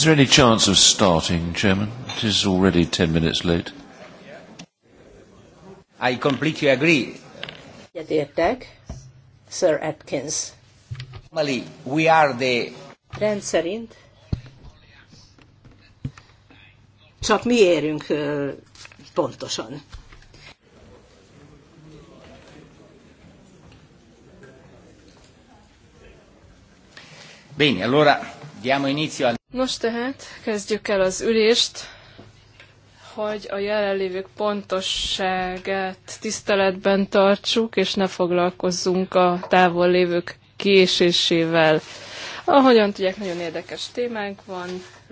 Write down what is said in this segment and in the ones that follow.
Is there any chance of starting, Chairman? It is already ten minutes late. I completely agree. Egyetértek, Sir Atkins. Mali, we are the... Rendszerint csak mi érünk pontosan. Bene, allora diamo inizio al... Nos tehát, kezdjük el az ülést, hogy a jelenlévők pontosságát tiszteletben tartsuk, és ne foglalkozzunk a távol lévők késésével. Ahogyan tudják, nagyon érdekes témánk van,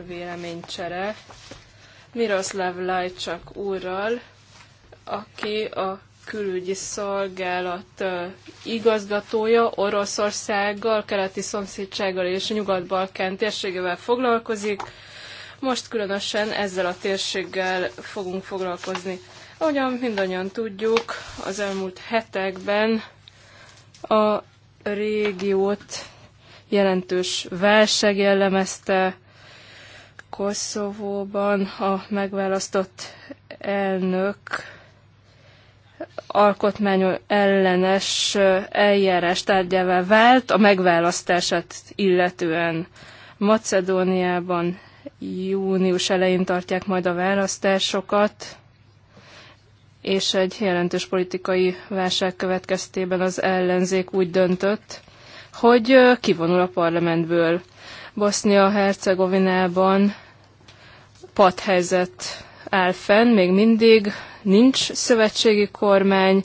véleménycsere. Miroslav Lajcsak úrral, aki a külügyi szolgálat igazgatója Oroszországgal, keleti szomszédsággal és nyugat-balkán térségével foglalkozik. Most különösen ezzel a térséggel fogunk foglalkozni. Ahogyan mindannyian tudjuk, az elmúlt hetekben a régiót jelentős válság jellemezte Koszovóban a megválasztott elnök alkotmány ellenes eljárás tárgyává vált a megválasztását illetően. Macedóniában június elején tartják majd a választásokat, és egy jelentős politikai válság következtében az ellenzék úgy döntött, hogy kivonul a parlamentből. Bosznia-Hercegovinában padhelyzet áll fenn, még mindig nincs szövetségi kormány,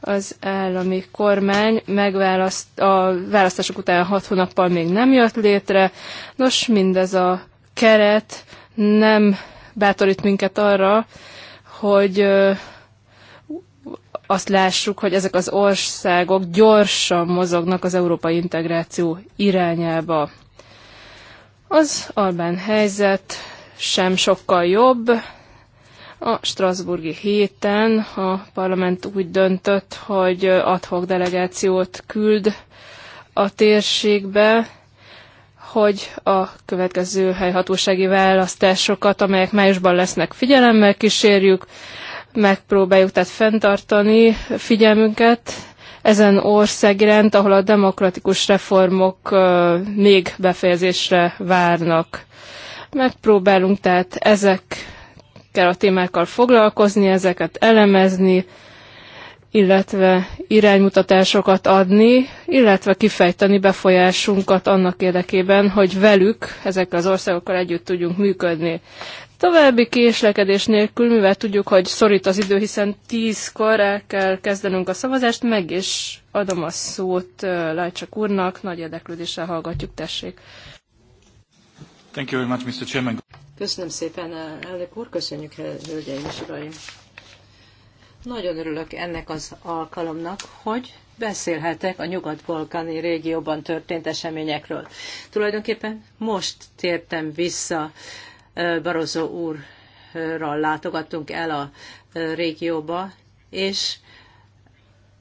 az állami kormány megválaszt, a választások után hat hónappal még nem jött létre. Nos, mindez a keret nem bátorít minket arra, hogy azt lássuk, hogy ezek az országok gyorsan mozognak az európai integráció irányába. Az albán helyzet sem sokkal jobb, a Strasburgi héten a parlament úgy döntött, hogy adhok delegációt küld a térségbe, hogy a következő helyhatósági választásokat, amelyek májusban lesznek, figyelemmel kísérjük, megpróbáljuk tehát fenntartani figyelmünket ezen ország iránt, ahol a demokratikus reformok még befejezésre várnak. Megpróbálunk tehát ezek ezekkel a témákkal foglalkozni, ezeket elemezni, illetve iránymutatásokat adni, illetve kifejteni befolyásunkat annak érdekében, hogy velük, ezekkel az országokkal együtt tudjunk működni. További késlekedés nélkül, mivel tudjuk, hogy szorít az idő, hiszen tízkor el kell kezdenünk a szavazást, meg is adom a szót Lajcsak úrnak, nagy érdeklődéssel hallgatjuk, tessék. Thank you very much, Mr. Chairman. Köszönöm szépen, elnök úr, köszönjük, hölgyeim és uraim. Nagyon örülök ennek az alkalomnak, hogy beszélhetek a nyugat-balkáni régióban történt eseményekről. Tulajdonképpen most tértem vissza Barozó úrral látogattunk el a régióba, és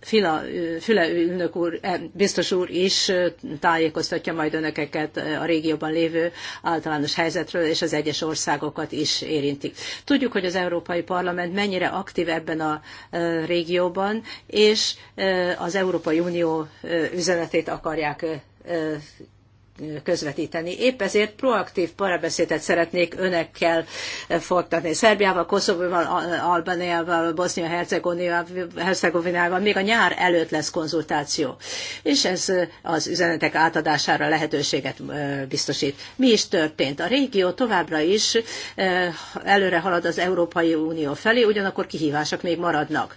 Fila, Füle ülnök úr, e, biztos úr is tájékoztatja majd önökeket a régióban lévő általános helyzetről, és az egyes országokat is érintik. Tudjuk, hogy az Európai Parlament mennyire aktív ebben a régióban, és az Európai Unió üzenetét akarják közvetíteni. Épp ezért proaktív parabeszédet szeretnék önekkel folytatni. Szerbiával, Koszovóval, Albániával, Bosznia-Hercegovinával még a nyár előtt lesz konzultáció. És ez az üzenetek átadására lehetőséget biztosít. Mi is történt? A régió továbbra is előre halad az Európai Unió felé, ugyanakkor kihívások még maradnak.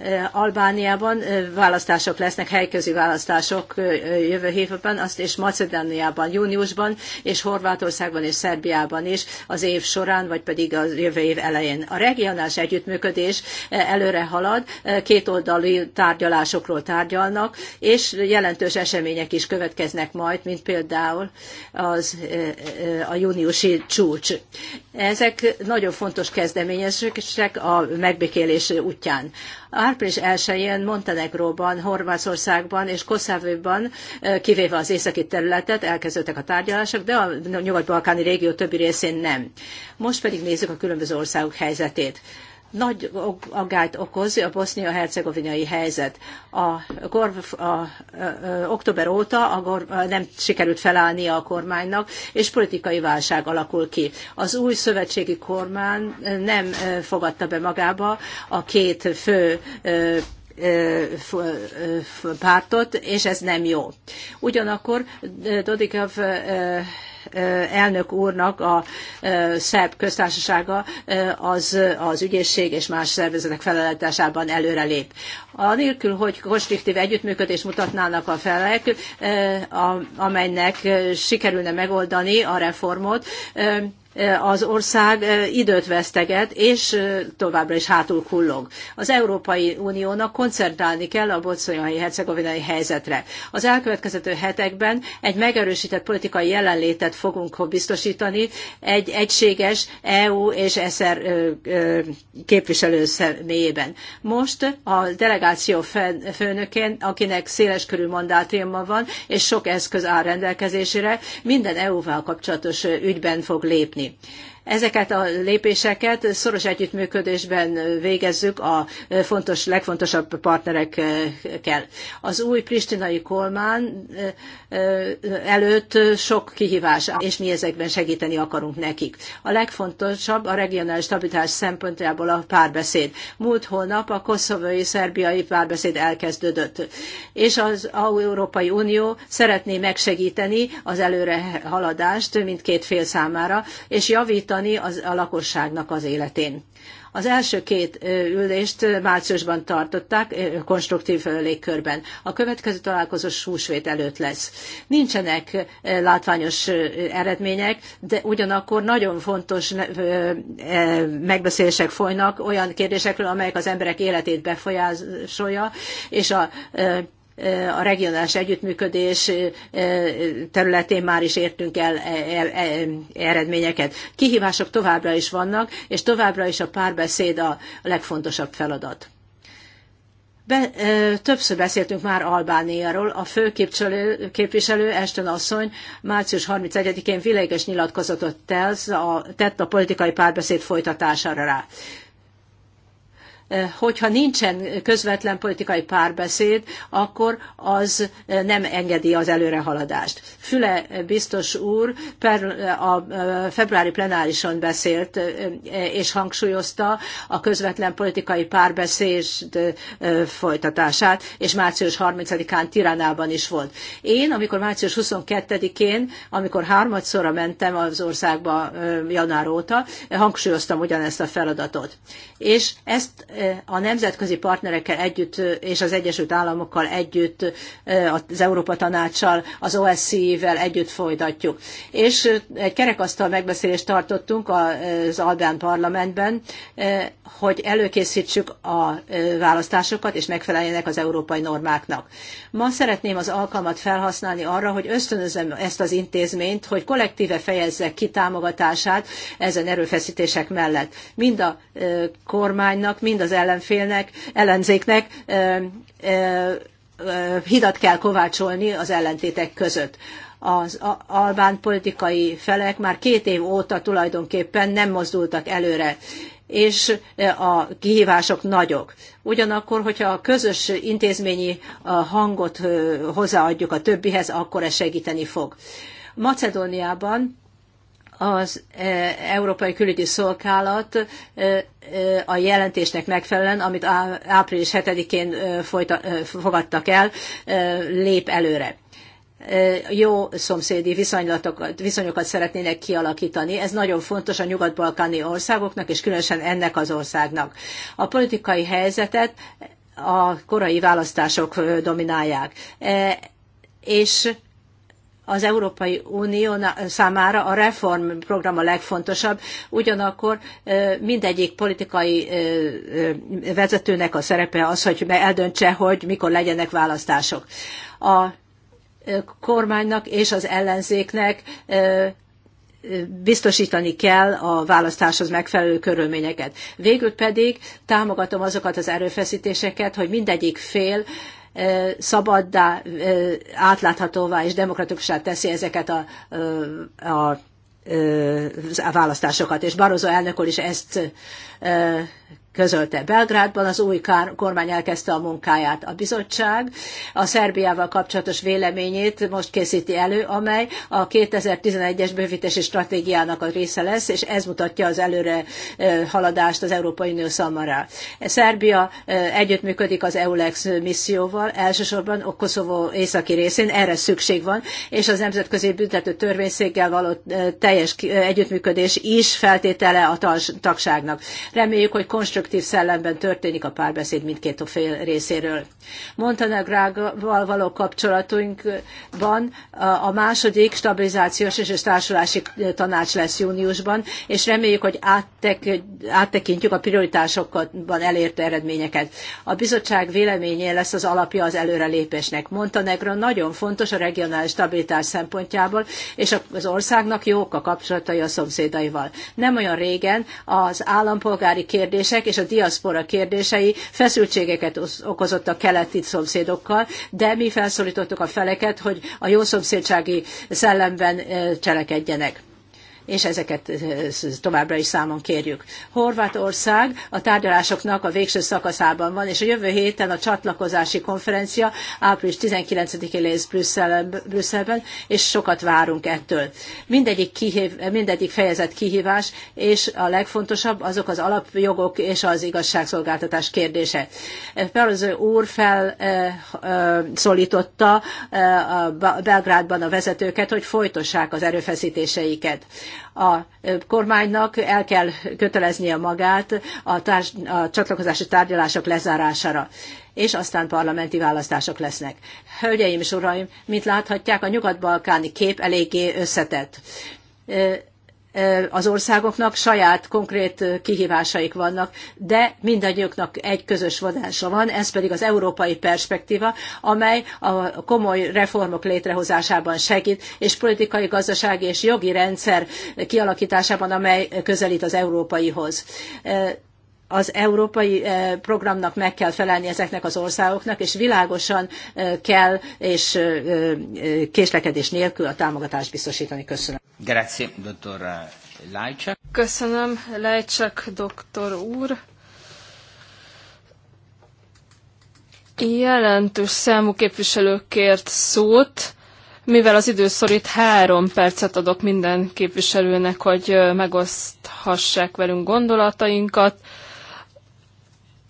Eh, Albániában eh, választások lesznek, helyközi választások eh, jövő hétben, azt és Macedóniában júniusban, és Horvátországban és Szerbiában is az év során, vagy pedig a jövő év elején. A regionális együttműködés előre halad, kétoldalú tárgyalásokról tárgyalnak, és jelentős események is következnek majd, mint például az, a júniusi csúcs. Ezek nagyon fontos kezdeményezések a megbékélés útján. Április 1-én Montenegróban, Horvátországban és Koszávőban, kivéve az északi területet, elkezdődtek a tárgyalások, de a nyugat-balkáni régió többi részén nem. Most pedig nézzük a különböző országok helyzetét nagy aggályt okoz a bosznia-hercegovinai helyzet. A, gorv, a, a, a, október óta a gorv, a, nem sikerült felállnia a kormánynak, és politikai válság alakul ki. Az új szövetségi kormány nem fogadta be magába a két fő pártot, és ez nem jó. Ugyanakkor Dodikav elnök úrnak a szerb köztársasága az, az ügyészség és más szervezetek feladatásában előrelép. Anélkül, hogy konstruktív együttműködést mutatnának a felek, amelynek sikerülne megoldani a reformot, Eh, az ország eh, időt veszteget, és eh, továbbra is hátul kullog. Az Európai Uniónak koncentrálni kell a bocsonyai hercegovinai helyzetre. Az elkövetkező hetekben egy megerősített politikai jelenlétet fogunk biztosítani egy egységes EU és SR képviselő személyében. Most a delegáció főnökén, akinek széles körű mandátuma van, és sok eszköz áll rendelkezésére, minden EU-val kapcsolatos ügyben fog lépni tenni. Ezeket a lépéseket szoros együttműködésben végezzük a fontos, legfontosabb partnerekkel. Az új pristinai kormány előtt sok kihívás, és mi ezekben segíteni akarunk nekik. A legfontosabb a regionális stabilitás szempontjából a párbeszéd. Múlt hónap a koszovói szerbiai párbeszéd elkezdődött, és az Európai Unió szeretné megsegíteni az előre haladást mindkét fél számára, és javítani javítani az, a lakosságnak az életén. Az első két ülést márciusban tartották, konstruktív légkörben. A következő találkozó húsvét előtt lesz. Nincsenek látványos eredmények, de ugyanakkor nagyon fontos megbeszélések folynak olyan kérdésekről, amelyek az emberek életét befolyásolja, és a a regionális együttműködés területén már is értünk el e, e, e, eredményeket. Kihívások továbbra is vannak, és továbbra is a párbeszéd a legfontosabb feladat. Be, ö, többször beszéltünk már Albániáról. A fő képviselő, képviselő Ashton asszony március 31-én világos nyilatkozatot tesz a, tett a politikai párbeszéd folytatására rá hogyha nincsen közvetlen politikai párbeszéd, akkor az nem engedi az előrehaladást. Füle biztos úr a februári plenárison beszélt és hangsúlyozta a közvetlen politikai párbeszéd folytatását, és március 30-án Tiránában is volt. Én, amikor március 22-én, amikor harmadszorra mentem az országba január óta, hangsúlyoztam ugyanezt a feladatot. És ezt a nemzetközi partnerekkel együtt és az Egyesült Államokkal együtt, az Európa Tanácssal, az OSCE-vel együtt folytatjuk. És egy kerekasztal megbeszélést tartottunk az Albán parlamentben, hogy előkészítsük a választásokat, és megfeleljenek az európai normáknak. Ma szeretném az alkalmat felhasználni arra, hogy ösztönözzem ezt az intézményt, hogy kollektíve fejezze ki támogatását ezen erőfeszítések mellett. Mind a kormánynak, mind az az ellenfélnek, ellenzéknek hidat kell kovácsolni az ellentétek között. Az albán politikai felek már két év óta tulajdonképpen nem mozdultak előre és a kihívások nagyok. Ugyanakkor, hogyha a közös intézményi hangot hozzáadjuk a többihez, akkor ez segíteni fog. Macedóniában az e, Európai Külügyi Szolgálat e, e, a jelentésnek megfelelően, amit április 7-én fogadtak el, lép előre jó szomszédi viszonylatokat, viszonyokat szeretnének kialakítani. Ez nagyon fontos a nyugat-balkáni országoknak, és különösen ennek az országnak. A politikai helyzetet a korai választások dominálják. És az Európai Unió számára a reformprogram a legfontosabb, ugyanakkor mindegyik politikai vezetőnek a szerepe az, hogy eldöntse, hogy mikor legyenek választások. A kormánynak és az ellenzéknek biztosítani kell a választáshoz megfelelő körülményeket. Végül pedig támogatom azokat az erőfeszítéseket, hogy mindegyik fél szabaddá, átláthatóvá és demokratikusá teszi ezeket a, a, a választásokat. És Barozó elnök úr is ezt közölte. Belgrádban az új kormány elkezdte a munkáját. A bizottság a Szerbiával kapcsolatos véleményét most készíti elő, amely a 2011-es bővítési stratégiának a része lesz, és ez mutatja az előre haladást az Európai Unió számára. Szerbia együttműködik az EULEX misszióval, elsősorban a Koszovó északi részén, erre szükség van, és az Nemzetközi Büntető Törvényszéggel való teljes együttműködés is feltétele a tagságnak. Reméljük, hogy konstruktív konstruktív szellemben történik a párbeszéd mindkét a fél részéről. Montenegrával való kapcsolatunkban a második stabilizációs és társulási tanács lesz júniusban, és reméljük, hogy áttek, áttekintjük a prioritásokban elért eredményeket. A bizottság véleménye lesz az alapja az előrelépésnek. Montenegro nagyon fontos a regionális stabilitás szempontjából, és az országnak jók a kapcsolatai a szomszédaival. Nem olyan régen az állampolgári kérdések és a diaszpora kérdései feszültségeket okozott a keleti szomszédokkal, de mi felszólítottuk a feleket, hogy a jó szomszédsági szellemben cselekedjenek és ezeket továbbra is számon kérjük. Horvátország a tárgyalásoknak a végső szakaszában van, és a jövő héten a csatlakozási konferencia április 19-én lesz Brüsszel, Brüsszelben, és sokat várunk ettől. Mindegyik, kihív, mindegyik fejezet kihívás, és a legfontosabb azok az alapjogok és az igazságszolgáltatás kérdése. Peroző úr felszólította a Belgrádban a vezetőket, hogy folytassák az erőfeszítéseiket. A kormánynak el kell köteleznie magát a, társ, a csatlakozási tárgyalások lezárására és aztán parlamenti választások lesznek. Hölgyeim és uraim, mint láthatják, a nyugat-balkáni kép eléggé összetett az országoknak saját konkrét kihívásaik vannak, de mindannyiuknak egy közös vonása van, ez pedig az európai perspektíva, amely a komoly reformok létrehozásában segít, és politikai, gazdasági és jogi rendszer kialakításában, amely közelít az európaihoz az európai programnak meg kell felelni ezeknek az országoknak, és világosan kell és késlekedés nélkül a támogatást biztosítani. Köszönöm. Grazie, dottor Lajcsak. Köszönöm, Lajcsak doktor úr. Jelentős számú képviselő kért szót. Mivel az időszorít, három percet adok minden képviselőnek, hogy megoszthassák velünk gondolatainkat.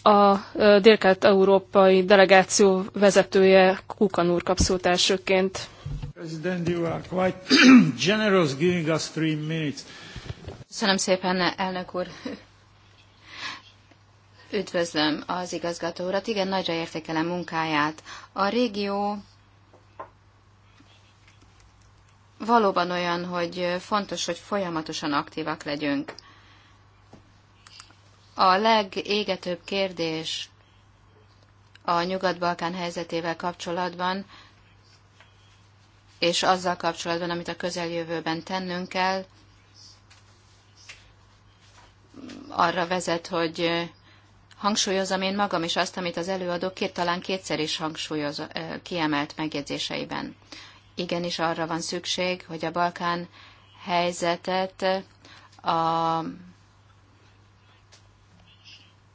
A délkelet európai delegáció vezetője Kukan úr kap elsőként. President, you are quite generous giving us three minutes. Köszönöm szépen, elnök úr. Üdvözlöm az igazgató urat. Igen, nagyra értékelem munkáját. A régió valóban olyan, hogy fontos, hogy folyamatosan aktívak legyünk. A legégetőbb kérdés a Nyugat-Balkán helyzetével kapcsolatban és azzal kapcsolatban, amit a közeljövőben tennünk kell, arra vezet, hogy hangsúlyozom én magam is azt, amit az előadó két, talán kétszer is hangsúlyoz, kiemelt megjegyzéseiben. Igenis arra van szükség, hogy a Balkán helyzetet a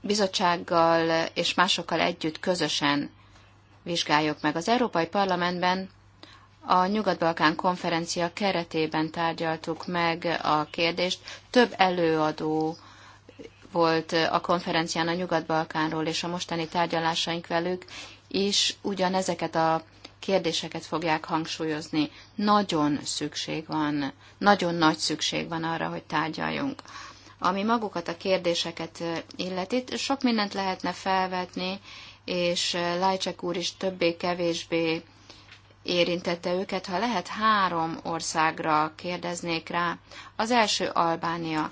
bizottsággal és másokkal együtt közösen vizsgáljuk meg. Az Európai Parlamentben a Nyugat-Balkán konferencia keretében tárgyaltuk meg a kérdést. Több előadó volt a konferencián a Nyugat-Balkánról, és a mostani tárgyalásaink velük ugyan ugyanezeket a kérdéseket fogják hangsúlyozni. Nagyon szükség van, nagyon nagy szükség van arra, hogy tárgyaljunk. Ami magukat a kérdéseket illeti, sok mindent lehetne felvetni, és Lajcsek úr is többé-kevésbé érintette őket. Ha lehet, három országra kérdeznék rá. Az első Albánia.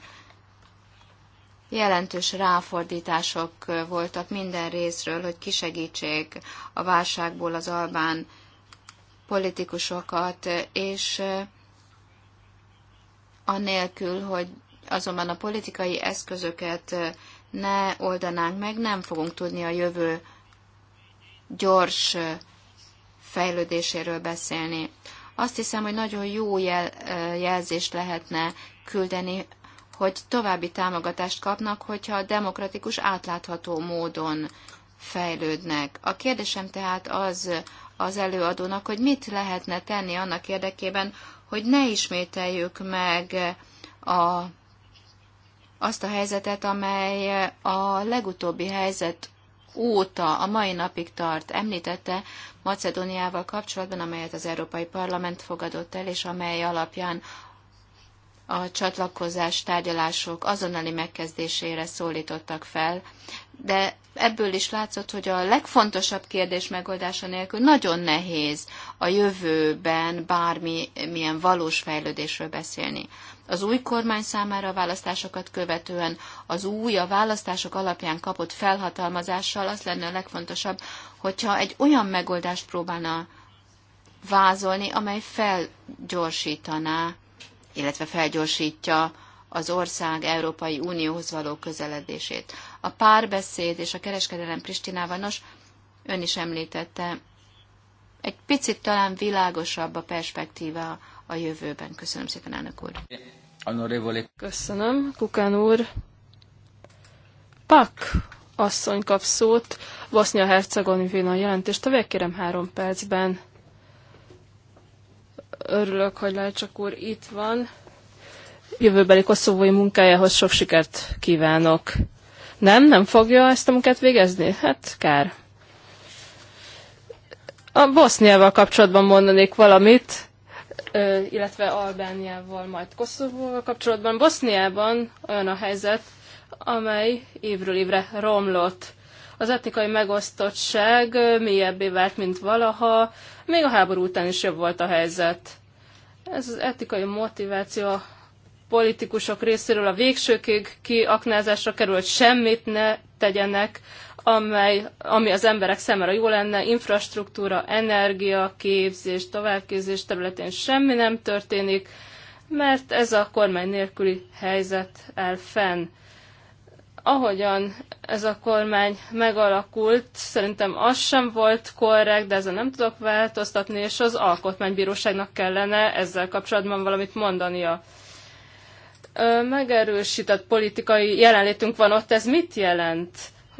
Jelentős ráfordítások voltak minden részről, hogy kisegítsék a válságból az albán politikusokat, és eh, anélkül, hogy azonban a politikai eszközöket eh, ne oldanánk meg, nem fogunk tudni a jövő gyors eh, fejlődéséről beszélni. Azt hiszem, hogy nagyon jó jel, jelzést lehetne küldeni, hogy további támogatást kapnak, hogyha demokratikus, átlátható módon fejlődnek. A kérdésem tehát az az előadónak, hogy mit lehetne tenni annak érdekében, hogy ne ismételjük meg a, azt a helyzetet, amely a legutóbbi helyzet óta, a mai napig tart, említette Macedóniával kapcsolatban, amelyet az Európai Parlament fogadott el, és amely alapján a csatlakozás tárgyalások azonnali megkezdésére szólítottak fel, de ebből is látszott, hogy a legfontosabb kérdés megoldása nélkül nagyon nehéz a jövőben bármilyen valós fejlődésről beszélni az új kormány számára a választásokat követően, az új, a választások alapján kapott felhatalmazással az lenne a legfontosabb, hogyha egy olyan megoldást próbálna vázolni, amely felgyorsítaná, illetve felgyorsítja az ország Európai Unióhoz való közeledését. A párbeszéd és a kereskedelem Pristinával, nos, ön is említette, egy picit talán világosabb a perspektíva a jövőben. Köszönöm szépen, elnök úr. Köszönöm, Kukán úr. Pak asszony kap szót, Bosznia a jelentést. Tövek kérem három percben. Örülök, hogy Lácsak úr itt van. Jövőbeli koszovói munkájához sok sikert kívánok. Nem, nem fogja ezt a munkát végezni? Hát kár. A Boszniával kapcsolatban mondanék valamit illetve Albániával, majd Koszovóval kapcsolatban. Boszniában olyan a helyzet, amely évről évre romlott. Az etnikai megosztottság mélyebbé vált, mint valaha, még a háború után is jobb volt a helyzet. Ez az etikai motiváció a politikusok részéről a végsőkig kiaknázásra került, semmit ne tegyenek amely, ami az emberek számára jó lenne, infrastruktúra, energia, képzés, továbbképzés területén semmi nem történik, mert ez a kormány nélküli helyzet el fenn. Ahogyan ez a kormány megalakult, szerintem az sem volt korrekt, de ezzel nem tudok változtatni, és az alkotmánybíróságnak kellene ezzel kapcsolatban valamit mondania. Megerősített politikai jelenlétünk van ott, ez mit jelent?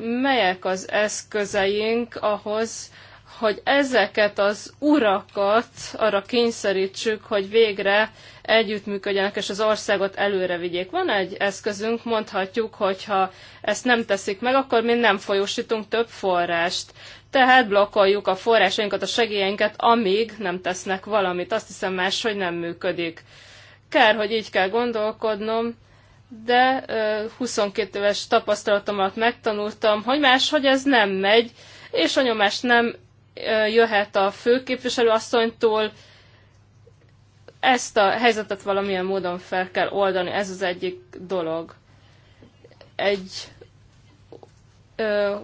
melyek az eszközeink ahhoz, hogy ezeket az urakat arra kényszerítsük, hogy végre együttműködjenek, és az országot előre vigyék. Van egy eszközünk, mondhatjuk, hogy ha ezt nem teszik meg, akkor mi nem folyósítunk több forrást. Tehát blokkoljuk a forrásainkat, a segélyeinket, amíg nem tesznek valamit. Azt hiszem máshogy nem működik. Kár, hogy így kell gondolkodnom, de 22 éves tapasztalatomat megtanultam, hogy máshogy ez nem megy, és a nyomás nem jöhet a főképviselő asszonytól, ezt a helyzetet valamilyen módon fel kell oldani, ez az egyik dolog. Egy ö,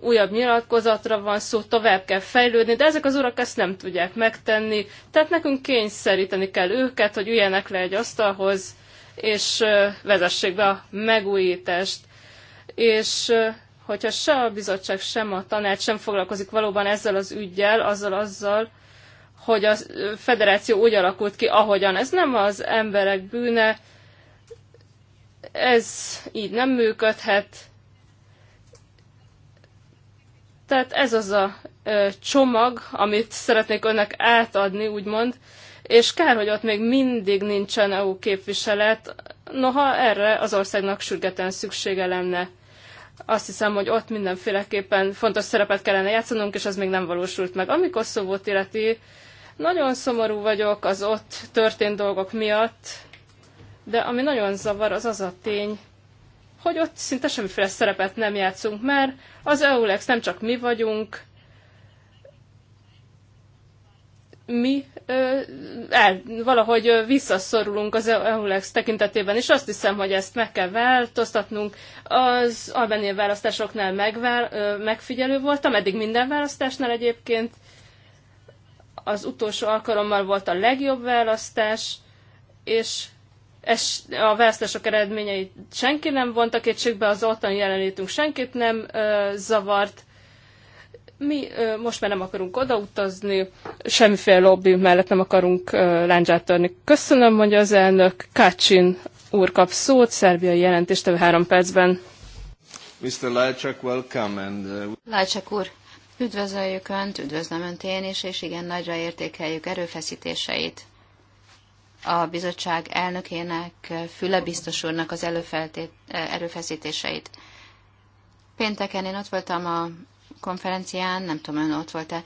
újabb nyilatkozatra van szó, tovább kell fejlődni, de ezek az urak ezt nem tudják megtenni, tehát nekünk kényszeríteni kell őket, hogy üljenek le egy asztalhoz, és vezessék be a megújítást. És hogyha se a bizottság, sem a tanács sem foglalkozik valóban ezzel az ügyjel, azzal, azzal, hogy a federáció úgy alakult ki, ahogyan. Ez nem az emberek bűne, ez így nem működhet. Tehát ez az a csomag, amit szeretnék önnek átadni, úgymond, és kár, hogy ott még mindig nincsen EU képviselet, noha erre az országnak sürgeten szüksége lenne. Azt hiszem, hogy ott mindenféleképpen fontos szerepet kellene játszanunk, és az még nem valósult meg. Ami Koszovót illeti, nagyon szomorú vagyok az ott történt dolgok miatt, de ami nagyon zavar, az az a tény, hogy ott szinte semmiféle szerepet nem játszunk, mert az EULEX nem csak mi vagyunk, mi ö, el, valahogy visszaszorulunk az EULEX tekintetében, és azt hiszem, hogy ezt meg kell változtatnunk. Az albániai választásoknál megvál, ö, megfigyelő voltam, eddig minden választásnál egyébként. Az utolsó alkalommal volt a legjobb választás, és es, a választások eredményeit senki nem vonta kétségbe, az ottani jelenlétünk senkit nem ö, zavart, mi most már nem akarunk odautazni, semmiféle lobby mellett nem akarunk láncsát törni. Köszönöm, mondja az elnök. Kácsin úr kap szót, szerbiai jelentést, három percben. Mr. Lajcsak, welcome. And, uh... Lajcsak úr, üdvözöljük Önt, üdvözlöm Önt én is, és igen, nagyra értékeljük erőfeszítéseit. A bizottság elnökének, Füle biztos úrnak az előfeltét, erőfeszítéseit. Pénteken én ott voltam a konferencián, nem tudom, ön ott volt-e,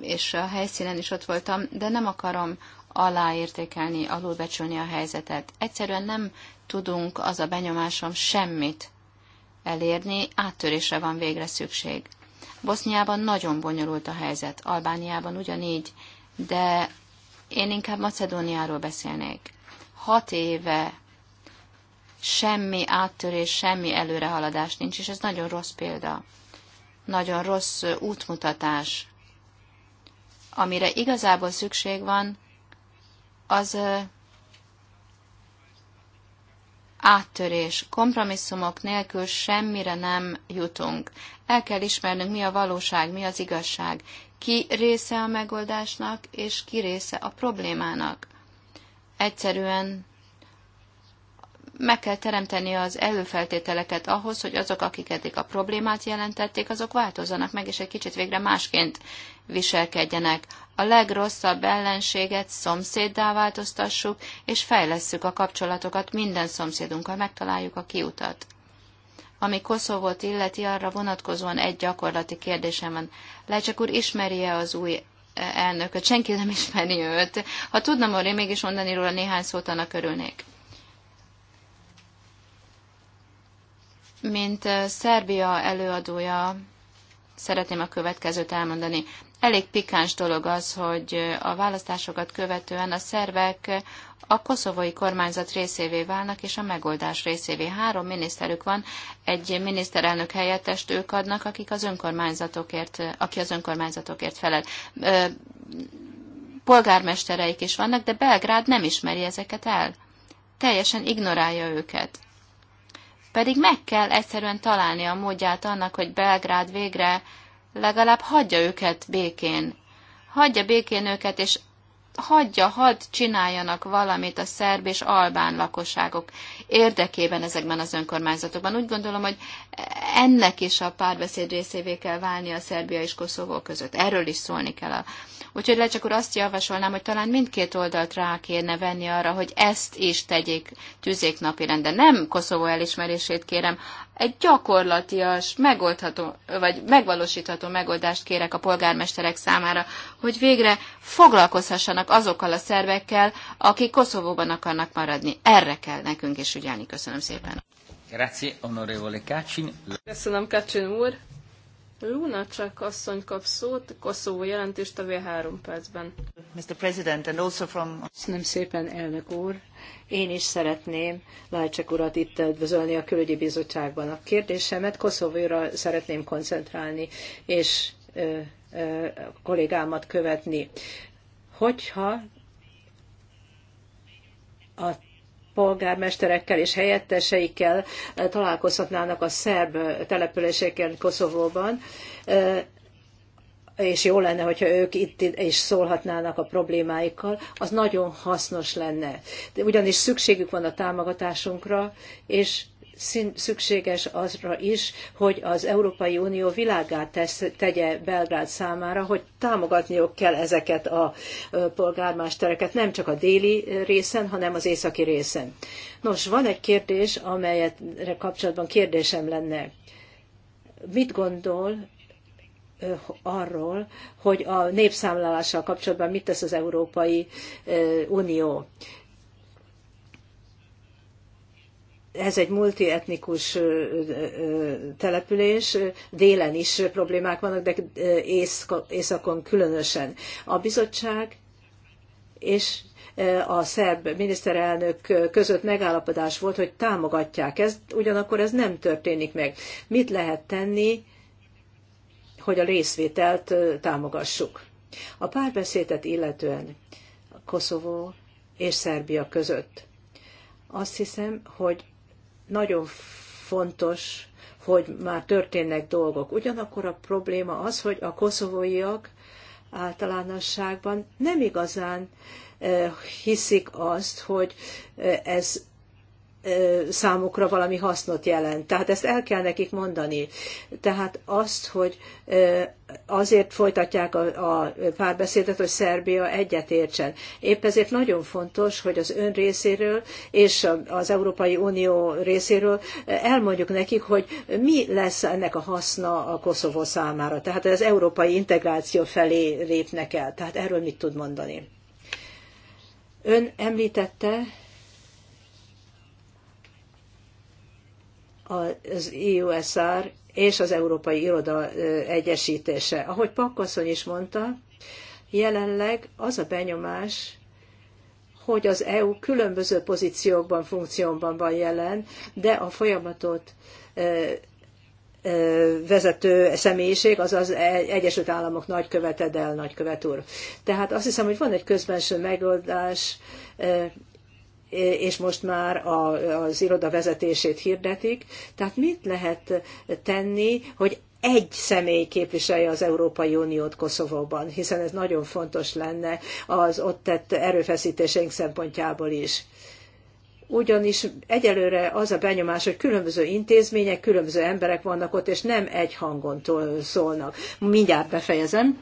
és a helyszínen is ott voltam, de nem akarom aláértékelni, alulbecsülni a helyzetet. Egyszerűen nem tudunk, az a benyomásom, semmit elérni, áttörésre van végre szükség. Boszniában nagyon bonyolult a helyzet, Albániában ugyanígy, de én inkább Macedóniáról beszélnék. Hat éve semmi áttörés, semmi előrehaladás nincs, és ez nagyon rossz példa nagyon rossz útmutatás. Amire igazából szükség van, az áttörés. Kompromisszumok nélkül semmire nem jutunk. El kell ismernünk, mi a valóság, mi az igazság, ki része a megoldásnak, és ki része a problémának. Egyszerűen meg kell teremteni az előfeltételeket ahhoz, hogy azok, akik eddig a problémát jelentették, azok változzanak meg, és egy kicsit végre másként viselkedjenek. A legrosszabb ellenséget szomszéddá változtassuk, és fejlesszük a kapcsolatokat minden szomszédunkkal, megtaláljuk a kiutat. Ami Koszovót illeti, arra vonatkozóan egy gyakorlati kérdésem van. Lecsek úr ismeri-e az új eh, elnököt? Senki nem ismeri őt. Ha hogy arra mégis mondani róla néhány szót, annak örülnék. Mint Szerbia előadója szeretném a következőt elmondani. Elég pikáns dolog az, hogy a választásokat követően a szervek a koszovói kormányzat részévé válnak, és a megoldás részévé. Három miniszterük van, egy miniszterelnök helyettest ők adnak, akik az önkormányzatokért, aki az önkormányzatokért felel. Polgármestereik is vannak, de Belgrád nem ismeri ezeket el. Teljesen ignorálja őket pedig meg kell egyszerűen találni a módját annak, hogy Belgrád végre legalább hagyja őket békén. Hagyja békén őket, és hagyja, hadd csináljanak valamit a szerb és albán lakosságok érdekében ezekben az önkormányzatokban. Úgy gondolom, hogy ennek is a párbeszéd részévé kell válni a Szerbia és Koszovó között. Erről is szólni kell a Úgyhogy Lecsek úr azt javasolnám, hogy talán mindkét oldalt rá kérne venni arra, hogy ezt is tegyék, tűzék rende. Nem Koszovó elismerését kérem, egy gyakorlatias, megoldható, vagy megvalósítható megoldást kérek a polgármesterek számára, hogy végre foglalkozhassanak azokkal a szervekkel, akik Koszovóban akarnak maradni. Erre kell nekünk is ügyelni. Köszönöm szépen. Grazie, onorevole Kacsin. Köszönöm, Kacsin úr. Luna csak asszony kap szót, Koszovó jelentést a V3 percben. Mr. President, and also from... Köszönöm szépen, elnök úr. Én is szeretném Lajcsek urat itt üdvözölni a külügyi bizottságban. A kérdésemet Koszovóra szeretném koncentrálni, és ö, ö, kollégámat követni. Hogyha a polgármesterekkel és helyetteseikkel eh, találkozhatnának a szerb eh, településeken Koszovóban, eh, és jó lenne, hogyha ők itt is szólhatnának a problémáikkal, az nagyon hasznos lenne. De ugyanis szükségük van a támogatásunkra, és szükséges azra is, hogy az Európai Unió világát tesz, tegye Belgrád számára, hogy támogatniuk kell ezeket a polgármestereket, nem csak a déli részen, hanem az északi részen. Nos, van egy kérdés, amelyet kapcsolatban kérdésem lenne. Mit gondol arról, hogy a népszámlálással kapcsolatban mit tesz az Európai Unió? ez egy multietnikus település, délen is problémák vannak, de északon különösen. A bizottság és a szerb miniszterelnök között megállapodás volt, hogy támogatják ezt, ugyanakkor ez nem történik meg. Mit lehet tenni, hogy a részvételt támogassuk? A párbeszédet illetően Koszovó és Szerbia között. Azt hiszem, hogy nagyon fontos, hogy már történnek dolgok. Ugyanakkor a probléma az, hogy a koszovóiak általánosságban nem igazán eh, hiszik azt, hogy eh, ez számukra valami hasznot jelent. Tehát ezt el kell nekik mondani. Tehát azt, hogy azért folytatják a, a párbeszédet, hogy Szerbia egyetértsen. Épp ezért nagyon fontos, hogy az ön részéről és az Európai Unió részéről elmondjuk nekik, hogy mi lesz ennek a haszna a Koszovó számára. Tehát az európai integráció felé lépnek el. Tehát erről mit tud mondani? Ön említette, az EUSR és az Európai Iroda egyesítése. Ahogy Pakkasszony is mondta, jelenleg az a benyomás, hogy az EU különböző pozíciókban, funkciókban van jelen, de a folyamatot vezető személyiség, az az e-, Egyesült Államok nagykövetedel, nagykövet úr. Tehát azt hiszem, hogy van egy közbenső megoldás és most már az iroda vezetését hirdetik. Tehát mit lehet tenni, hogy egy személy képviselje az Európai Uniót Koszovóban, hiszen ez nagyon fontos lenne az ott tett erőfeszítéseink szempontjából is ugyanis egyelőre az a benyomás, hogy különböző intézmények, különböző emberek vannak ott, és nem egy hangon szólnak. Mindjárt befejezem.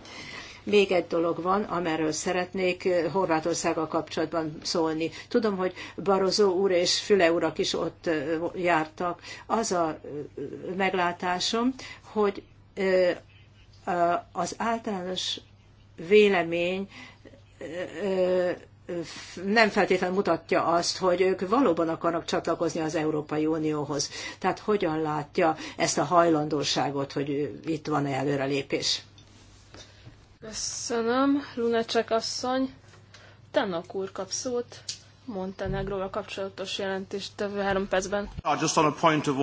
Még egy dolog van, amerről szeretnék eh, Horvátországgal kapcsolatban szólni. Tudom, hogy Barozó úr és Füle urak is ott eh, jártak. Az a eh, meglátásom, hogy az általános vélemény nem feltétlenül mutatja azt, hogy ők valóban akarnak csatlakozni az Európai Unióhoz. Tehát hogyan látja ezt a hajlandóságot, hogy itt van-e előrelépés? Köszönöm, Lunacek asszony. Tenok úr kap szót. Montenegróval kapcsolatos jelentést tevő három percben.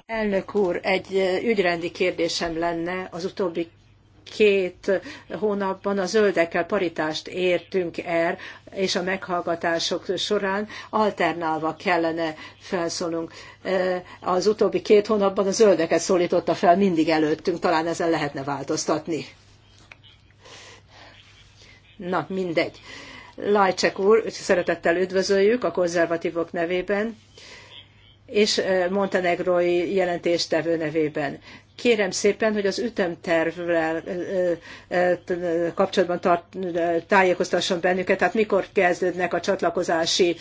Elnök úr, egy eh, ügyrendi kérdésem lenne az utóbbi két hónapban a zöldekkel paritást értünk el, és a meghallgatások során alternálva kellene felszólnunk. Eh, az utóbbi két hónapban a zöldeket szólította fel mindig előttünk, talán ezen lehetne változtatni. Na, mindegy. Lajcsek úr, szeretettel üdvözöljük a konzervatívok nevében, és montenegrói jelentéstevő nevében. Kérem szépen, hogy az ütemtervvel kapcsolatban tart, tájékoztasson bennünket, tehát mikor kezdődnek a csatlakozási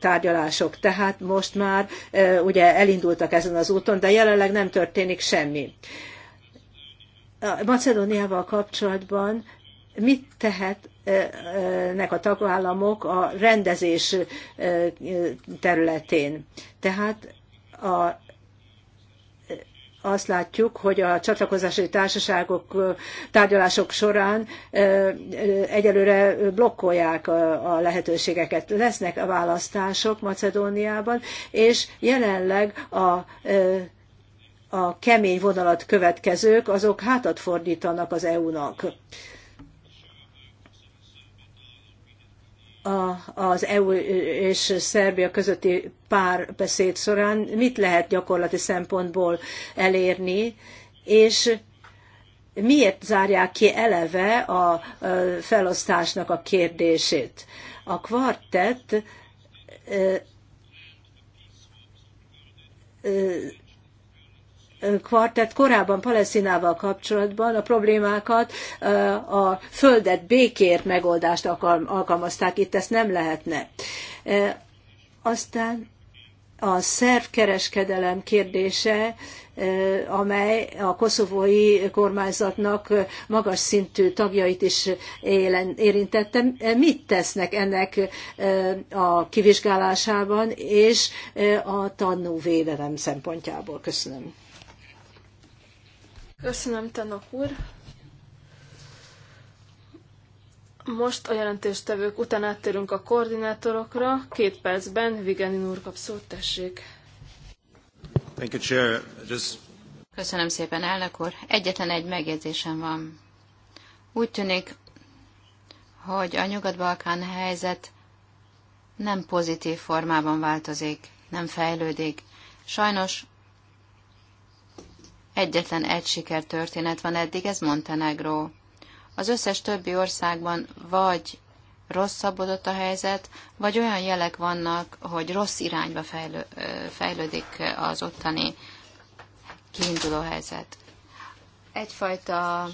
tárgyalások. Tehát most már ugye elindultak ezen az úton, de jelenleg nem történik semmi. A Macedóniával kapcsolatban mit tehetnek a tagállamok a rendezés területén. Tehát a, azt látjuk, hogy a csatlakozási társaságok tárgyalások során egyelőre blokkolják a lehetőségeket. Lesznek a választások Macedóniában, és jelenleg a a kemény vonalat következők, azok hátat fordítanak az EU-nak. a, az EU és Szerbia közötti párbeszéd során mit lehet gyakorlati szempontból elérni, és miért zárják ki eleve a felosztásnak a kérdését. A kvartett kvartett korábban Palesztinával kapcsolatban a problémákat a földet békért megoldást alkalmazták, itt ezt nem lehetne. Aztán a szervkereskedelem kérdése, amely a koszovói kormányzatnak magas szintű tagjait is érintette. Mit tesznek ennek a kivizsgálásában és a tanúvédelem szempontjából? Köszönöm. Köszönöm, Tanok úr. Most a jelentéstevők után áttérünk a koordinátorokra. Két percben Vigenin úr kap szót, tessék. Thank you, Chair. Just... Köszönöm szépen, elnök úr. Egyetlen egy megjegyzésem van. Úgy tűnik, hogy a Nyugat-Balkán helyzet nem pozitív formában változik, nem fejlődik. Sajnos Egyetlen egy sikertörténet van eddig, ez Montenegro. Az összes többi országban vagy rosszabbodott a helyzet, vagy olyan jelek vannak, hogy rossz irányba fejlő, fejlődik az ottani kiinduló helyzet. Egyfajta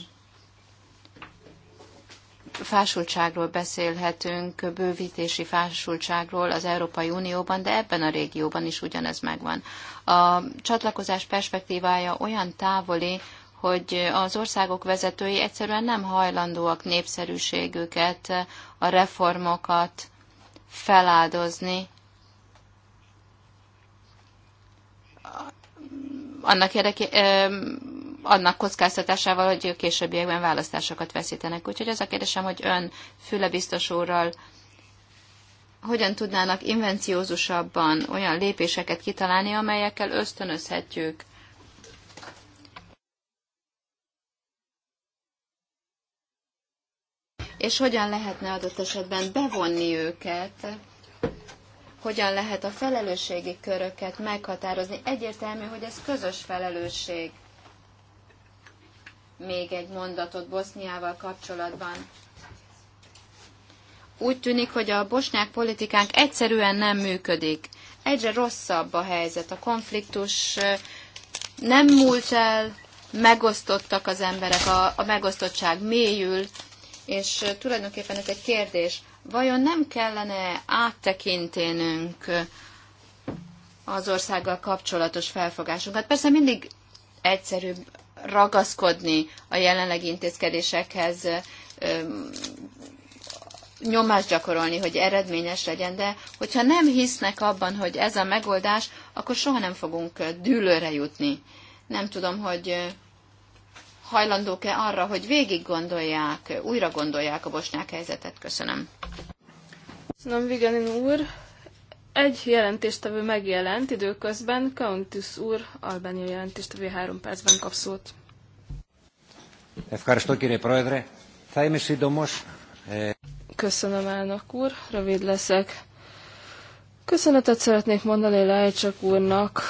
fásultságról beszélhetünk, bővítési fásultságról az Európai Unióban, de ebben a régióban is ugyanez megvan. A csatlakozás perspektívája olyan távoli, hogy az országok vezetői egyszerűen nem hajlandóak népszerűségüket, a reformokat feláldozni. Annak érdeké, annak kockáztatásával, hogy későbbiekben választásokat veszítenek. Úgyhogy az a kérdésem, hogy ön Füle biztos úrral hogyan tudnának invenciózusabban olyan lépéseket kitalálni, amelyekkel ösztönözhetjük és hogyan lehetne adott esetben bevonni őket, hogyan lehet a felelősségi köröket meghatározni. Egyértelmű, hogy ez közös felelősség. Még egy mondatot Boszniával kapcsolatban úgy tűnik, hogy a bosnyák politikánk egyszerűen nem működik. Egyre rosszabb a helyzet, a konfliktus nem múlt el, megosztottak az emberek, a, a megosztottság mélyül, és tulajdonképpen ez egy kérdés. Vajon nem kellene áttekinténünk az országgal kapcsolatos felfogásunkat? Persze mindig egyszerűbb ragaszkodni a jelenlegi intézkedésekhez, nyomást gyakorolni, hogy eredményes legyen, de hogyha nem hisznek abban, hogy ez a megoldás, akkor soha nem fogunk dűlőre jutni. Nem tudom, hogy hajlandók-e arra, hogy végig gondolják, újra gondolják a bosnyák helyzetet. Köszönöm. Köszönöm, Viganin úr. Egy jelentéstevő megjelent időközben, Kauntis úr, Albánia jelentéstevő három percben kap szót. Köszönöm, elnök úr, rövid leszek. Köszönetet szeretnék mondani Lajcsak úrnak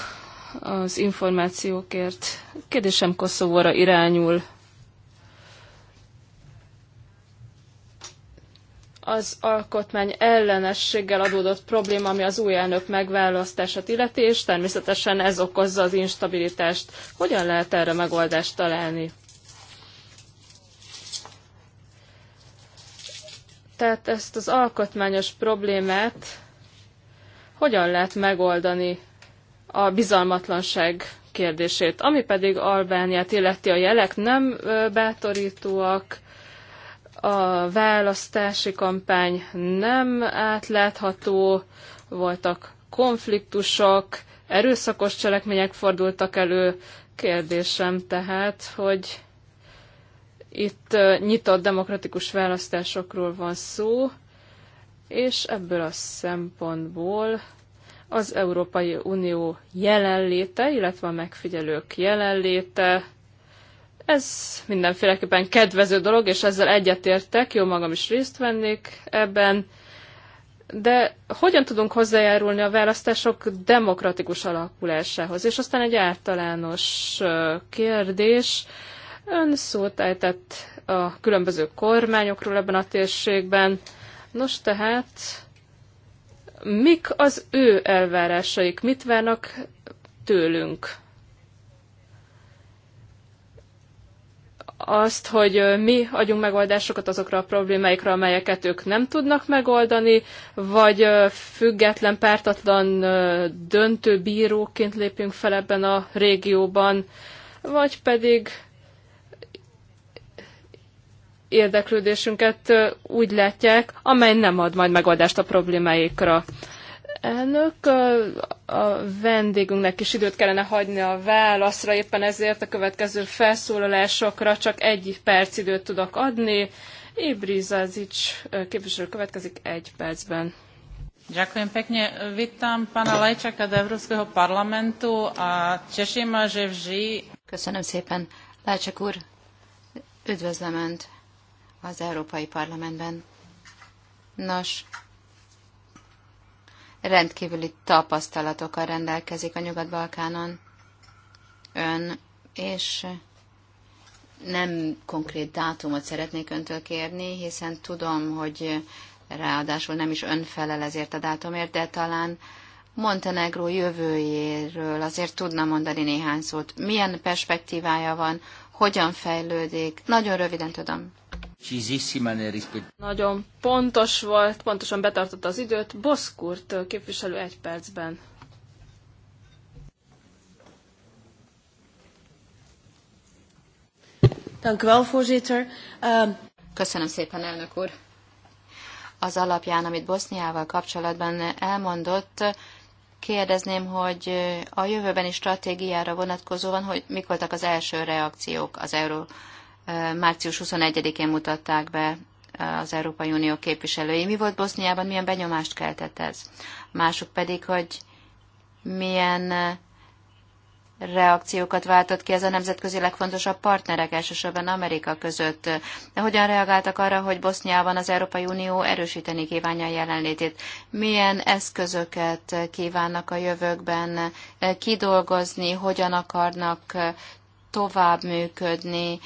az információkért. Kérdésem Koszovóra irányul. az alkotmány ellenességgel adódott probléma, ami az új elnök megválasztását illeti, és természetesen ez okozza az instabilitást. Hogyan lehet erre megoldást találni? Tehát ezt az alkotmányos problémát hogyan lehet megoldani a bizalmatlanság kérdését, ami pedig Albániát illeti a jelek nem bátorítóak, a választási kampány nem átlátható, voltak konfliktusok, erőszakos cselekmények fordultak elő. Kérdésem tehát, hogy itt nyitott demokratikus választásokról van szó, és ebből a szempontból az Európai Unió jelenléte, illetve a megfigyelők jelenléte, ez mindenféleképpen kedvező dolog, és ezzel egyetértek, jó magam is részt vennék ebben. De hogyan tudunk hozzájárulni a választások demokratikus alakulásához? És aztán egy általános kérdés, Ön szót ejtett a különböző kormányokról ebben a térségben. Nos tehát, mik az ő elvárásaik, mit várnak tőlünk? Azt, hogy mi adjunk megoldásokat azokra a problémáikra, amelyeket ők nem tudnak megoldani, vagy független, pártatlan bíróként lépjünk fel ebben a régióban, vagy pedig érdeklődésünket úgy látják, amely nem ad majd megoldást a problémáikra. Elnök, a vendégünknek is időt kellene hagyni a válaszra, éppen ezért a következő felszólalásokra csak egy perc időt tudok adni. Ébri Zazic képviselő következik egy percben. Ďakujem pekne. Vítam pána Lajčaka do Európskeho parlamentu a teším ma, že vždy... Köszönöm szépen. Lajčak úr, üdvözlöm Önt az Európai Parlamentben. Nos, rendkívüli tapasztalatokkal rendelkezik a Nyugat-Balkánon ön, és nem konkrét dátumot szeretnék öntől kérni, hiszen tudom, hogy ráadásul nem is ön felel ezért a dátumért, de talán Montenegró jövőjéről azért tudna mondani néhány szót. Milyen perspektívája van, hogyan fejlődik? Nagyon röviden tudom. Nagyon pontos volt, pontosan betartotta az időt. Boszkurt képviselő egy percben. Ehm, Köszönöm szépen, elnök úr. Az alapján, amit Boszniával kapcsolatban elmondott, kérdezném, hogy a jövőbeni stratégiára vonatkozóan, hogy mik voltak az első reakciók az Európai március 21-én mutatták be az Európai Unió képviselői. Mi volt Boszniában, milyen benyomást keltett ez? Mások pedig, hogy milyen reakciókat váltott ki ez a nemzetközi legfontosabb partnerek, elsősorban Amerika között. De hogyan reagáltak arra, hogy Boszniában az Európai Unió erősíteni kívánja a jelenlétét? Milyen eszközöket kívánnak a jövőkben kidolgozni, hogyan akarnak tovább működni,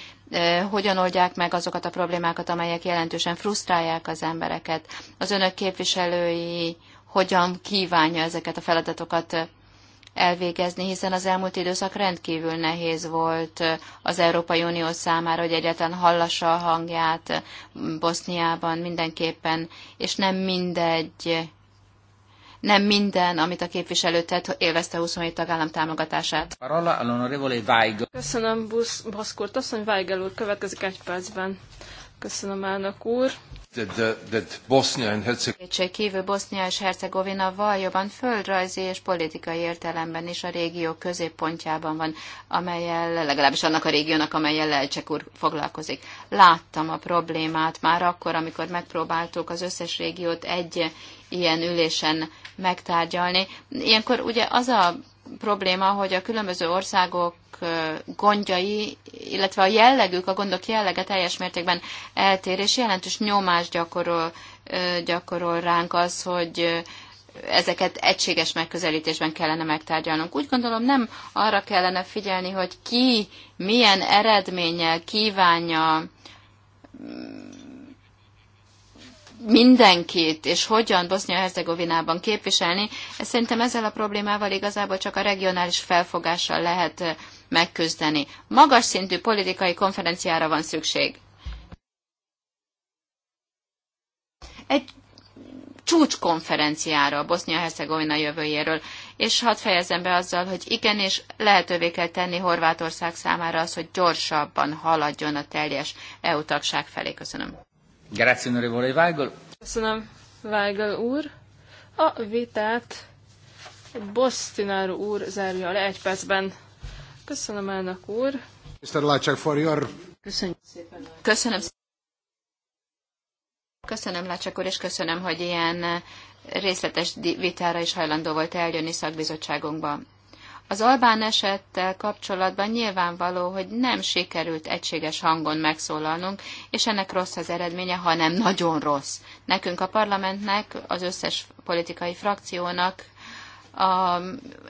hogyan oldják meg azokat a problémákat, amelyek jelentősen frusztrálják az embereket. Az önök képviselői hogyan kívánja ezeket a feladatokat elvégezni, hiszen az elmúlt időszak rendkívül nehéz volt az Európai Unió számára, hogy egyetlen hallassa a hangját Boszniában mindenképpen, és nem mindegy, nem minden, amit a képviselő tett, élvezte 27 tagállam támogatását. Köszönöm, Busz, Baszkurt. Asszony Weigel úr, következik egy percben. Köszönöm, elnök úr. Kétség kívül Bosznia és Hercegovina valójában földrajzi és politikai értelemben is a régió középpontjában van, amelyel, legalábbis annak a régiónak, amelyel Lelcsek úr foglalkozik. Láttam a problémát már akkor, amikor megpróbáltuk az összes régiót egy ilyen ülésen megtárgyalni. Ilyenkor ugye az a probléma, hogy a különböző országok gondjai, illetve a jellegük, a gondok jellege teljes mértékben eltér, és jelentős nyomást gyakorol, gyakorol ránk az, hogy ezeket egységes megközelítésben kellene megtárgyalnunk. Úgy gondolom nem arra kellene figyelni, hogy ki milyen eredménnyel kívánja mindenkit, és hogyan Bosznia-Hercegovinában képviselni, ez szerintem ezzel a problémával igazából csak a regionális felfogással lehet megküzdeni. Magas szintű politikai konferenciára van szükség. Egy csúcskonferenciára a Bosznia-Hercegovina jövőjéről. És hadd fejezem be azzal, hogy igen, és lehetővé kell tenni Horvátország számára az, hogy gyorsabban haladjon a teljes EU tagság felé. Köszönöm. Grazie, onorevole Weigel. Köszönöm, Weigel úr. A vitát Bostinár úr zárja le egy percben. Köszönöm, elnök úr. Mr. Lajcsák, for your... Köszönöm szépen. Köszönöm Köszönöm, Lácsak úr, és köszönöm, hogy ilyen részletes vitára is hajlandó volt eljönni szakbizottságunkba. Az Albán esettel kapcsolatban nyilvánvaló, hogy nem sikerült egységes hangon megszólalnunk, és ennek rossz az eredménye, hanem nagyon rossz. Nekünk a parlamentnek, az összes politikai frakciónak a,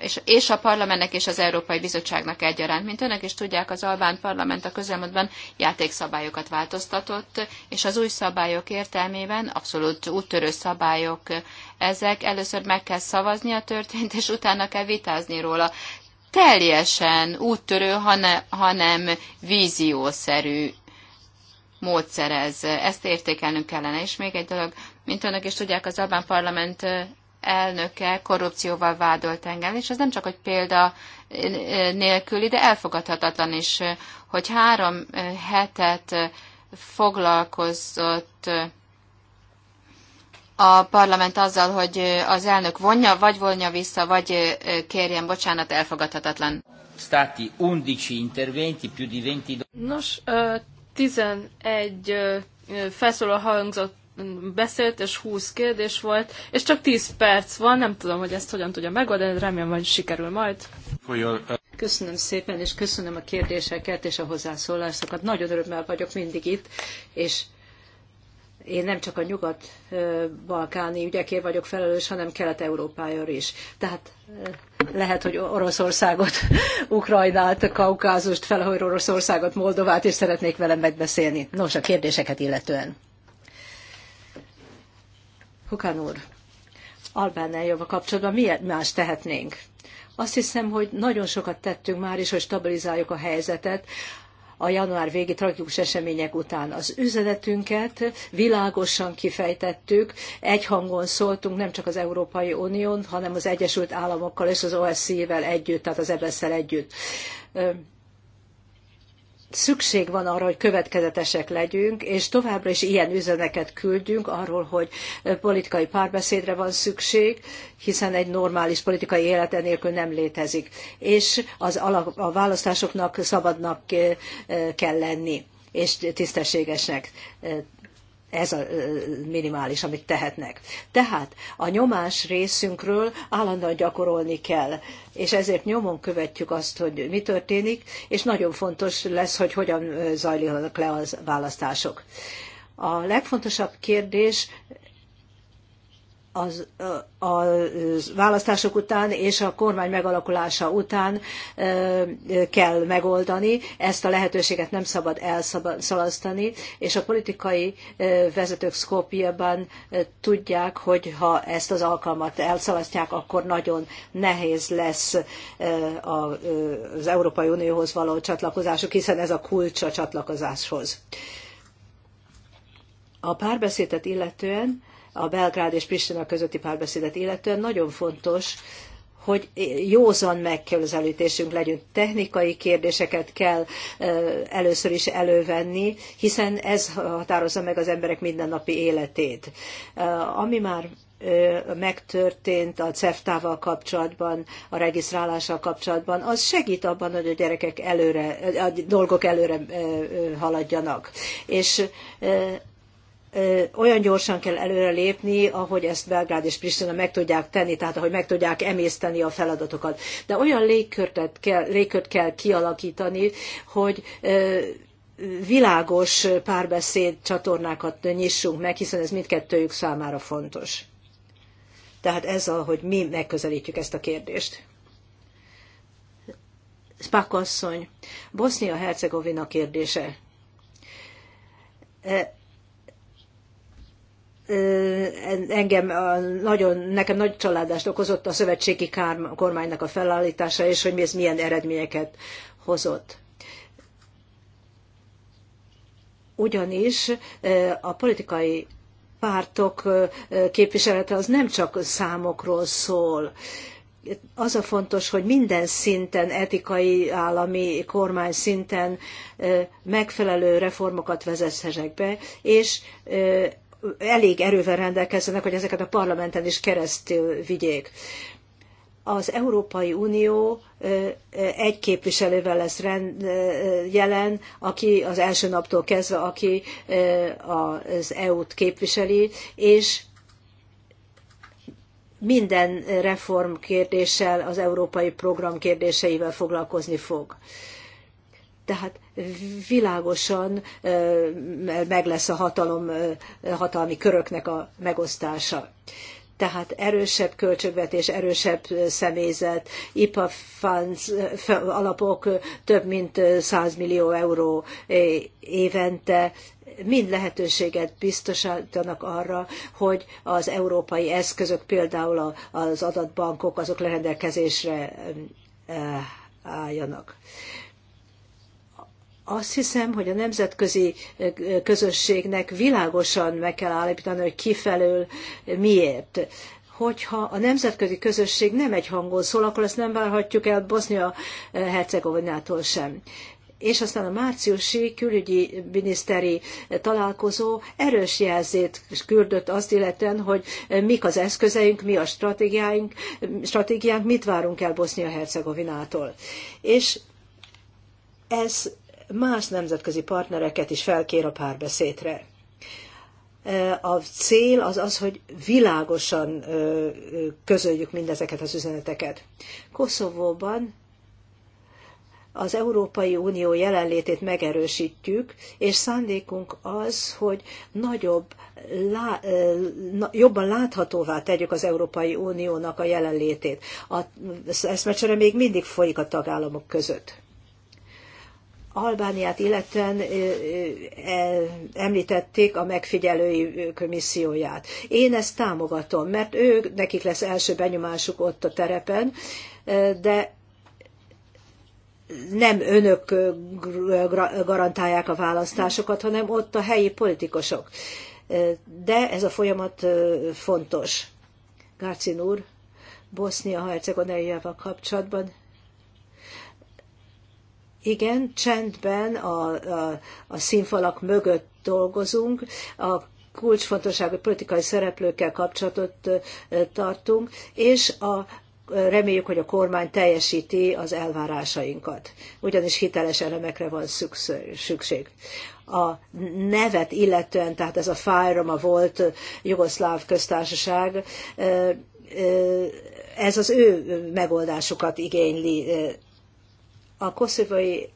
és, és a parlamentnek és az Európai Bizottságnak egyaránt. Mint önök is tudják, az albán parlament a közelmúltban játékszabályokat változtatott, és az új szabályok értelmében abszolút úttörő szabályok ezek. Először meg kell szavazni a történt, és utána kell vitázni róla. Teljesen úttörő, hanem, ha víziószerű módszer ez. Ezt értékelnünk kellene. És még egy dolog, mint önök is tudják, az Albán Parlament elnöke korrupcióval vádolt engem, és ez nem csak, egy példa nélküli, de elfogadhatatlan is, hogy három hetet foglalkozott a parlament azzal, hogy az elnök vonja, vagy vonja vissza, vagy kérjen bocsánat, elfogadhatatlan. Stati undici interventi, più di 20... Nos, 11 felszólal hangzott beszélt, és 20 kérdés volt, és csak 10 perc van, nem tudom, hogy ezt hogyan tudja megoldani, remélem, hogy sikerül majd. Köszönöm szépen, és köszönöm a kérdéseket és a hozzászólásokat. Nagyon örömmel vagyok mindig itt, és én nem csak a nyugat-balkáni ügyekért vagyok felelős, hanem Kelet-Európáért is. Tehát eh, lehet, hogy Oroszországot, Ukrajnát, Kaukázust, felhajró Oroszországot, Moldovát is szeretnék velem megbeszélni. Nos, a kérdéseket illetően. Kukán úr, a kapcsolatban mi más tehetnénk? Azt hiszem, hogy nagyon sokat tettünk már is, hogy stabilizáljuk a helyzetet a január végi tragikus események után. Az üzenetünket világosan kifejtettük, egy hangon szóltunk nem csak az Európai Unión, hanem az Egyesült Államokkal és az OSZ-vel együtt, tehát az ebesz szel együtt szükség van arra, hogy következetesek legyünk, és továbbra is ilyen üzeneket küldjünk arról, hogy eh, politikai párbeszédre van szükség, hiszen egy normális politikai élet enélkül nem létezik, és az alap, a választásoknak szabadnak eh, eh, kell lenni és tisztességesnek ez a minimális, amit tehetnek. Tehát a nyomás részünkről állandóan gyakorolni kell, és ezért nyomon követjük azt, hogy mi történik, és nagyon fontos lesz, hogy hogyan zajlanak le a választások. A legfontosabb kérdés az, a választások után és a kormány megalakulása után kell megoldani. Ezt a lehetőséget nem szabad elszalasztani, és a politikai vezetők Skopjeban tudják, hogy ha ezt az alkalmat elszalasztják, akkor nagyon nehéz lesz az Európai Unióhoz való csatlakozásuk, hiszen ez a kulcs a csatlakozáshoz. A párbeszédet illetően a Belgrád és Pristina közötti párbeszédet illetően nagyon fontos, hogy józan megközelítésünk legyen. Technikai kérdéseket kell először is elővenni, hiszen ez határozza meg az emberek mindennapi életét. Ami már megtörtént a CEFTA-val kapcsolatban, a regisztrálással kapcsolatban, az segít abban, hogy a gyerekek előre, a dolgok előre haladjanak. És olyan gyorsan kell előrelépni, ahogy ezt Belgrád és Pristina meg tudják tenni, tehát ahogy meg tudják emészteni a feladatokat. De olyan légkört kell, légkört kell kialakítani, hogy világos párbeszéd csatornákat nyissunk meg, hiszen ez mindkettőjük számára fontos. Tehát ez, ahogy mi megközelítjük ezt a kérdést. Spak asszony, Bosznia-Hercegovina kérdése engem nagyon, nekem nagy családást okozott a szövetségi kormánynak a felállítása, és hogy ez milyen eredményeket hozott. Ugyanis a politikai pártok képviselete az nem csak számokról szól. Az a fontos, hogy minden szinten, etikai, állami, kormány szinten megfelelő reformokat vezethessek be, és elég erővel rendelkezzenek, hogy ezeket a parlamenten is keresztül vigyék. Az Európai Unió egy képviselővel lesz jelen, aki az első naptól kezdve, aki az EU-t képviseli, és minden reform kérdéssel, az európai program kérdéseivel foglalkozni fog. Tehát világosan meg lesz a hatalom, hatalmi köröknek a megosztása. Tehát erősebb költségvetés, erősebb személyzet, IPA funds, alapok több mint 100 millió euró évente, mind lehetőséget biztosítanak arra, hogy az európai eszközök, például az adatbankok, azok lerendelkezésre álljanak azt hiszem, hogy a nemzetközi eh, közösségnek világosan meg kell állapítani, hogy kifelől eh, miért hogyha a nemzetközi közösség nem egy hangon szól, akkor ezt nem várhatjuk el Bosznia-Hercegovinától eh, sem. És aztán a márciusi külügyi miniszteri találkozó erős jelzét küldött azt illetően, hogy mik az eszközeink, mi a stratégiáink, stratégiánk, mit várunk el Bosznia-Hercegovinától. És ez más nemzetközi partnereket is felkér a párbeszédre. E, a cél az az, hogy világosan közöljük mindezeket az üzeneteket. Koszovóban az Európai Unió jelenlétét megerősítjük, és szándékunk az, hogy nagyobb, lá, jobban láthatóvá tegyük az Európai Uniónak a jelenlétét. A, az eszmecsere még mindig folyik a tagállamok között. Albániát illetően említették a megfigyelői komisszióját. Én ezt támogatom, mert ők, nekik lesz első benyomásuk ott a terepen, de nem önök garantálják a választásokat, hanem ott a helyi politikusok. De ez a folyamat fontos. Gárcin úr, Bosznia-Hercegonájával kapcsolatban igen, csendben a, a, a színfalak mögött dolgozunk, a kulcsfontosságú politikai szereplőkkel kapcsolatot tartunk, és a, reméljük, hogy a kormány teljesíti az elvárásainkat, ugyanis hiteles elemekre van szükség. A nevet illetően, tehát ez a fájroma volt Jugoszláv köztársaság, ez az ő megoldásukat igényli a koszovai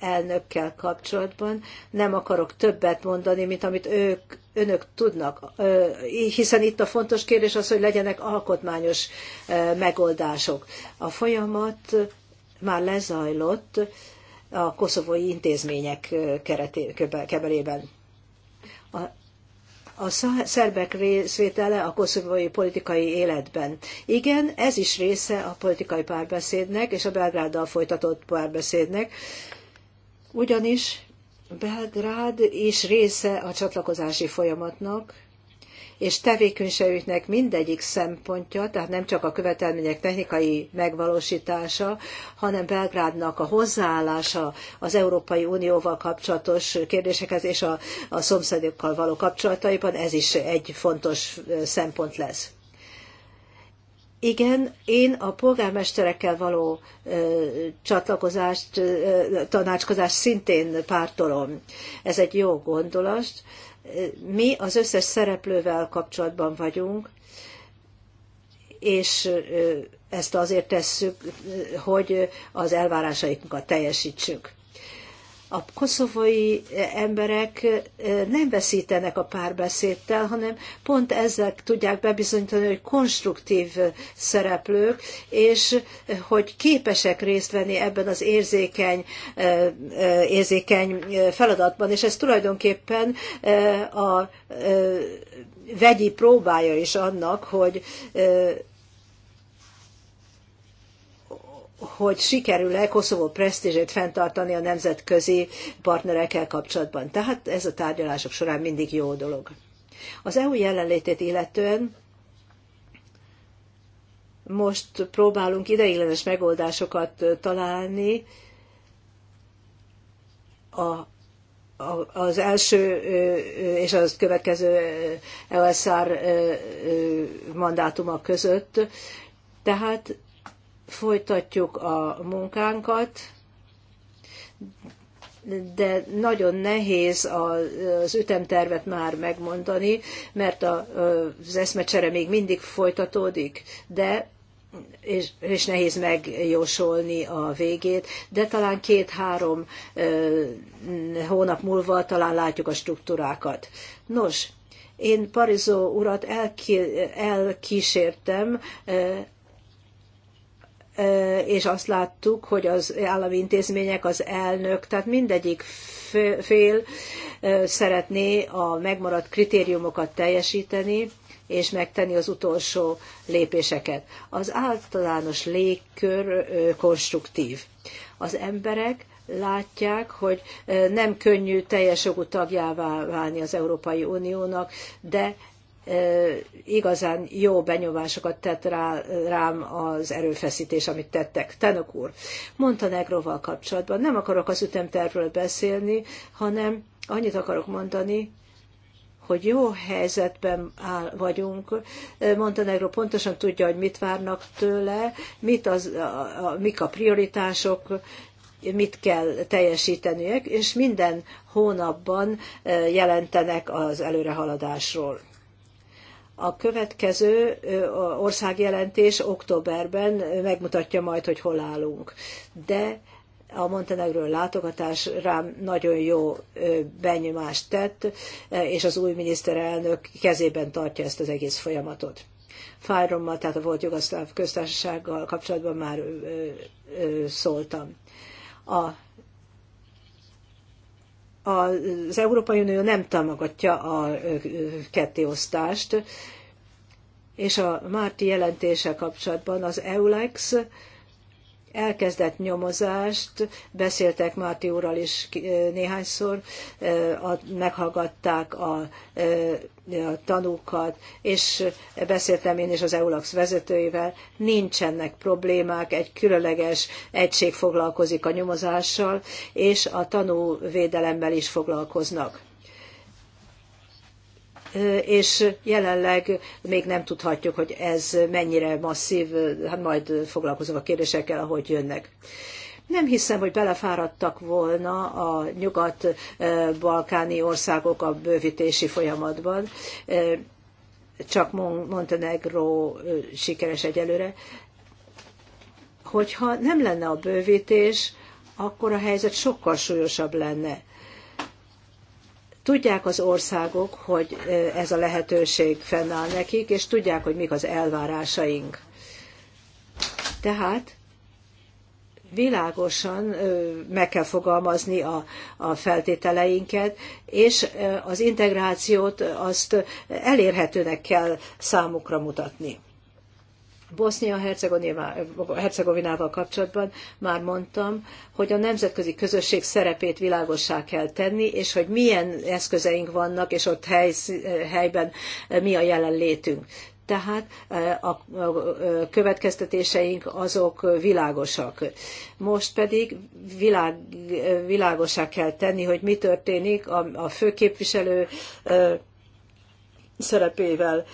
elnökkel kapcsolatban nem akarok többet mondani, mint amit ők, önök tudnak, hiszen itt a fontos kérdés az, hogy legyenek alkotmányos megoldások. A folyamat már lezajlott a koszovói intézmények keretében. A a szerbek részvétele a koszovói politikai életben. Igen, ez is része a politikai párbeszédnek és a Belgráddal folytatott párbeszédnek, ugyanis Belgrád is része a csatlakozási folyamatnak, és tevékenységüknek mindegyik szempontja, tehát nem csak a követelmények technikai megvalósítása, hanem Belgrádnak a hozzáállása az Európai Unióval kapcsolatos kérdésekhez és a, a szomszédokkal való kapcsolataiban, ez is egy fontos szempont lesz. Igen, én a polgármesterekkel való ö, csatlakozást, ö, tanácskozást szintén pártolom. Ez egy jó gondolat, mi az összes szereplővel kapcsolatban vagyunk, és ezt azért tesszük, hogy az elvárásainkat teljesítsük. A koszovai eh, emberek eh, nem veszítenek a párbeszédtel, hanem pont ezek tudják bebizonyítani, hogy konstruktív eh, szereplők, és hogy képesek részt venni ebben az érzékeny, érzékeny feladatban, és ez tulajdonképpen a vegyi próbája is annak, hogy hogy sikerül-e Koszovó presztízsét fenntartani a nemzetközi partnerekkel kapcsolatban. Tehát ez a tárgyalások során mindig jó dolog. Az EU jelenlétét illetően most próbálunk ideiglenes megoldásokat találni a az első és az következő LSR mandátuma között. Tehát folytatjuk a munkánkat, de nagyon nehéz az ütemtervet már megmondani, mert az eszmecsere még mindig folytatódik, de és, és nehéz megjósolni a végét, de talán két-három hónap múlva talán látjuk a struktúrákat. Nos, én Parizó urat elki, elkísértem és azt láttuk, hogy az állami intézmények, az elnök, tehát mindegyik fél szeretné a megmaradt kritériumokat teljesíteni, és megtenni az utolsó lépéseket. Az általános légkör konstruktív. Az emberek látják, hogy nem könnyű teljes jogú tagjává válni az Európai Uniónak, de igazán jó benyomásokat tett rá, rám az erőfeszítés, amit tettek. Tenok úr, Montenegroval kapcsolatban nem akarok az ütemtervről beszélni, hanem annyit akarok mondani, hogy jó helyzetben áll, vagyunk. Montenegro pontosan tudja, hogy mit várnak tőle, mit az, a, a, mik a prioritások, mit kell teljesíteniek, és minden hónapban jelentenek az előrehaladásról. A következő országjelentés októberben megmutatja majd, hogy hol állunk. De a Montenegről látogatás rám nagyon jó benyomást tett, és az új miniszterelnök kezében tartja ezt az egész folyamatot. Fájrommal, tehát a volt jugoszláv köztársasággal kapcsolatban már szóltam. A az Európai Unió nem támogatja a kettéosztást, és a Márti jelentése kapcsolatban az EULEX elkezdett nyomozást, beszéltek Márti úrral is néhányszor, meghallgatták a, a tanúkat, és beszéltem én is az EULAX vezetőivel, nincsenek problémák, egy különleges egység foglalkozik a nyomozással, és a tanúvédelemmel is foglalkoznak és jelenleg még nem tudhatjuk, hogy ez mennyire masszív, hát majd foglalkozom a kérdésekkel, ahogy jönnek. Nem hiszem, hogy belefáradtak volna a nyugat-balkáni országok a bővítési folyamatban, csak Montenegro sikeres egyelőre. Hogyha nem lenne a bővítés, akkor a helyzet sokkal súlyosabb lenne Tudják az országok, hogy ez a lehetőség fennáll nekik, és tudják, hogy mik az elvárásaink. Tehát világosan meg kell fogalmazni a, a feltételeinket, és az integrációt azt elérhetőnek kell számukra mutatni. Bosznia-Hercegovinával kapcsolatban már mondtam, hogy a nemzetközi közösség szerepét világossá kell tenni, és hogy milyen eszközeink vannak, és ott hely, helyben mi a jelenlétünk. Tehát e, a e, következtetéseink azok világosak. Most pedig világ, világosá kell tenni, hogy mi történik a, a főképviselő e, szerepével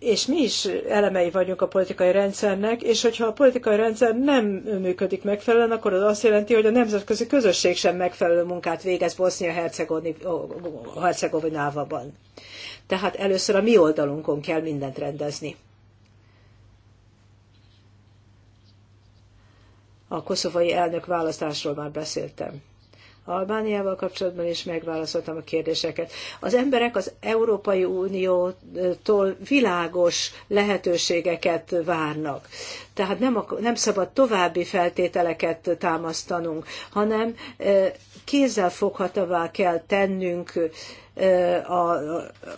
és mi is elemei vagyunk a politikai rendszernek, és hogyha a politikai rendszer nem működik megfelelően, akkor az azt jelenti, hogy a nemzetközi közösség sem megfelelő munkát végez Bosznia-Hercegovinában. Tehát először a mi oldalunkon kell mindent rendezni. A koszovai elnök választásról már beszéltem. Albániával kapcsolatban, is megválaszoltam a kérdéseket. Az emberek az Európai Uniótól világos lehetőségeket várnak. Tehát nem, nem szabad további feltételeket támasztanunk, hanem kézzelfoghatóvá kell tennünk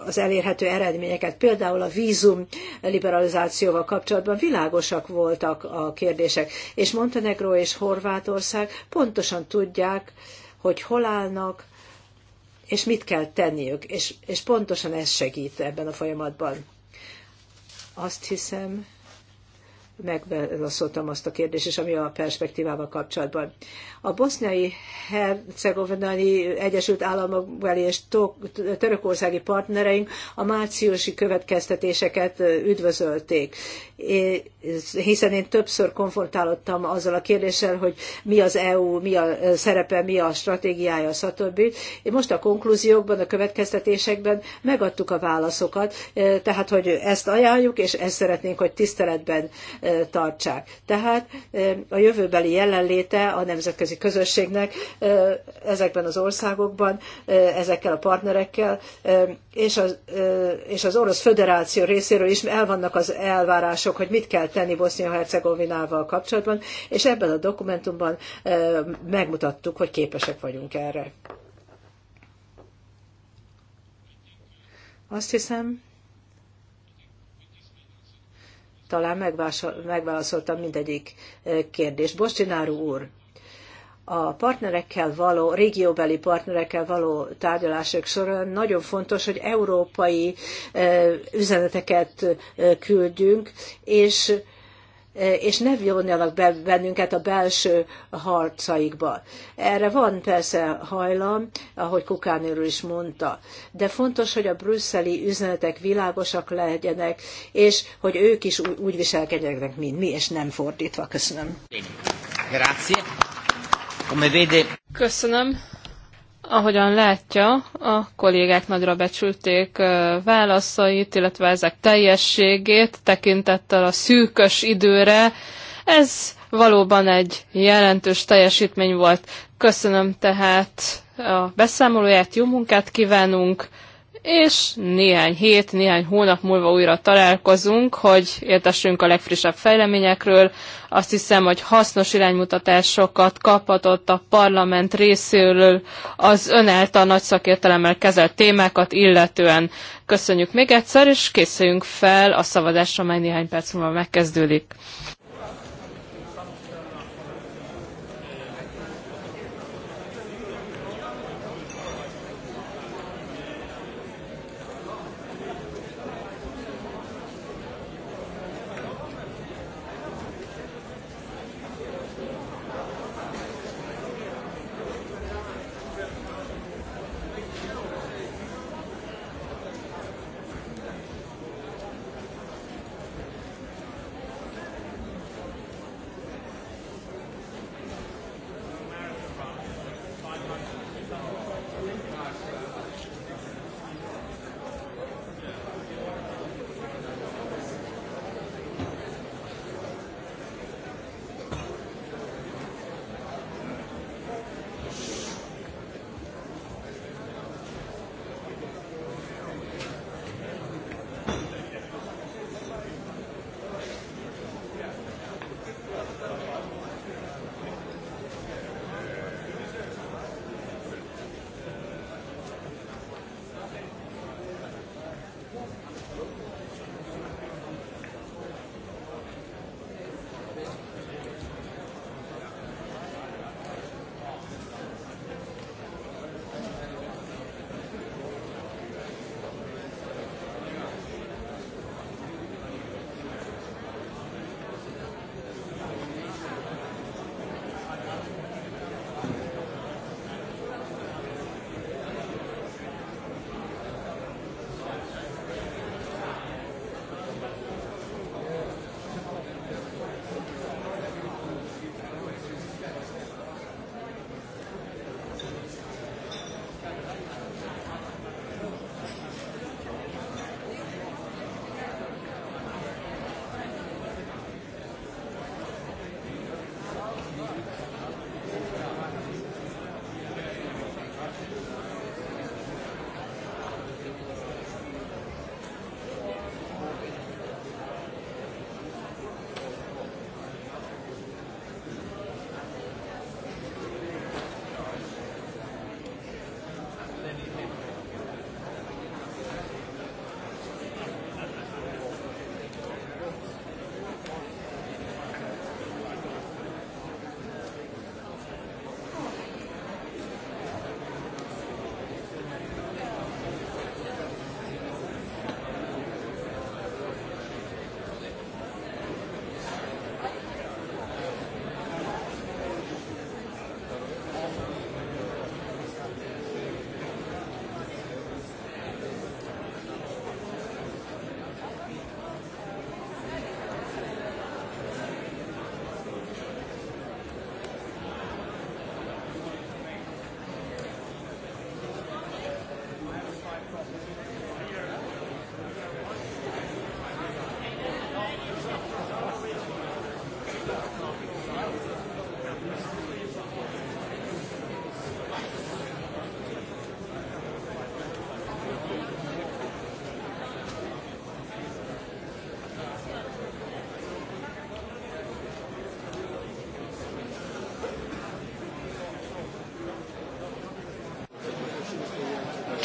az elérhető eredményeket. Például a vízum liberalizációval kapcsolatban világosak voltak a kérdések, és Montenegro és Horvátország pontosan tudják, hogy hol állnak, és mit kell tenniük, és, és pontosan ez segít ebben a folyamatban. Azt hiszem, megválaszoltam azt a kérdést, és ami a perspektívával kapcsolatban. A boszniai hercegovinai Egyesült Államok beli és törökországi partnereink a márciusi következtetéseket üdvözölték, hiszen én többször konfrontálottam azzal a kérdéssel, hogy mi az EU, mi a szerepe, mi a stratégiája, stb. Most a konklúziókban, a következtetésekben megadtuk a válaszokat, tehát, hogy ezt ajánljuk, és ezt szeretnénk, hogy tiszteletben tartsák. Tehát a jövőbeli jelenléte a nemzetközi közösségnek ezekben az országokban, ezekkel a partnerekkel, és az, és az Orosz Föderáció részéről is elvannak az elvárások, hogy mit kell tenni Bosznia-Hercegovinával kapcsolatban, és ebben a dokumentumban megmutattuk, hogy képesek vagyunk erre. Azt hiszem, talán megválaszoltam mindegyik eh, kérdést. Bostináró úr, a partnerekkel való, régióbeli partnerekkel való tárgyalások során nagyon fontos, hogy európai eh, üzeneteket eh, küldjünk, és E, és ne vonjanak be bennünket a belső harcaikba. Erre van persze hajlam, ahogy Kukán úr is mondta, de fontos, hogy a brüsszeli üzenetek világosak legyenek, és hogy ők is úgy viselkedjenek, mint mi, és nem fordítva. Köszönöm. Grazie. Köszönöm. Ahogyan látja, a kollégák nagyra becsülték válaszait, illetve ezek teljességét tekintettel a szűkös időre. Ez valóban egy jelentős teljesítmény volt. Köszönöm tehát a beszámolóját, jó munkát kívánunk! és néhány hét, néhány hónap múlva újra találkozunk, hogy értessünk a legfrissebb fejleményekről. Azt hiszem, hogy hasznos iránymutatásokat kaphatott a parlament részéről az ön által nagy szakértelemmel kezelt témákat illetően. Köszönjük még egyszer, és készüljünk fel a szavazásra, mely néhány perc múlva megkezdődik.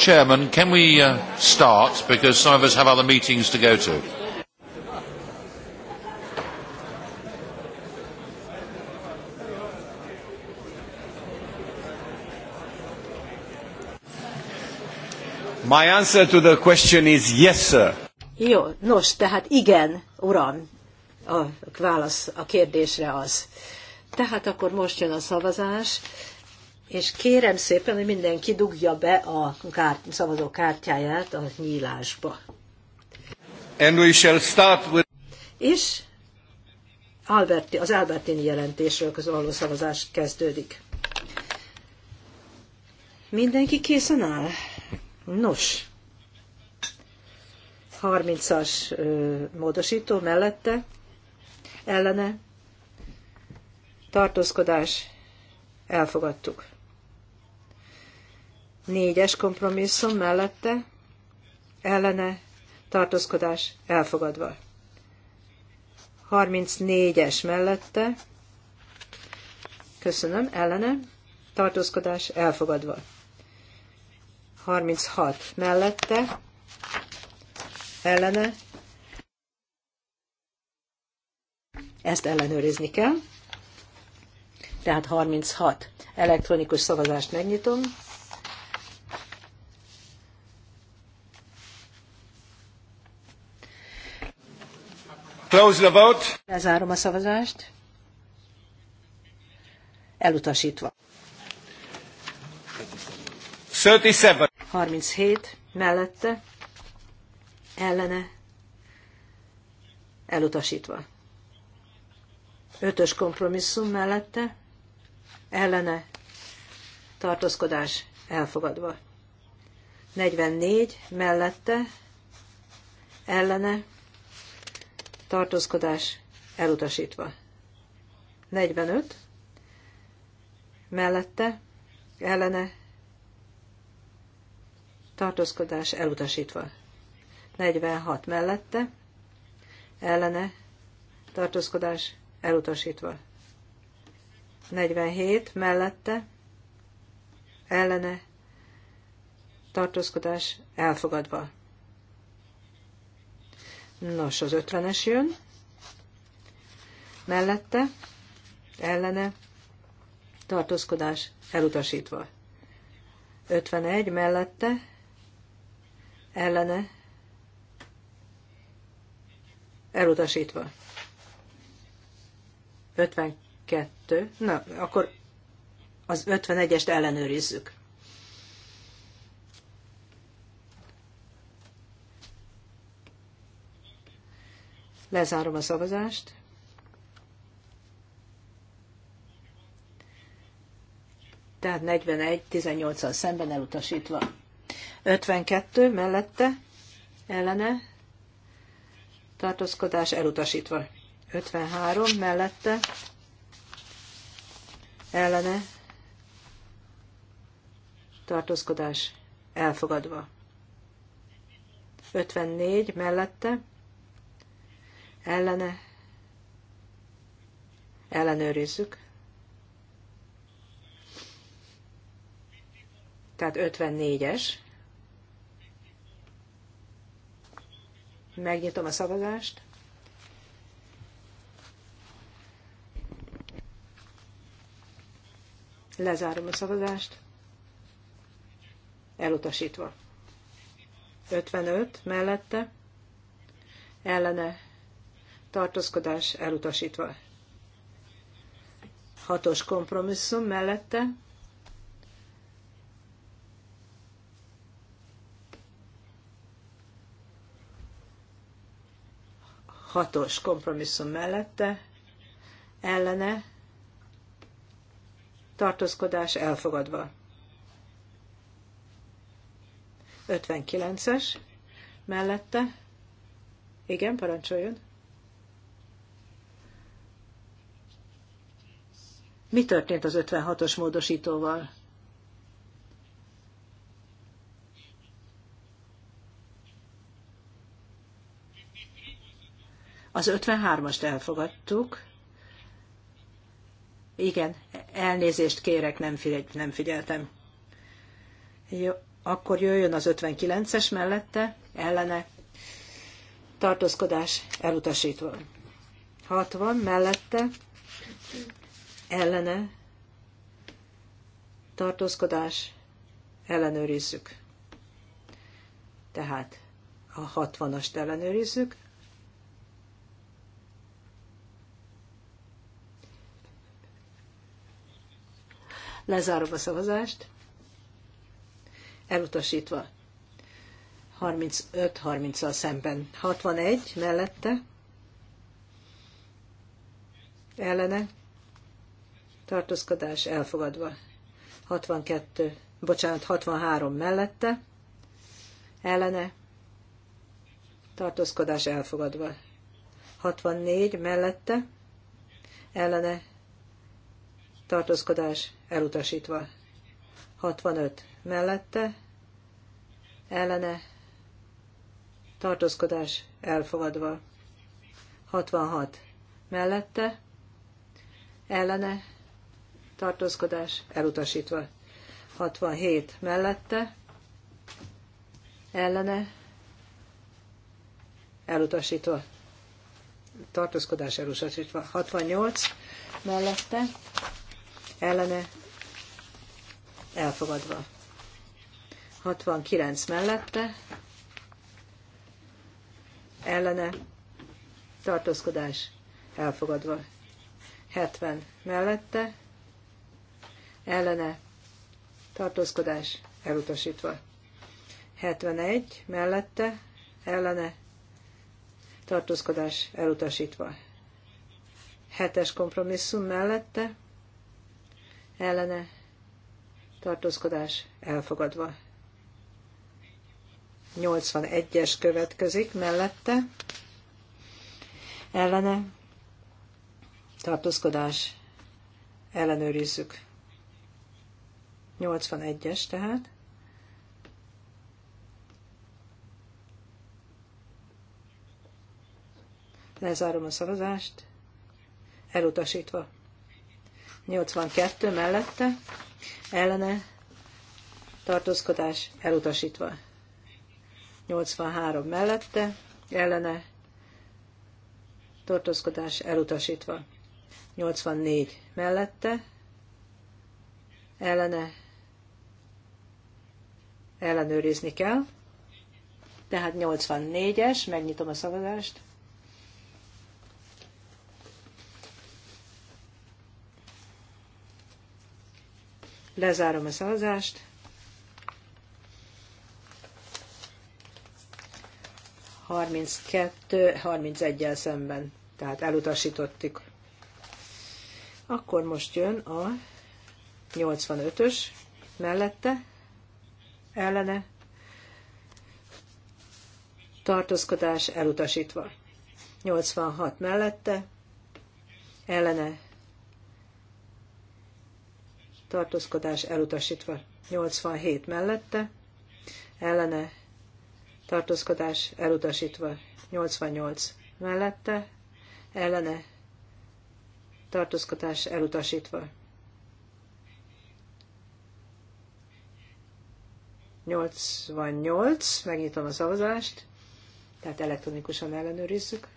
Chairman, can we uh, start because some of us have other meetings to go to? My answer to the question is yes, sir. Jó, nos, tehát igen, uram, a válasz a kérdésre az. Tehát akkor most jön a szavazás és kérem szépen, hogy mindenki dugja be a kárt, szavazókártyáját a nyílásba. And we shall start with... És Alberti, az Albertini jelentésről való szavazás kezdődik. Mindenki készen áll? Nos, 30-as módosító mellette, ellene, tartózkodás, elfogadtuk. Négyes kompromisszum mellette ellene tartózkodás elfogadva. 34-es mellette köszönöm ellene tartózkodás elfogadva. 36 mellette ellene ezt ellenőrizni kell. Tehát 36. Elektronikus szavazást megnyitom. Close the vote. Lezárom a szavazást. Elutasítva. 37. 37 mellette, ellene, elutasítva. Ötös kompromisszum mellette, ellene, tartózkodás elfogadva. 44 mellette, ellene, tartózkodás elutasítva. 45 mellette ellene tartózkodás elutasítva. 46 mellette ellene tartózkodás elutasítva. 47 mellette ellene tartózkodás elfogadva. Nos, az ötvenes jön. Mellette, ellene, tartózkodás elutasítva. 51 mellette, ellene, elutasítva. 52. Na, akkor az 51-est ellenőrizzük. Lezárom a szavazást. Tehát 41, 18-al szemben elutasítva. 52 mellette, ellene, tartózkodás elutasítva. 53 mellette, ellene, tartózkodás elfogadva. 54 mellette, ellene ellenőrizzük. Tehát 54-es. Megnyitom a szavazást. Lezárom a szavazást. Elutasítva. 55 mellette. Ellene tartózkodás elutasítva. Hatos kompromisszum mellette hatos kompromisszum mellette ellene tartózkodás elfogadva. 59-es mellette. Igen, parancsoljon. Mi történt az 56-os módosítóval? Az 53-ast elfogadtuk. Igen, elnézést kérek, nem, figy- nem figyeltem. Jó, akkor jöjjön az 59-es mellette, ellene, tartózkodás elutasítva. 60 mellette, ellene tartózkodás ellenőrizzük. Tehát a 60-ast ellenőrizzük. Lezárom a szavazást. Elutasítva. 35-30-al szemben. 61 mellette. Ellene tartózkodás elfogadva. 62, bocsánat, 63 mellette, ellene, tartózkodás elfogadva. 64 mellette, ellene, tartózkodás elutasítva. 65 mellette, ellene, tartózkodás elfogadva. 66 mellette, ellene, tartózkodás elutasítva. 67 mellette, ellene, elutasítva. Tartózkodás elutasítva. 68 mellette, ellene, elfogadva. 69 mellette, ellene, tartózkodás elfogadva. 70 mellette, ellene tartózkodás elutasítva. 71 mellette ellene tartózkodás elutasítva. 7-es kompromisszum mellette ellene tartózkodás elfogadva. 81-es következik mellette ellene tartózkodás ellenőrizzük. 81-es tehát. Lezárom a szavazást. Elutasítva. 82 mellette. Ellene. Tartózkodás elutasítva. 83 mellette. Ellene. Tartózkodás elutasítva. 84 mellette. Ellene ellenőrizni kell. Tehát 84-es, megnyitom a szavazást. Lezárom a szavazást. 32, 31 el szemben, tehát elutasítottuk. Akkor most jön a 85-ös mellette, ellene tartózkodás elutasítva. 86 mellette ellene tartózkodás elutasítva. 87 mellette ellene tartózkodás elutasítva. 88 mellette ellene tartózkodás elutasítva. 88, megnyitom a szavazást, tehát elektronikusan ellenőrizzük.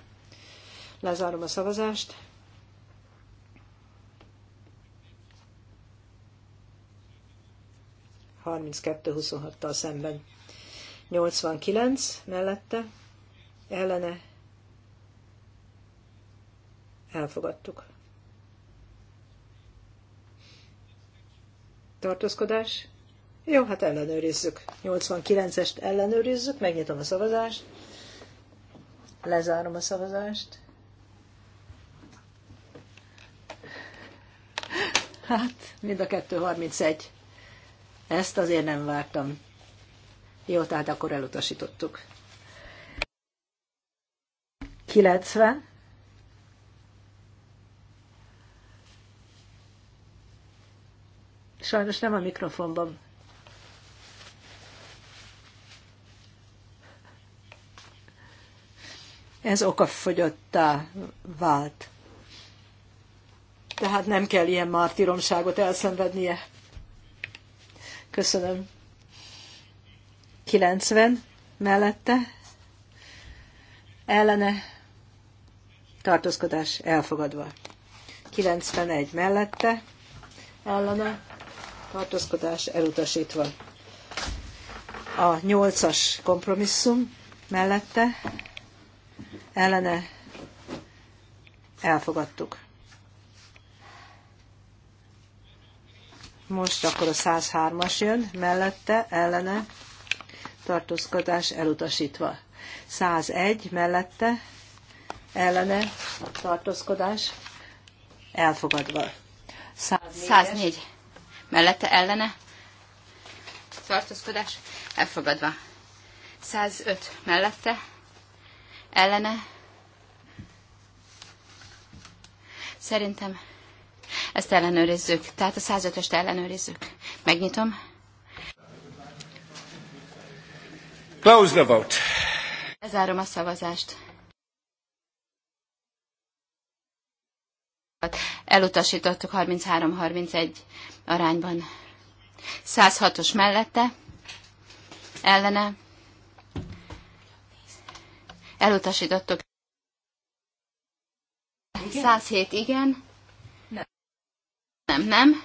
Lezárom a szavazást. tal szemben. 89 mellette, ellene elfogadtuk. Tartózkodás jó, hát ellenőrizzük. 89-est ellenőrizzük, megnyitom a szavazást. Lezárom a szavazást. Hát, mind a kettő, 31. Ezt azért nem vártam. Jó, tehát akkor elutasítottuk. 90. Sajnos nem a mikrofonban ez okafogyottá vált. Tehát nem kell ilyen mártíromságot elszenvednie. Köszönöm. 90 mellette ellene tartózkodás elfogadva. 91 mellette ellene tartózkodás elutasítva. A 8-as kompromisszum mellette ellene elfogadtuk. Most akkor a 103-as jön, mellette, ellene, tartózkodás elutasítva. 101 mellette, ellene, tartózkodás elfogadva. 104, 104. mellette, ellene, tartózkodás elfogadva. 105 mellette, ellene. Szerintem ezt ellenőrizzük. Tehát a 105 est ellenőrizzük. Megnyitom. Close the vote. Lezárom a szavazást. Elutasítottuk 33-31 arányban. 106-os mellette, ellene Elutasítottuk. 107 igen. Nem. Nem, nem.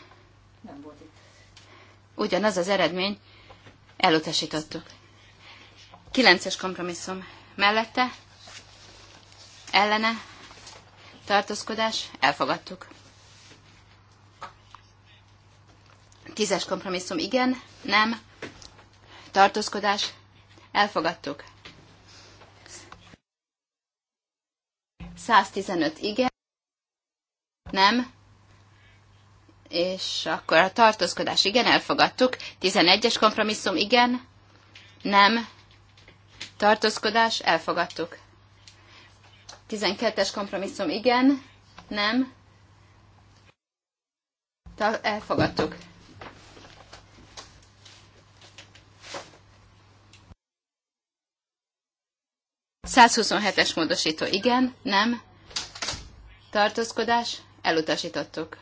Nem volt itt. Ugyanaz az eredmény. Elutasítottuk. 9-es kompromisszum mellette. Ellene. Tartózkodás. Elfogadtuk. Tízes kompromisszum igen, nem, tartózkodás, elfogadtuk. 115 igen, nem, és akkor a tartózkodás igen, elfogadtuk. 11-es kompromisszum igen, nem, tartózkodás, elfogadtuk. 12-es kompromisszum igen, nem, Ta- elfogadtuk. 127-es módosító igen, nem, tartózkodás, elutasítottuk.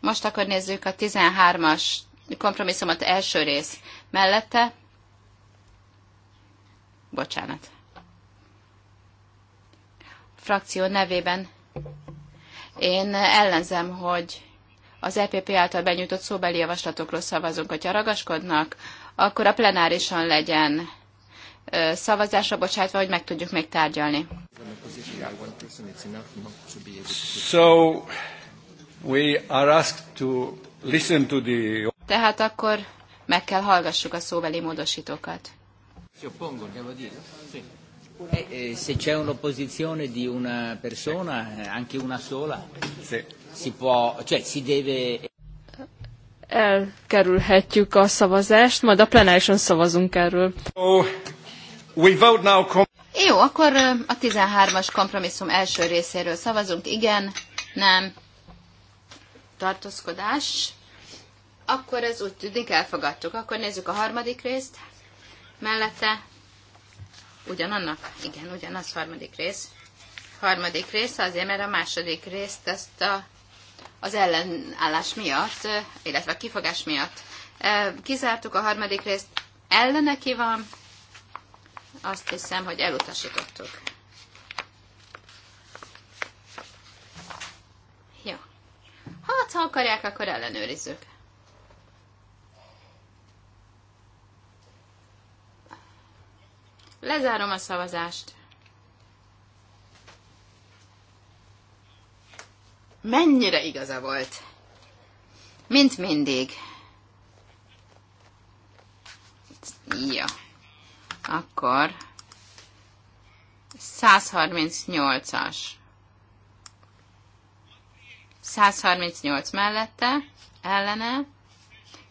Most akkor nézzük a 13-as kompromisszumot első rész mellette. Bocsánat. Frakció nevében én ellenzem, hogy az EPP által benyújtott szóbeli javaslatokról szavazunk, hogyha ragaskodnak, akkor a plenárison legyen szavazásra bocsátva, hogy meg tudjuk még tárgyalni. So, we are asked to listen to the... Tehát akkor meg kell hallgassuk a szóbeli módosítókat. Eh, eh, se c'è un'opposizione di una persona, eh, anche una sola, si può, cioè si deve... Elkerülhetjük a szavazást, majd a plenárison szavazunk erről. Oh. We vote now Jó, akkor a 13-as kompromisszum első részéről szavazunk. Igen, nem, tartózkodás. Akkor ez úgy tűnik elfogadtuk. Akkor nézzük a harmadik részt. Mellette ugyanannak? Igen, ugyanaz harmadik rész. Harmadik rész azért, mert a második részt ezt a, az ellenállás miatt, illetve a kifogás miatt kizártuk a harmadik részt. Ellene ki van, azt hiszem, hogy elutasítottuk. Ja. Ha ha akarják, akkor ellenőrizzük. Lezárom a szavazást. Mennyire igaza volt. Mint mindig. Ja. Akkor 138-as. 138 mellette, ellene,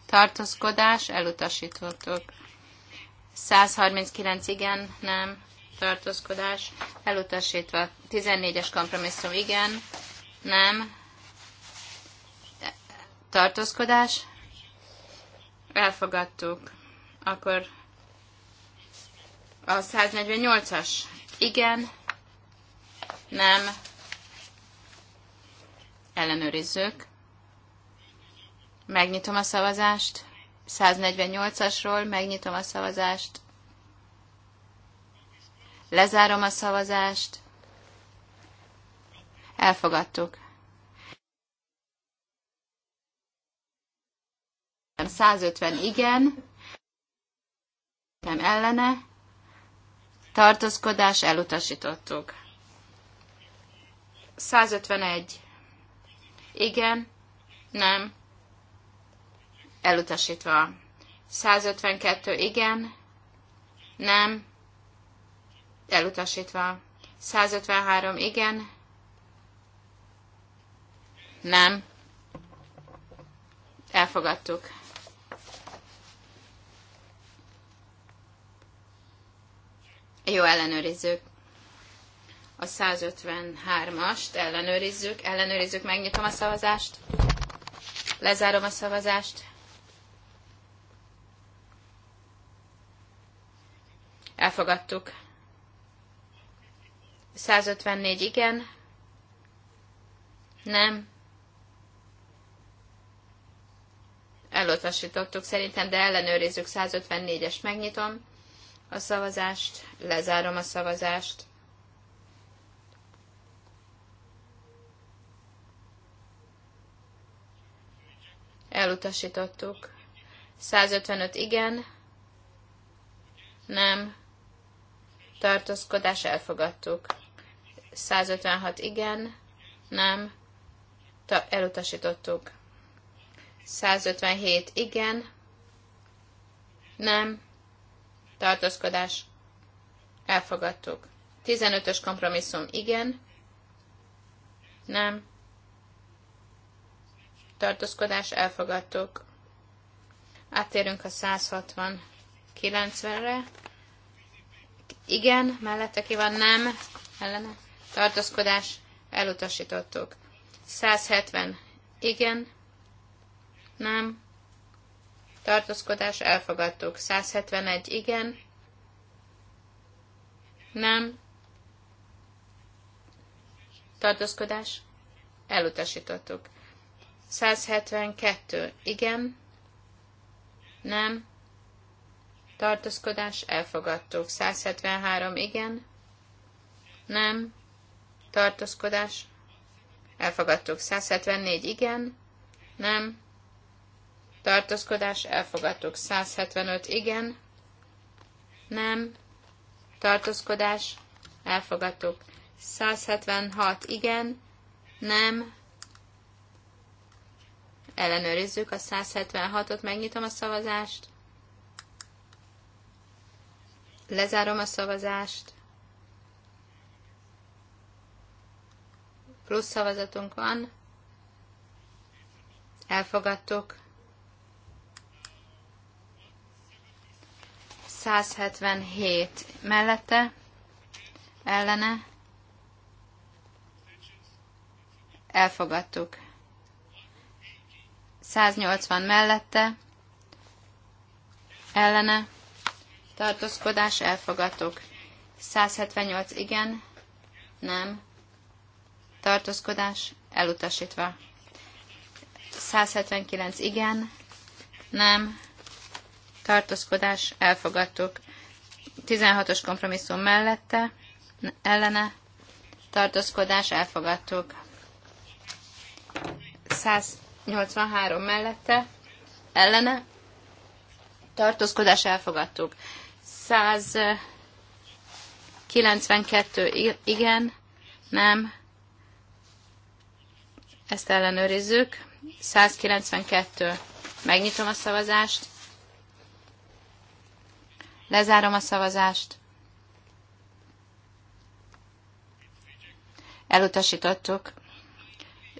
tartózkodás, elutasítottuk. 139 igen, nem, tartózkodás, elutasítva. 14-es kompromisszum igen, nem, tartózkodás, elfogadtuk. Akkor a 148-as. Igen. Nem. Ellenőrizzük. Megnyitom a szavazást. 148-asról megnyitom a szavazást. Lezárom a szavazást. Elfogadtuk. 150 igen, nem ellene, tartózkodás elutasítottuk. 151. Igen, nem, elutasítva. 152. Igen, nem, elutasítva. 153. Igen, nem, elfogadtuk. Jó, ellenőrizzük. A 153-ast ellenőrizzük, ellenőrizzük, megnyitom a szavazást, lezárom a szavazást. Elfogadtuk. 154 igen, nem, elutasítottuk szerintem, de ellenőrizzük, 154-es megnyitom a szavazást, lezárom a szavazást. Elutasítottuk. 155 igen, nem, tartózkodás elfogadtuk. 156 igen, nem, ta- elutasítottuk. 157 igen, nem, tartózkodás, elfogadtuk. 15-ös kompromisszum, igen, nem, tartózkodás, elfogadtuk. Áttérünk a 160-90-re. Igen, mellette ki van, nem, ellene, tartózkodás, elutasítottuk. 170, igen, nem, tartózkodás elfogadtuk. 171 igen, nem, tartózkodás elutasítottuk. 172 igen, nem, tartózkodás elfogadtuk. 173 igen, nem, tartózkodás elfogadtuk. 174 igen, nem, tartózkodás, elfogadtuk. 175 igen, nem, tartózkodás, elfogadtuk. 176 igen, nem, ellenőrizzük a 176-ot, megnyitom a szavazást, lezárom a szavazást, plusz szavazatunk van, elfogadtuk, 177 mellette, ellene, elfogadtuk. 180 mellette, ellene, tartózkodás, elfogadtuk. 178 igen, nem, tartózkodás, elutasítva. 179 igen, nem, tartózkodás, elfogadtuk. 16-os kompromisszum mellette, ellene, tartózkodás, elfogadtuk. 183 mellette, ellene, tartózkodás, elfogadtuk. 192 igen, nem, ezt ellenőrizzük. 192. Megnyitom a szavazást. Lezárom a szavazást. Elutasítottuk.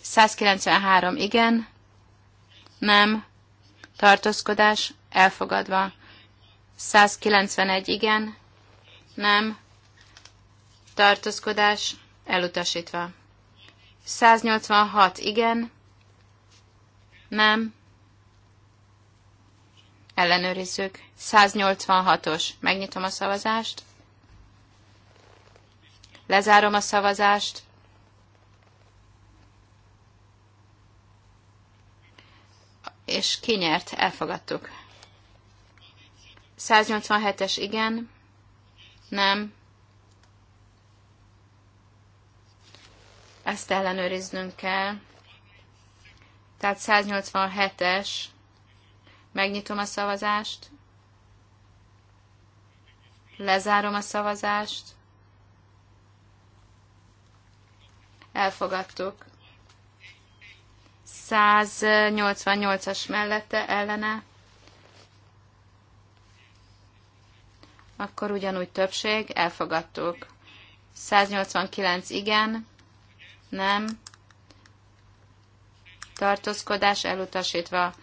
193 igen, nem, tartózkodás, elfogadva. 191 igen, nem, tartózkodás, elutasítva. 186 igen, nem, Ellenőrizzük. 186-os. Megnyitom a szavazást. Lezárom a szavazást. És kinyert, elfogadtuk. 187-es igen, nem. Ezt ellenőriznünk kell. Tehát 187-es Megnyitom a szavazást. Lezárom a szavazást. Elfogadtuk. 188-as mellette ellene. Akkor ugyanúgy többség, elfogadtuk. 189 igen, nem. Tartózkodás elutasítva.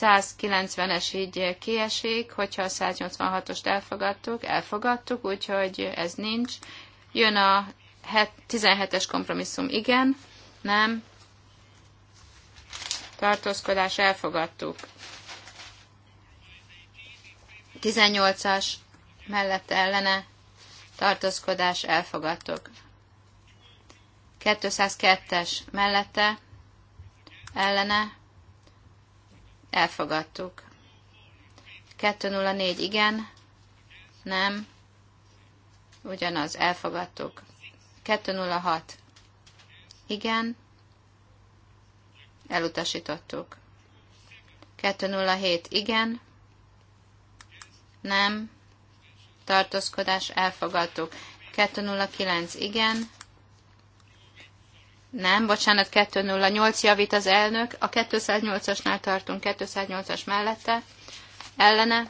190-es így kiesik, hogyha a 186-ost elfogadtuk, elfogadtuk, úgyhogy ez nincs. Jön a 17-es kompromisszum, igen, nem, tartózkodás, elfogadtuk. 18-as mellett ellene tartózkodás, elfogadtuk. 202-es mellette ellene Elfogadtuk. 204 igen, nem, ugyanaz, elfogadtuk. 206 igen, elutasítottuk. 207 igen, nem, tartózkodás, elfogadtuk. 209 igen, nem, bocsánat, 208 javít az elnök. A 208-asnál tartunk, 208-as mellette. Ellene.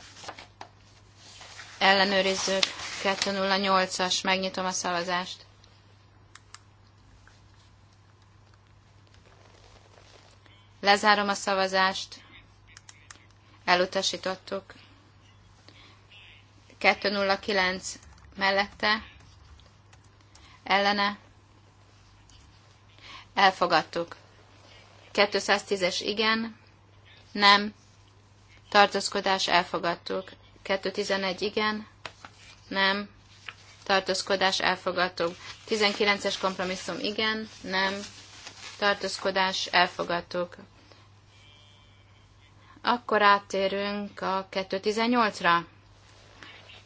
Ellenőrizzük. 208-as. Megnyitom a szavazást. Lezárom a szavazást. Elutasítottuk. 209 mellette. Ellene Elfogadtuk. 210-es igen, nem, tartózkodás elfogadtuk. 211 igen, nem, tartózkodás elfogadtuk. 19-es kompromisszum igen, nem, tartózkodás elfogadtuk. Akkor áttérünk a 218-ra.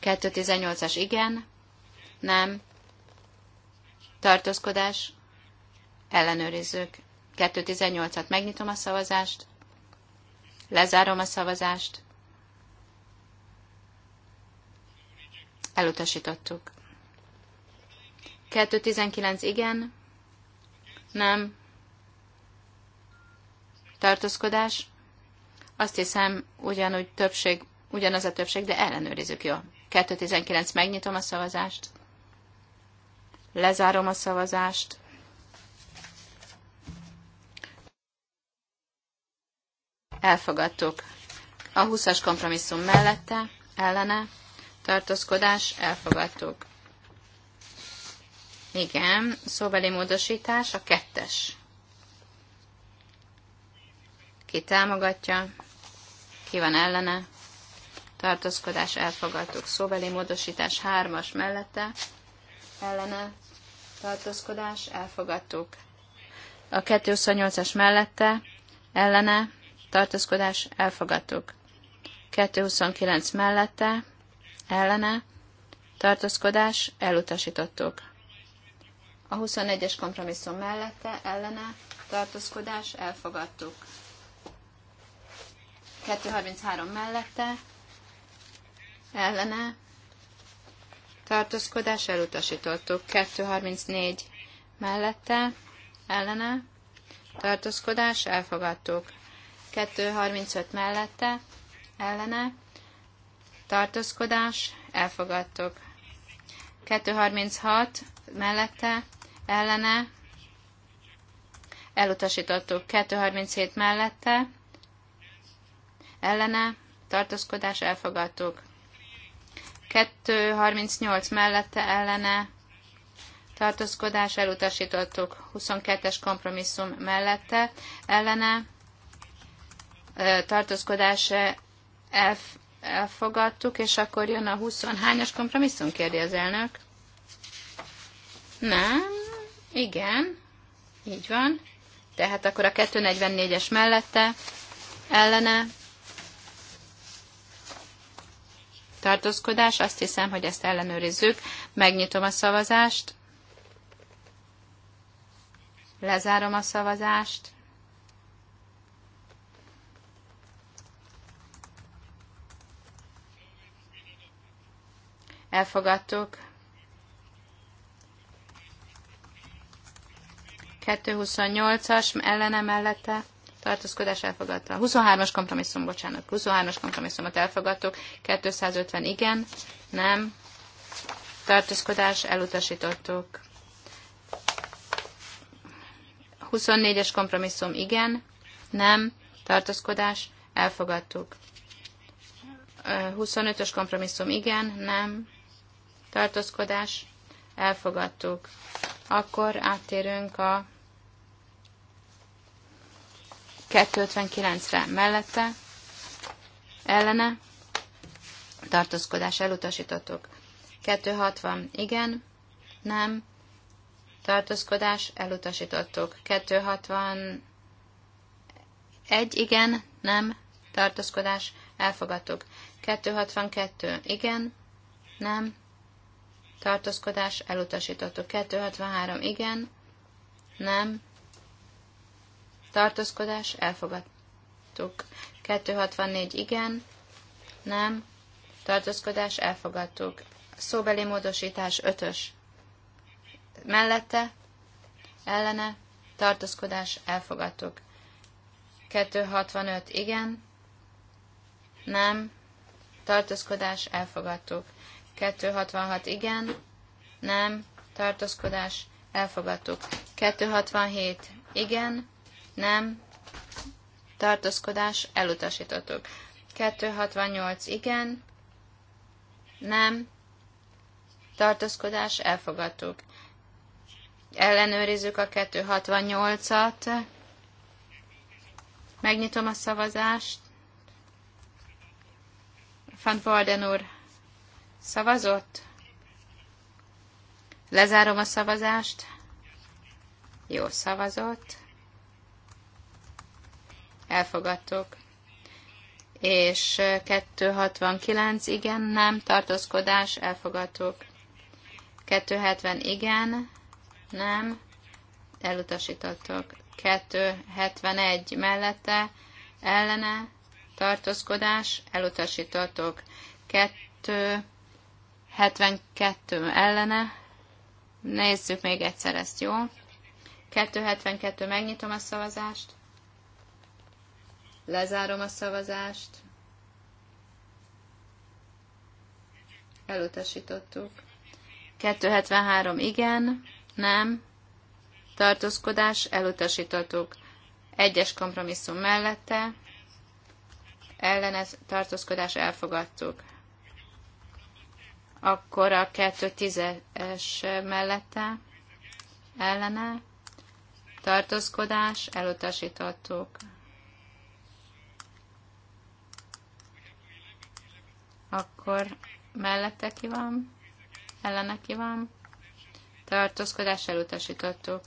218-as igen, nem, tartózkodás Ellenőrizzük. 218-at megnyitom a szavazást. Lezárom a szavazást. Elutasítottuk. 219 igen. Nem. Tartózkodás. Azt hiszem, ugyanúgy többség, ugyanaz a többség, de ellenőrizzük, jó. 219 megnyitom a szavazást. Lezárom a szavazást. Elfogadtuk. A 20-as kompromisszum mellette, ellene, tartózkodás, elfogadtuk. Igen, szóbeli módosítás, a kettes. Ki támogatja, ki van ellene, tartózkodás, elfogadtuk. Szóbeli módosítás, hármas mellette, ellene, tartózkodás, elfogadtuk. A 228-as mellette, ellene, tartózkodás, elfogadtuk. 229 mellette, ellene, tartózkodás, elutasítottuk. A 21-es kompromisszum mellette, ellene, tartózkodás, elfogadtuk. 233 mellette, ellene, tartózkodás, elutasítottuk. 234 mellette, ellene, tartózkodás, elfogadtuk. 2.35 mellette, ellene, tartózkodás, elfogadtok. 2.36 mellette, ellene, elutasítottuk. 2.37 mellette, ellene, tartózkodás, elfogadtuk. 2.38 mellette, ellene, tartózkodás, elutasítottuk. 22-es kompromisszum mellette, ellene, tartózkodás elf, elfogadtuk, és akkor jön a 20. Hányas kompromisszum, kérdi az elnök. Nem, igen, így van. Tehát akkor a 244-es mellette, ellene, tartózkodás, azt hiszem, hogy ezt ellenőrizzük. Megnyitom a szavazást, lezárom a szavazást, elfogadtuk. 228-as ellene mellette tartózkodás elfogadta. 23-as kompromisszum, bocsánat, 23-as kompromisszumot elfogadtuk, 250 igen, nem, tartózkodás elutasítottuk. 24-es kompromisszum igen, nem, tartózkodás elfogadtuk. 25-ös kompromisszum igen, nem, tartózkodás, elfogadtuk. Akkor áttérünk a 259-re mellette, ellene, tartózkodás elutasítottuk. 260 igen, nem, tartózkodás elutasítottuk. 261 igen, nem, tartózkodás elfogadtuk. 262 igen, nem, tartózkodás, elutasítottuk. 263, igen, nem, tartózkodás, elfogadtuk. 264, igen, nem, tartózkodás, elfogadtuk. Szóbeli módosítás, 5-ös. Mellette, ellene, tartózkodás, elfogadtuk. 265, igen, nem, tartózkodás, elfogadtuk. 266 igen, nem, tartózkodás, elfogadtuk. 267 igen, nem, tartózkodás, elutasítottuk. 268 igen, nem, tartózkodás, elfogadtuk. Ellenőrizzük a 268-at. Megnyitom a szavazást. Van Warden úr, Szavazott? Lezárom a szavazást. Jó, szavazott. Elfogadtuk. És 269, igen, nem, tartózkodás, elfogadtuk. 270, igen, nem, elutasítottok. 271 mellette, ellene, tartózkodás, elutasítottok. 2 72 ellene. Nézzük még egyszer ezt, jó? 272, megnyitom a szavazást. Lezárom a szavazást. Elutasítottuk. 273, igen, nem. Tartózkodás, elutasítottuk. Egyes kompromisszum mellette. Ellenes tartózkodás, elfogadtuk akkor a 2.10-es mellette ellene tartózkodás elutasítottuk. Akkor mellette ki van, ellene ki van, tartózkodás elutasítottuk.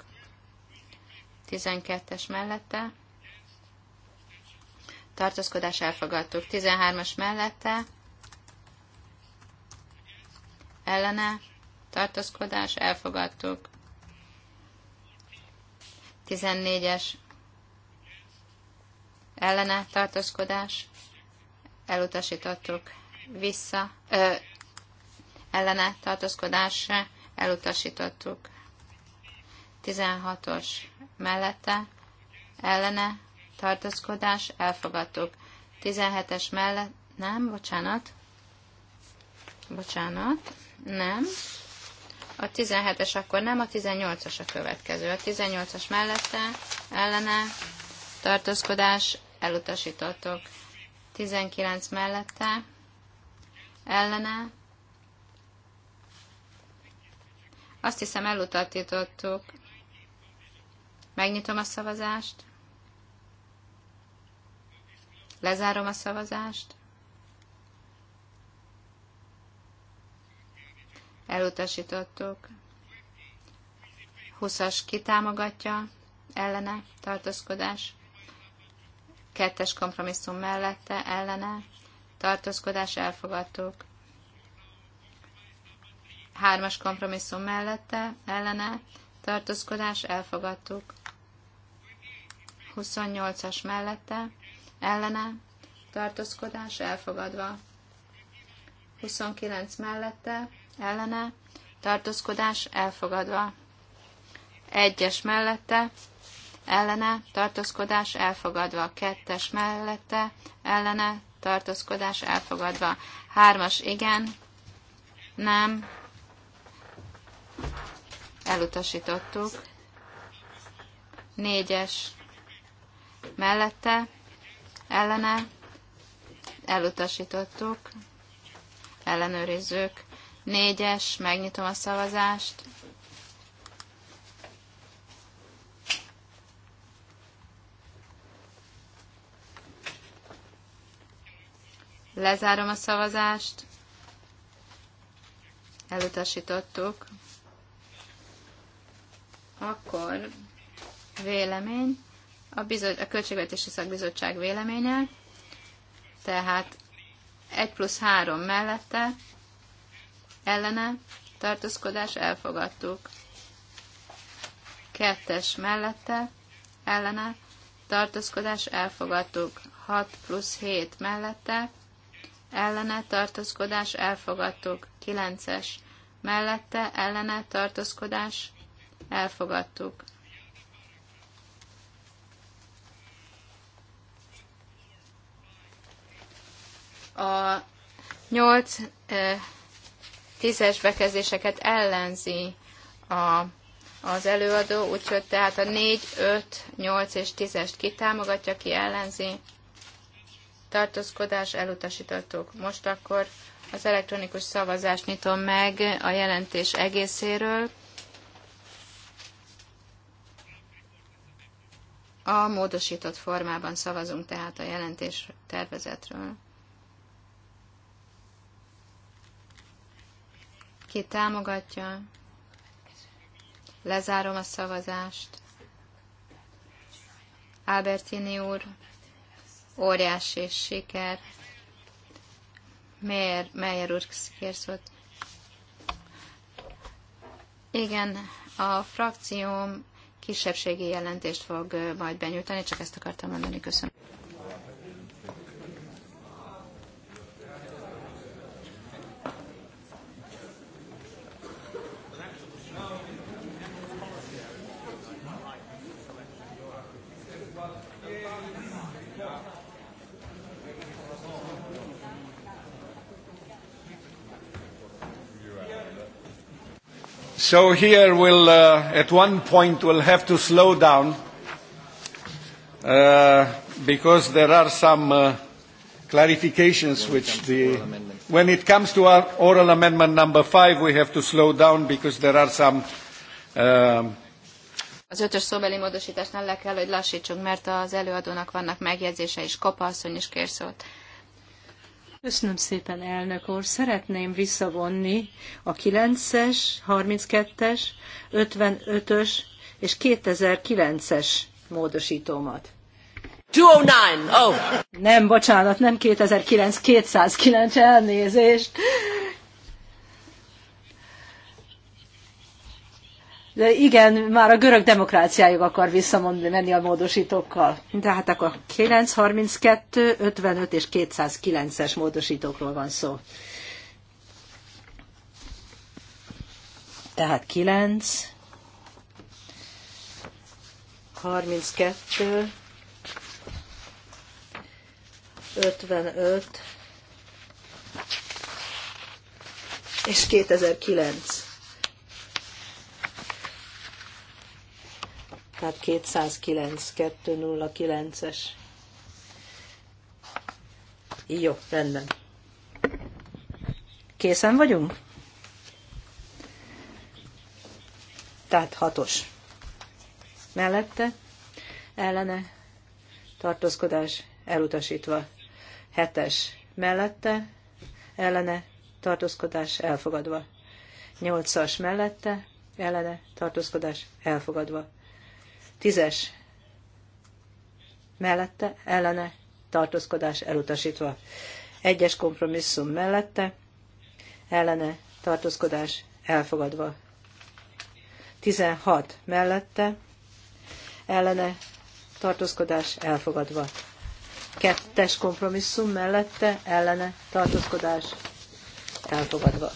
12-es mellette, tartózkodás elfogadtuk. 13-as mellette, ellene tartózkodás elfogadtuk. 14-es ellene tartózkodás elutasítottuk vissza, ö, ellene tartózkodásra elutasítottuk. 16-os mellette ellene tartózkodás elfogadtuk. 17-es mellett, nem, bocsánat, bocsánat, nem. A 17-es akkor nem, a 18-as a következő. A 18-as mellette, ellene, tartózkodás, elutasítottok. 19 mellette, ellene. Azt hiszem elutasítottuk. Megnyitom a szavazást. Lezárom a szavazást. elutasítottuk. 20-as kitámogatja, ellene, tartózkodás. Kettes kompromisszum mellette, ellene, tartózkodás, elfogadtuk. Hármas kompromisszum mellette, ellene, tartózkodás, elfogadtuk. 28-as mellette, ellene, tartózkodás, elfogadva. 29 mellette, ellene, tartózkodás elfogadva. Egyes mellette, ellene, tartózkodás elfogadva. Kettes mellette, ellene, tartózkodás elfogadva. Hármas igen, nem, elutasítottuk. Négyes mellette, ellene, elutasítottuk, ellenőrizzük. Négyes, megnyitom a szavazást. Lezárom a szavazást. Elutasítottuk. Akkor vélemény. A, a Költségvetési Szakbizottság véleménye. Tehát 1 plusz 3 mellette ellene tartózkodás elfogadtuk. Kettes mellette ellene tartózkodás elfogadtuk. 6 plusz 7 mellette ellene tartózkodás elfogadtuk. 9-es mellette ellene tartózkodás elfogadtuk. A 8 tízes bekezdéseket ellenzi a, az előadó, úgyhogy tehát a 4, 5, 8 és 10-est kitámogatja, ki ellenzi. Tartózkodás elutasítottuk. Most akkor az elektronikus szavazást nyitom meg a jelentés egészéről. A módosított formában szavazunk tehát a jelentés tervezetről. Ki támogatja? Lezárom a szavazást. Albertini úr, óriási és siker. Meyer, Meyer úr kérszót. Igen, a frakcióm kisebbségi jelentést fog majd benyújtani, csak ezt akartam mondani. Köszönöm. So here we'll, uh, at one point, we'll have to slow down uh, because there are some uh, clarifications when which the, when it comes to our oral amendment number five, we have to slow down because there are some um, az ötös szóbeli módosításnál le kell, hogy lassítsunk, mert az előadónak vannak megjegyzése, és Kopa asszony is kérszólt. szót. Köszönöm szépen, elnök úr. Szeretném visszavonni a 9-es, 32-es, 55-ös és 2009-es módosítómat. 209, oh! Nem, bocsánat, nem 2009, 209 elnézést. De igen, már a görög demokráciájuk akar visszamenni a módosítókkal. Tehát akkor 932, 55 és 209-es módosítókról van szó. Tehát 9, 32, 55 és 2009. tehát 209, 209-es. Jó, rendben. Készen vagyunk? Tehát hatos. Mellette ellene tartózkodás elutasítva. Hetes. Mellette ellene tartózkodás elfogadva. Nyolcas mellette ellene tartózkodás elfogadva. Tízes mellette ellene tartózkodás elutasítva. Egyes kompromisszum mellette ellene tartózkodás elfogadva. 16 mellette ellene tartózkodás elfogadva. Kettes kompromisszum mellette ellene tartózkodás elfogadva.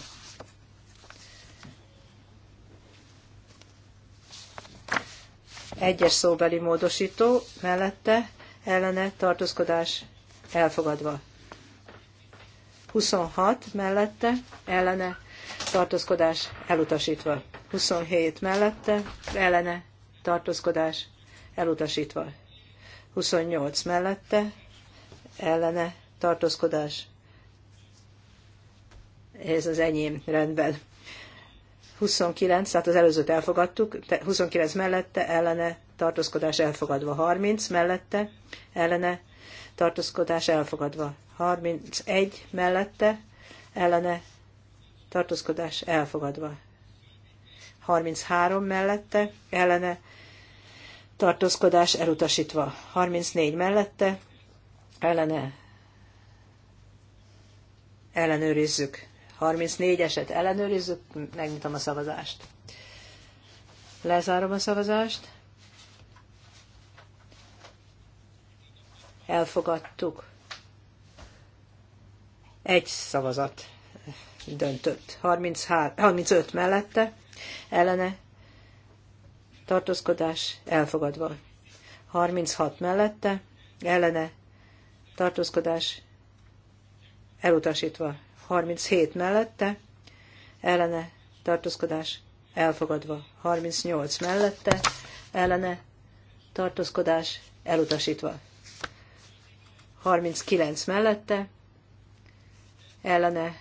Egyes szóbeli módosító mellette ellene tartózkodás elfogadva. 26 mellette ellene tartózkodás elutasítva. 27 mellette ellene tartózkodás elutasítva. 28 mellette ellene tartózkodás. Ez az enyém rendben. 29, tehát az előzőt elfogadtuk, 29 mellette, ellene, tartózkodás elfogadva. 30 mellette, ellene, tartózkodás elfogadva. 31 mellette, ellene, tartózkodás elfogadva. 33 mellette, ellene, tartózkodás elutasítva. 34 mellette, ellene, ellenőrizzük. 34-eset ellenőrizzük, megnyitom a szavazást. Lezárom a szavazást. Elfogadtuk. Egy szavazat döntött. 33, 35 mellette, ellene tartózkodás elfogadva. 36 mellette, ellene tartózkodás elutasítva. 37 mellette, ellene tartózkodás elfogadva. 38 mellette, ellene tartózkodás elutasítva. 39 mellette, ellene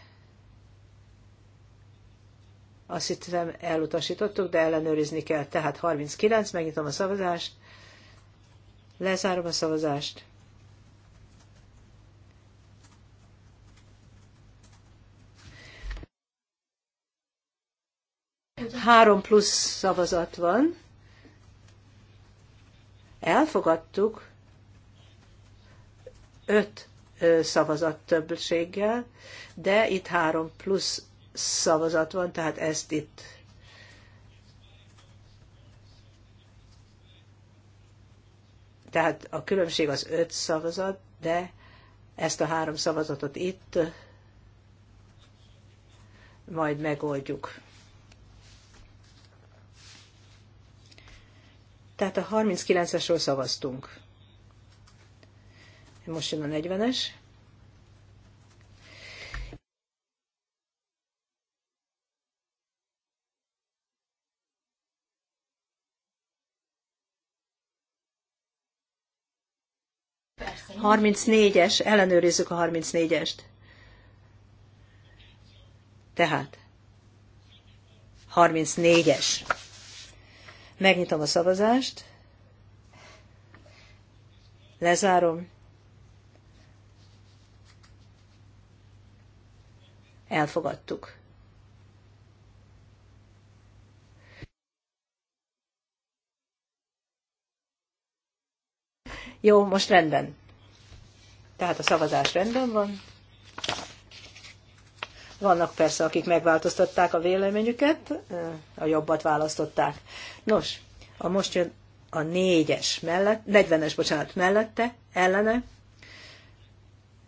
azt hiszem elutasítottuk, de ellenőrizni kell. Tehát 39, megnyitom a szavazást, lezárom a szavazást, Három plusz szavazat van. Elfogadtuk öt szavazat többséggel, de itt három plusz szavazat van, tehát ezt itt Tehát a különbség az öt szavazat, de ezt a három szavazatot itt majd megoldjuk. Tehát a 39-esről szavaztunk. Most jön a 40-es. Persze, 34-es, ellenőrizzük a 34-est. Tehát 34-es. Megnyitom a szavazást. Lezárom. Elfogadtuk. Jó, most rendben. Tehát a szavazás rendben van. Vannak persze, akik megváltoztatták a véleményüket, a jobbat választották. Nos, a most jön a négyes mellett, 40-es, bocsánat, mellette, ellene,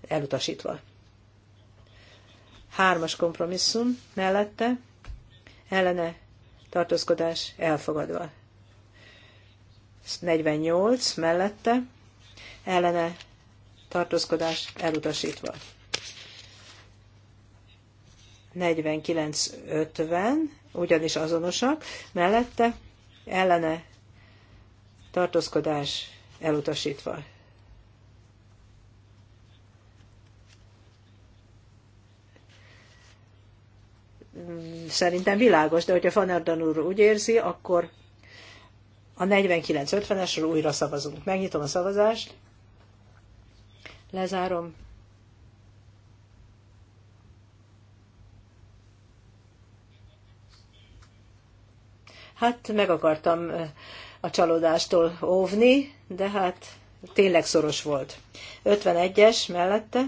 elutasítva. Hármas kompromisszum mellette, ellene, tartózkodás elfogadva. 48 mellette, ellene, tartózkodás elutasítva. 49-50, ugyanis azonosak, mellette ellene tartózkodás elutasítva. Szerintem világos, de hogyha Fanerdan úr úgy érzi, akkor a 49-50-esről újra szavazunk. Megnyitom a szavazást, lezárom, Hát meg akartam a csalódástól óvni, de hát tényleg szoros volt. 51-es mellette,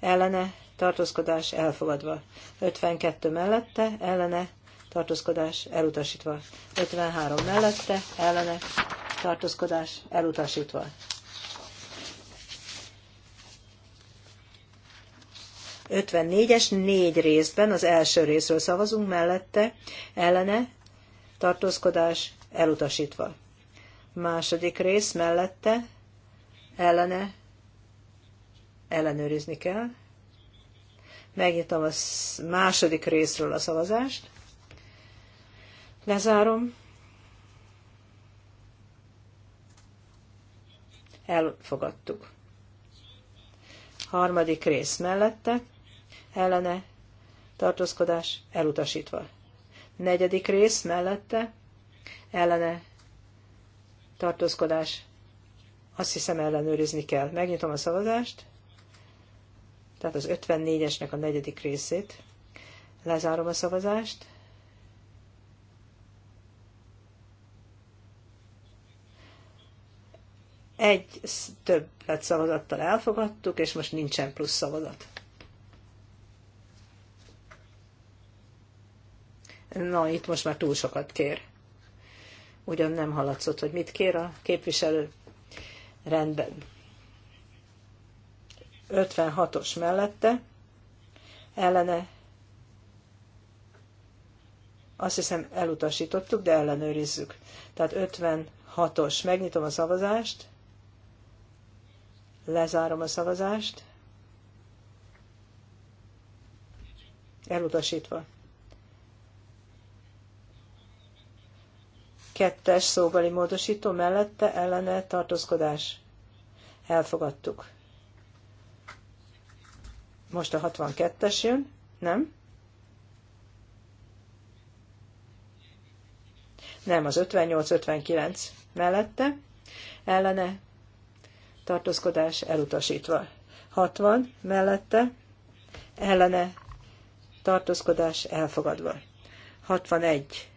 ellene tartózkodás elfogadva. 52 mellette, ellene tartózkodás elutasítva. 53 mellette, ellene tartózkodás elutasítva. 54-es négy részben az első részről szavazunk mellette, ellene tartózkodás elutasítva. Második rész mellette, ellene, ellenőrizni kell. Megnyitom a második részről a szavazást. Lezárom. Elfogadtuk. Harmadik rész mellette, ellene, tartózkodás elutasítva. Negyedik rész mellette ellene tartózkodás. Azt hiszem ellenőrizni kell. Megnyitom a szavazást. Tehát az 54-esnek a negyedik részét. Lezárom a szavazást. Egy több lett szavazattal elfogadtuk, és most nincsen plusz szavazat. Na, itt most már túl sokat kér. Ugyan nem hallatszott, hogy mit kér a képviselő. Rendben. 56-os mellette, ellene, azt hiszem elutasítottuk, de ellenőrizzük. Tehát 56-os, megnyitom a szavazást, lezárom a szavazást, elutasítva. Kettes szóbeli módosító mellette ellene tartózkodás. Elfogadtuk. Most a 62-es jön, nem? Nem, az 58-59 mellette ellene tartózkodás elutasítva. 60 mellette ellene tartózkodás elfogadva. 61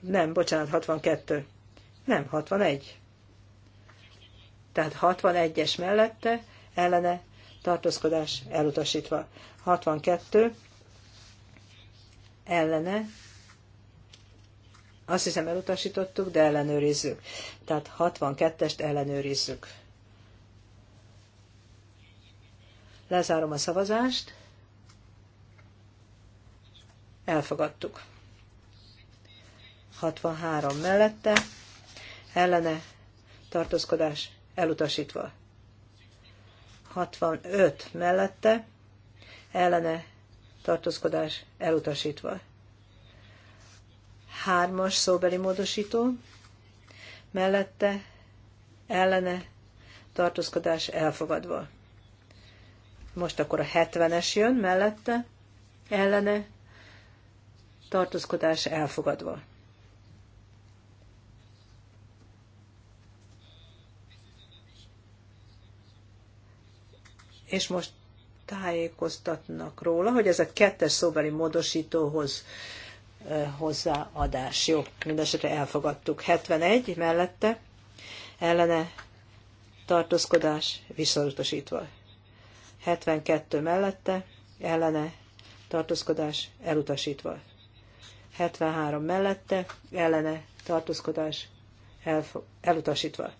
nem, bocsánat, 62. Nem, 61. Tehát 61-es mellette ellene tartózkodás elutasítva. 62 ellene azt hiszem elutasítottuk, de ellenőrizzük. Tehát 62-est ellenőrizzük. Lezárom a szavazást. Elfogadtuk. 63 mellette, ellene tartózkodás elutasítva. 65 mellette, ellene tartózkodás elutasítva. Hármas szóbeli módosító, mellette, ellene tartózkodás elfogadva. Most akkor a 70-es jön mellette, ellene tartózkodás elfogadva. és most tájékoztatnak róla, hogy ez a kettes szóbeli módosítóhoz hozzáadás. Jó, mindesetre elfogadtuk. 71 mellette ellene tartózkodás visszautasítva. 72 mellette ellene tartózkodás elutasítva. 73 mellette ellene tartózkodás elutasítva.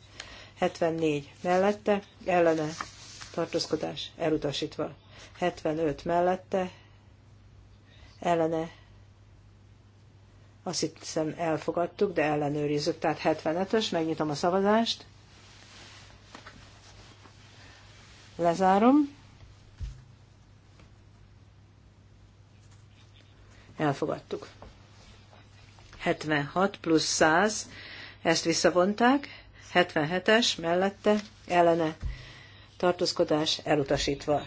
74 mellette ellene tartózkodás elutasítva. 75 mellette ellene azt hiszem elfogadtuk, de ellenőrizzük. Tehát 75-ös, megnyitom a szavazást. Lezárom. Elfogadtuk. 76 plusz 100, ezt visszavonták. 77-es mellette, ellene tartózkodás elutasítva.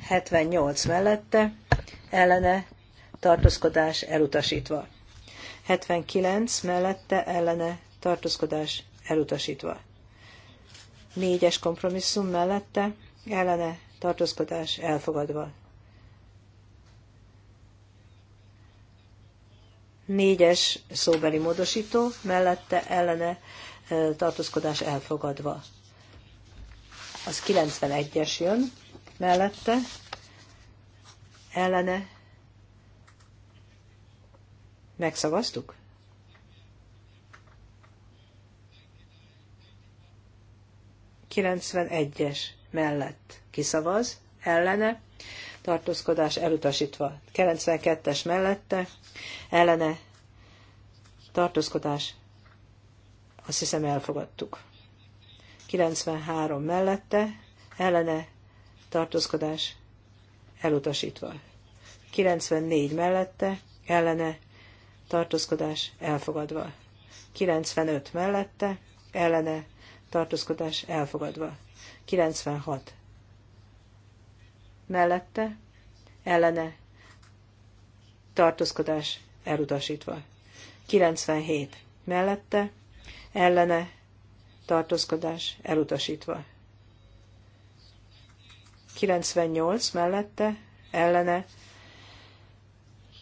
78 mellette, ellene, tartózkodás elutasítva. 79 mellette, ellene, tartózkodás elutasítva. 4-es kompromisszum mellette, ellene, tartózkodás elfogadva. 4-es szóbeli módosító mellette, ellene, tartózkodás elfogadva az 91-es jön mellette, ellene megszavaztuk? es mellett kiszavaz, ellene, tartózkodás elutasítva. 92-es mellette, ellene, tartózkodás, azt hiszem elfogadtuk. 93 mellette, ellene tartózkodás elutasítva. 94 mellette, ellene tartózkodás elfogadva. 95 mellette, ellene tartózkodás elfogadva. 96 mellette, ellene tartózkodás elutasítva. 97 mellette, ellene tartózkodás elutasítva. 98 mellette, ellene,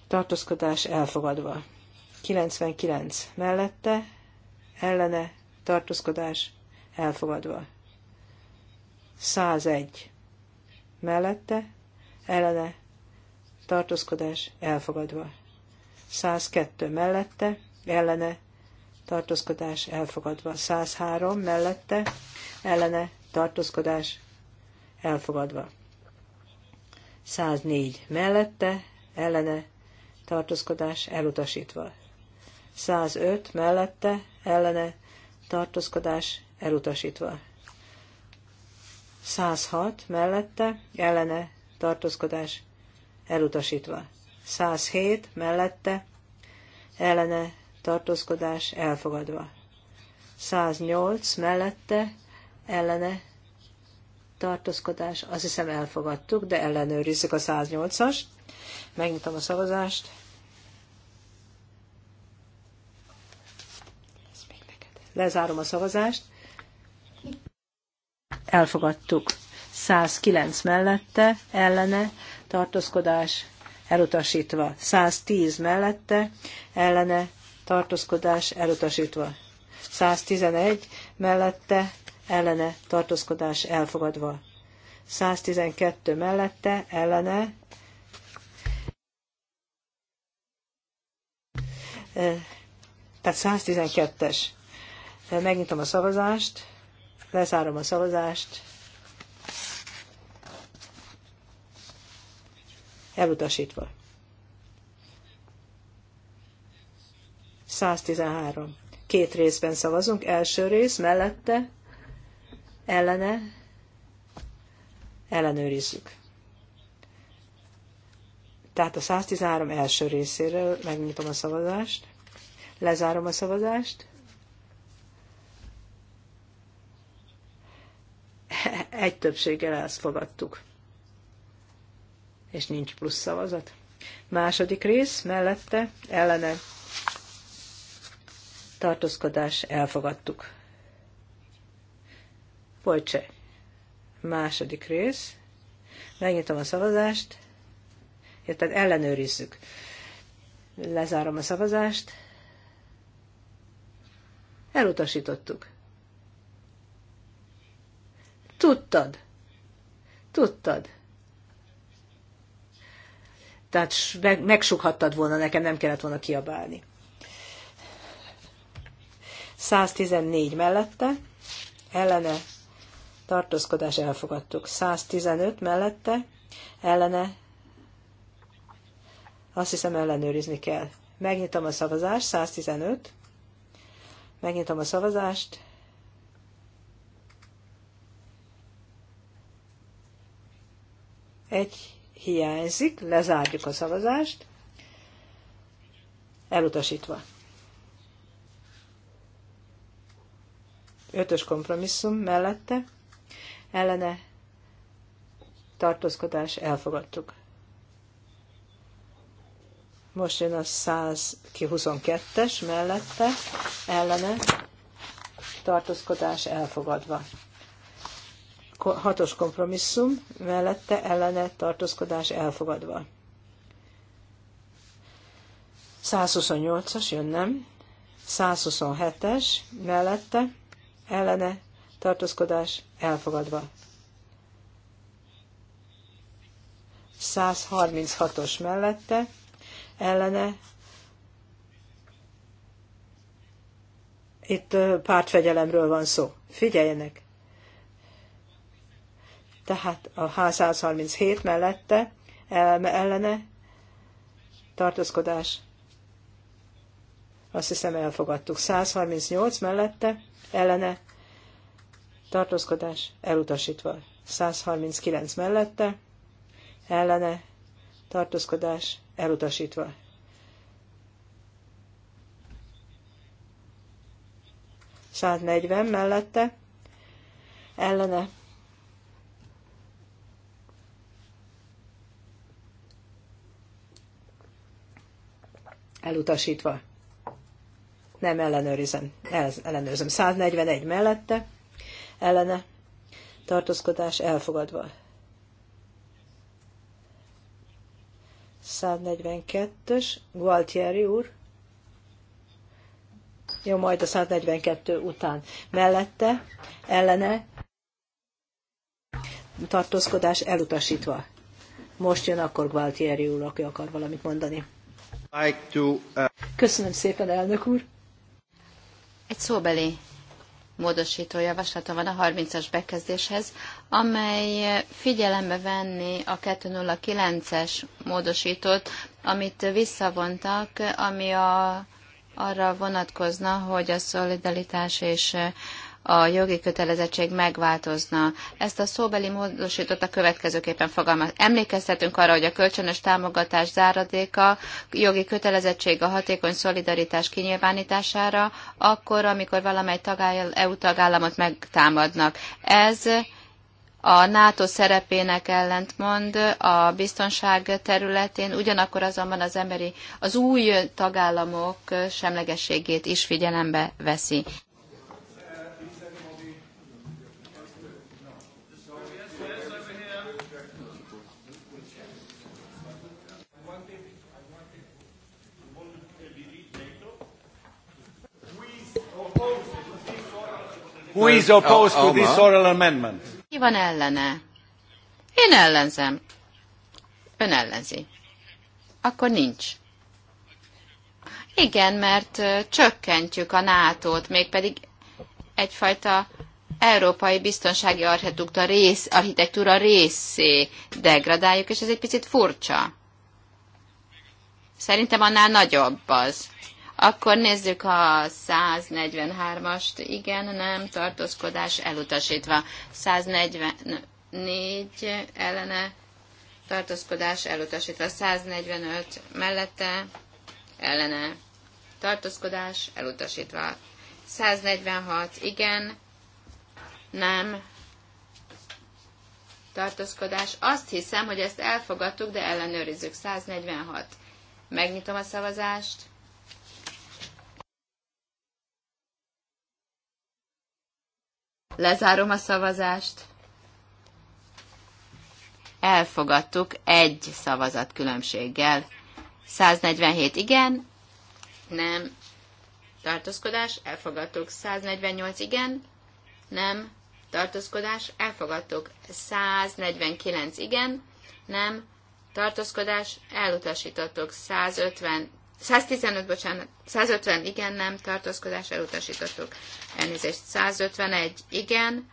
tartózkodás elfogadva. 99 mellette, ellene, tartózkodás elfogadva. 101 mellette, ellene, tartózkodás elfogadva. 102 mellette, ellene, tartózkodás elfogadva. 103 mellette ellene tartózkodás elfogadva. 104 mellette ellene tartózkodás elutasítva. 105 mellette ellene tartózkodás elutasítva. 106 mellette ellene tartózkodás elutasítva. 107 mellette ellene tartózkodás elfogadva. 108 mellette ellene tartózkodás, azt hiszem elfogadtuk, de ellenőrizzük a 108-ast. Megnyitom a szavazást. Lezárom a szavazást. Elfogadtuk. 109 mellette, ellene, tartózkodás elutasítva. 110 mellette, ellene, tartózkodás elutasítva. 111 mellette ellene tartózkodás elfogadva. 112 mellette ellene tehát 112-es. Megnyitom a szavazást, lezárom a szavazást, elutasítva. 113. Két részben szavazunk. Első rész mellette, ellene, ellenőrizzük. Tehát a 113 első részéről megnyitom a szavazást, lezárom a szavazást, egy többséggel fogadtuk. És nincs plusz szavazat. Második rész mellette ellene tartózkodás elfogadtuk. Bojcse. Második rész. Megnyitom a szavazást. Ja, tehát ellenőrizzük. Lezárom a szavazást. Elutasítottuk. Tudtad. Tudtad. Tehát megsughattad volna nekem, nem kellett volna kiabálni. 114 mellette, ellene tartózkodás elfogadtuk. 115 mellette, ellene, azt hiszem ellenőrizni kell. Megnyitom a szavazást, 115. Megnyitom a szavazást. Egy hiányzik, lezárjuk a szavazást. Elutasítva. Ötös kompromisszum mellette ellene tartózkodás elfogadtuk. Most jön a 122-es mellette ellene tartózkodás elfogadva. Hatos kompromisszum mellette ellene tartózkodás elfogadva. 128-as jön, nem? 127-es mellette ellene tartózkodás elfogadva. 136-os mellette ellene itt pártfegyelemről van szó. Figyeljenek! Tehát a 137 mellette ellene tartózkodás. Azt hiszem elfogadtuk. 138 mellette ellene tartózkodás elutasítva. 139 mellette ellene tartózkodás elutasítva. 40 mellette ellene elutasítva. Nem, ellenőrizem. ellenőrzöm. 141 mellette, ellene, tartózkodás elfogadva. 142-ös, Gualtieri úr. Jó, majd a 142 után. Mellette, ellene, tartózkodás elutasítva. Most jön akkor Gualtieri úr, aki akar valamit mondani. Uh, Köszönöm szépen, elnök úr. Egy szóbeli módosító javaslata van a 30-as bekezdéshez, amely figyelembe venni a 209-es módosítót, amit visszavontak, ami a, arra vonatkozna, hogy a szolidaritás és a jogi kötelezettség megváltozna. Ezt a szóbeli módosított a következőképpen fogalmaz. Emlékeztetünk arra, hogy a kölcsönös támogatás záradéka jogi kötelezettség a hatékony szolidaritás kinyilvánítására, akkor, amikor valamely EU tagállamot megtámadnak. Ez a NATO szerepének ellentmond a biztonság területén, ugyanakkor azonban az emberi, az új tagállamok semlegességét is figyelembe veszi. Who is opposed to this oral amendment? Ki van ellene? Én ellenzem. Ön ellenzi. Akkor nincs. Igen, mert csökkentjük a NATO-t, mégpedig egyfajta európai biztonsági architektúra, rész, architektúra részé degradáljuk, és ez egy picit furcsa. Szerintem annál nagyobb az. Akkor nézzük a 143-ast. Igen, nem, tartózkodás elutasítva. 144 ellene, tartózkodás elutasítva. 145 mellette, ellene, tartózkodás elutasítva. 146 igen, nem, tartózkodás. Azt hiszem, hogy ezt elfogadtuk, de ellenőrizzük. 146. Megnyitom a szavazást. Lezárom a szavazást. Elfogadtuk egy szavazat különbséggel. 147 igen, nem, tartózkodás, elfogadtuk. 148 igen, nem, tartózkodás, elfogadtuk. 149 igen, nem, tartózkodás, elutasítottuk. 150 115, bocsánat, 150, igen, nem, tartózkodás, elutasítottuk. Elnézést, 151, igen,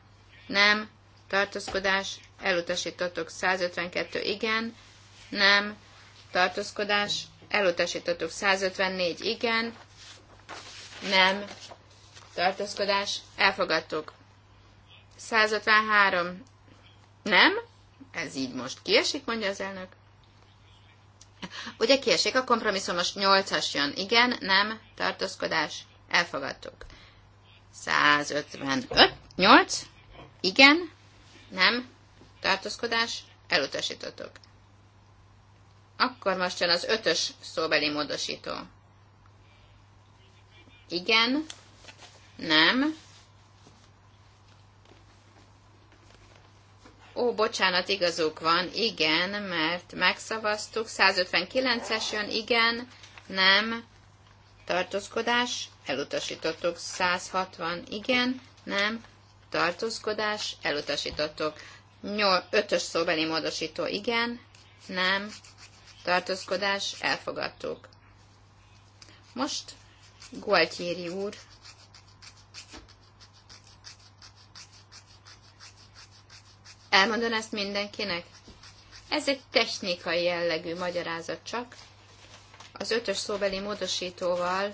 nem, tartózkodás, elutasítottuk. 152, igen, nem, tartózkodás, elutasítottuk. 154, igen, nem, tartózkodás, elfogadtuk. 153, nem, ez így most kiesik, mondja az elnök. Ugye kiesik a kompromisszumos 8-as jön. Igen, nem, tartózkodás, elfogadtuk. 155, 8, igen, nem, tartózkodás, elutasítottuk. Akkor most jön az ötös szóbeli módosító. Igen, nem, Ó, bocsánat, igazuk van, igen, mert megszavaztuk. 159-es jön, igen, nem, tartózkodás, elutasítottuk. 160, igen, nem, tartózkodás, elutasítottuk. 5-ös szóbeli módosító, igen, nem, tartózkodás, elfogadtuk. Most Gualtieri úr Elmondan ezt mindenkinek? Ez egy technikai jellegű magyarázat csak. Az ötös szóbeli módosítóval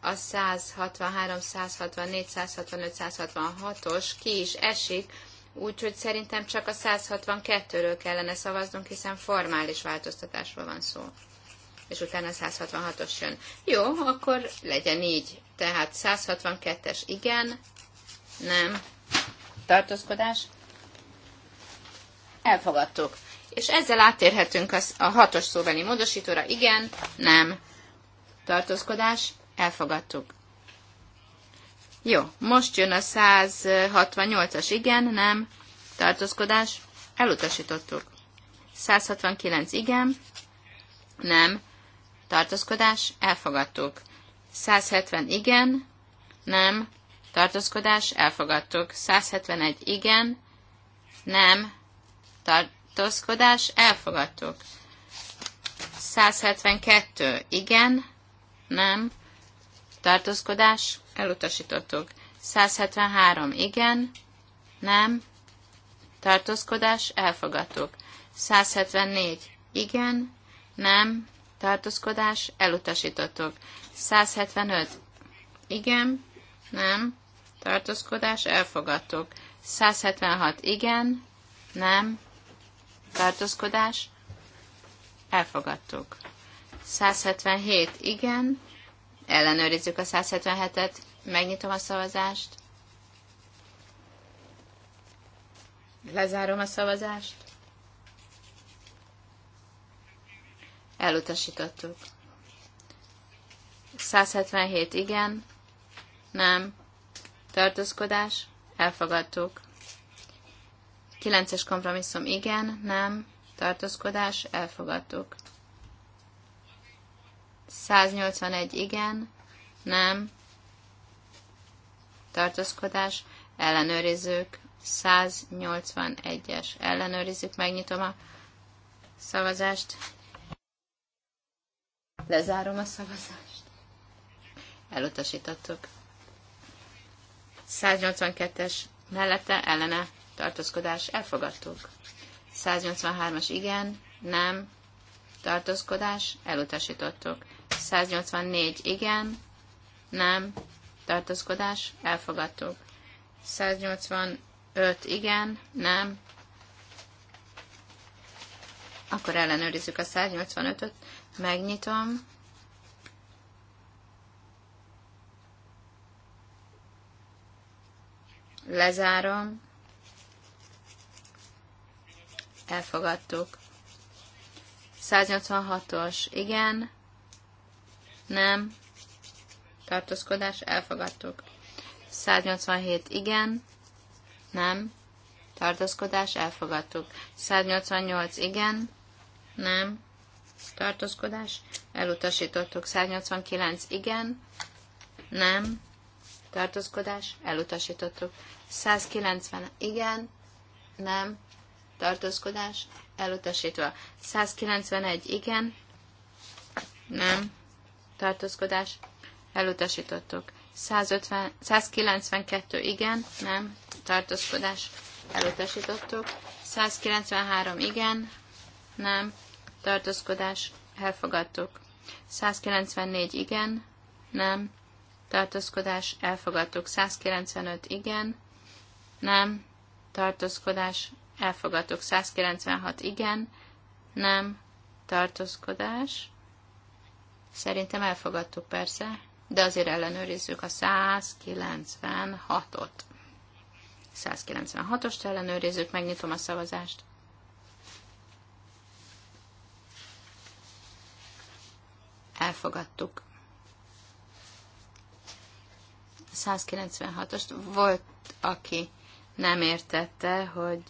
a 163, 164, 165, 166-os ki is esik, úgyhogy szerintem csak a 162-ről kellene szavaznunk, hiszen formális változtatásról van szó. És utána 166-os jön. Jó, akkor legyen így. Tehát 162-es igen, nem, tartózkodás, Elfogadtuk. És ezzel áttérhetünk a hatos szóbeli módosítóra. Igen, nem. Tartózkodás. Elfogadtuk. Jó, most jön a 168-as. Igen, nem. Tartózkodás. Elutasítottuk. 169. Igen, nem. Tartózkodás. Elfogadtuk. 170. Igen, nem. Tartózkodás. Elfogadtuk. 171. Igen, nem tartózkodás, elfogadtuk. 172, igen, nem, tartózkodás, elutasítottuk. 173, igen, nem, tartózkodás, elfogadtuk. 174, igen, nem, tartózkodás, elutasítottuk. 175, igen, nem, tartózkodás, elfogadtuk. 176, igen, nem, tartózkodás, elfogadtuk. 177, igen, ellenőrizzük a 177-et, megnyitom a szavazást, lezárom a szavazást, elutasítottuk. 177, igen, nem, tartózkodás, elfogadtuk. 9-es kompromisszum igen, nem, tartózkodás, elfogadtuk. 181 igen, nem, tartózkodás, ellenőrizzük, 181-es, ellenőrizzük, megnyitom a szavazást, lezárom a szavazást, elutasítottuk. 182-es mellette, ellene, tartózkodás, elfogadtuk. 183-as igen, nem, tartózkodás, elutasítottuk. 184 igen, nem, tartózkodás, elfogadtuk. 185 igen, nem, akkor ellenőrizzük a 185-öt, megnyitom, lezárom, elfogadtuk. 186-os, igen, nem, tartózkodás, elfogadtuk. 187, igen, nem, tartózkodás, elfogadtuk. 188, igen, nem, tartózkodás, elutasítottuk. 189, igen, nem, tartózkodás, elutasítottuk. 190, igen, nem, tartózkodás elutasítva. 191 igen, nem, tartózkodás elutasítottuk. 150, 192 igen, nem, tartózkodás elutasítottuk. 193 igen, nem, tartózkodás elfogadtuk. 194 igen, nem, tartózkodás elfogadtuk. 195 igen, nem, tartózkodás elfogadtuk 196 igen, nem, tartózkodás. Szerintem elfogadtuk persze, de azért ellenőrizzük a 196-ot. 196-ost ellenőrizzük, megnyitom a szavazást. Elfogadtuk. 196-ost volt, aki nem értette, hogy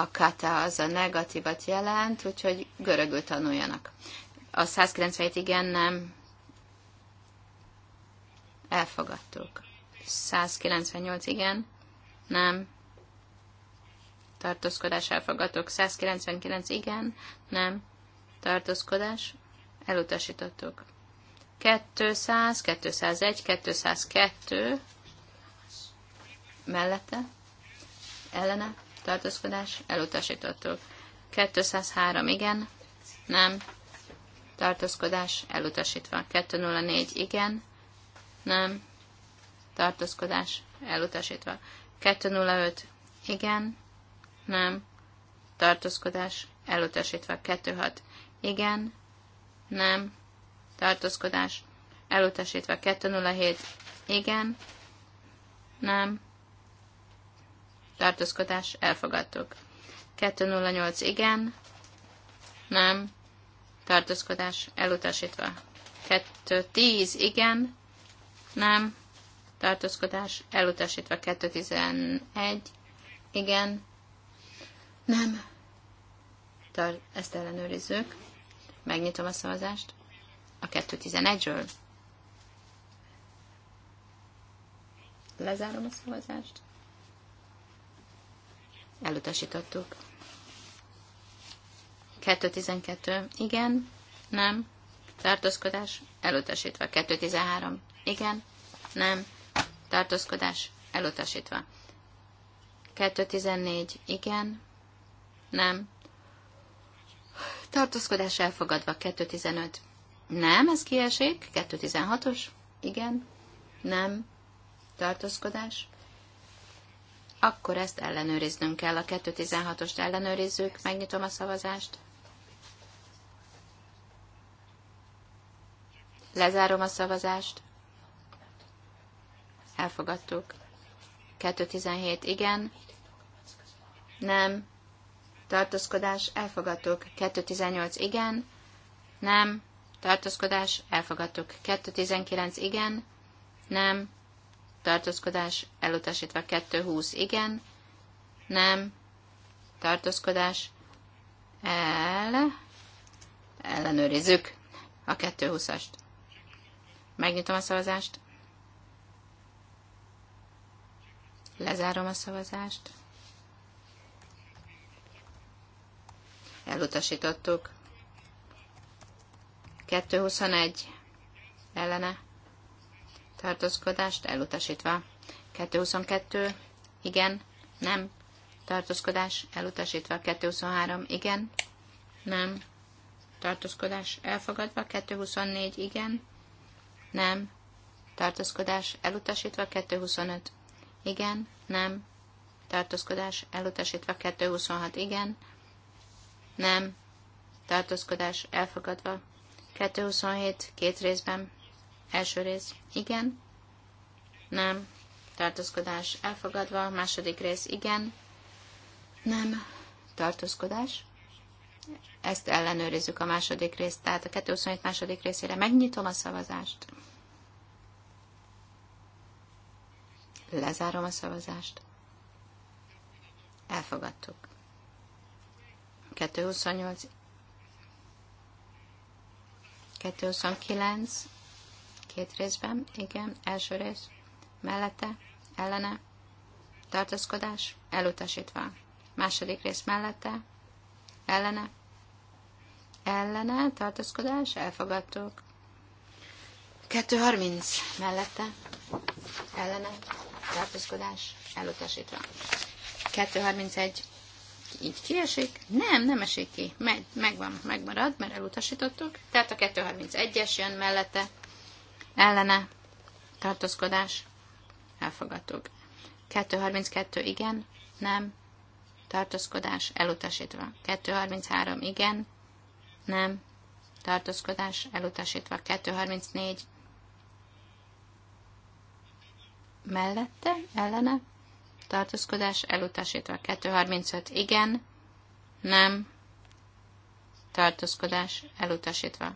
a kata az a negatívat jelent, úgyhogy görögül tanuljanak. A 197 igen nem elfogadtuk. 198 igen nem tartózkodás elfogadtuk. 199 igen nem tartózkodás elutasítottuk. 200, 201, 202 mellette, ellene tartózkodás, elutasítottuk. 203 igen, nem, tartózkodás, elutasítva. 204 igen, nem, tartózkodás, elutasítva. 205 igen, nem, tartózkodás, elutasítva. 26 igen, nem, tartózkodás, elutasítva. 207 igen, nem, tartózkodás, elfogadtuk. 208 igen, nem, tartózkodás, elutasítva. 210 igen, nem, tartózkodás, elutasítva. 211 igen, nem, Tar- ezt ellenőrizzük. Megnyitom a szavazást a 211-ről. Lezárom a szavazást. Elutasítottuk. 2.12. Igen. Nem. Tartózkodás. Elutasítva. 2.13. Igen. Nem. Tartózkodás. Elutasítva. 2.14. Igen. Nem. Tartózkodás elfogadva. 2.15. Nem, ez kiesik. 2.16-os. Igen. Nem. Tartózkodás akkor ezt ellenőriznünk kell. A 216-ost ellenőrizzük, megnyitom a szavazást. Lezárom a szavazást. Elfogadtuk. 217 igen. Nem. Tartózkodás elfogadtuk. 218 igen. Nem. Tartózkodás elfogadtuk. 219 igen. Nem tartózkodás, elutasítva 220, igen, nem, tartózkodás, el, ellenőrizzük a 220-ast. Megnyitom a szavazást. Lezárom a szavazást. Elutasítottuk. 221 ellene tartózkodást elutasítva. 222, igen, nem, tartózkodás elutasítva. 223, igen, nem, tartózkodás elfogadva. 224, igen, nem, tartózkodás elutasítva. 225, igen, nem, tartózkodás elutasítva. 226, igen, nem, tartózkodás elfogadva. 227, két részben, Első rész, igen, nem, tartózkodás elfogadva. Második rész, igen, nem, tartózkodás. Ezt ellenőrizzük a második részt, tehát a 227 második részére megnyitom a szavazást. Lezárom a szavazást. Elfogadtuk. 228. 229 két részben, igen, első rész, mellette, ellene, tartózkodás, elutasítva. Második rész mellette, ellene, ellene, tartózkodás, elfogadtuk. 2.30 mellette, ellene, tartózkodás, elutasítva. 2.31 így kiesik? Nem, nem esik ki. meg megvan, megmarad, mert elutasítottuk. Tehát a 231-es jön mellette, ellene, tartózkodás, elfogadtuk. 232 igen, nem, tartózkodás, elutasítva. 233 igen, nem, tartózkodás, elutasítva. 234 mellette, ellene, tartózkodás, elutasítva. 235 igen, nem, tartózkodás, elutasítva.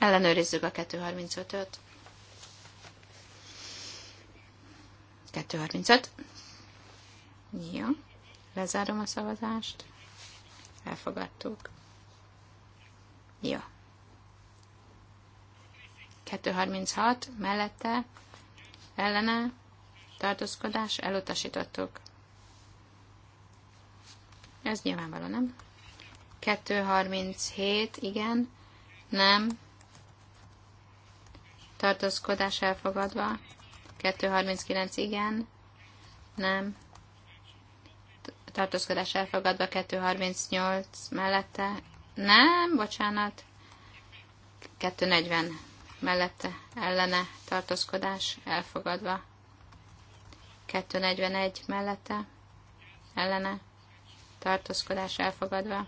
Ellenőrizzük a 235-öt. 235. Jó. Lezárom a szavazást. Elfogadtuk. Jó. 236 mellette ellene tartózkodás elutasítottuk. Ez nyilvánvaló, nem? 237, igen, nem, tartózkodás elfogadva, 239 igen, nem, tartózkodás elfogadva, 238 mellette, nem, bocsánat, 240 mellette, ellene, tartózkodás elfogadva, 241 mellette, ellene, tartózkodás elfogadva,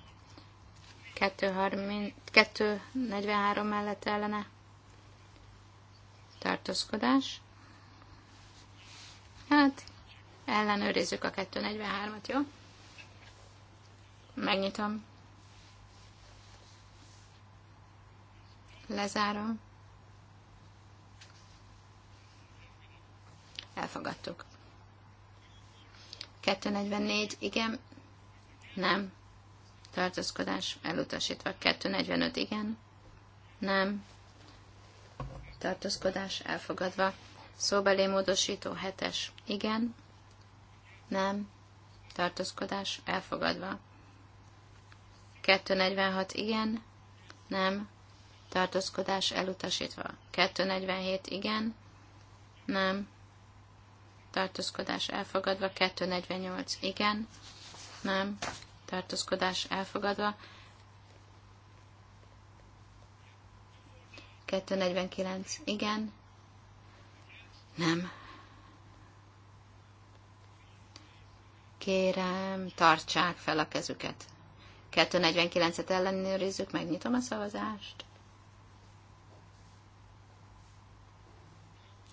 243 mellette ellene, tartózkodás. Hát, ellenőrizzük a 243-at, jó? Megnyitom. Lezárom. Elfogadtuk. 244, igen, nem. Tartózkodás elutasítva. 245, igen, nem tartózkodás elfogadva. Szóbeli módosító hetes. Igen. Nem. Tartózkodás elfogadva. 246. Igen. Nem. Tartózkodás elutasítva. 247. Igen. Nem. Tartózkodás elfogadva. 248. Igen. Nem. Tartózkodás elfogadva. 49. Igen. Nem. Kérem, tartsák fel a kezüket. 249-et ellenőrizzük, megnyitom a szavazást.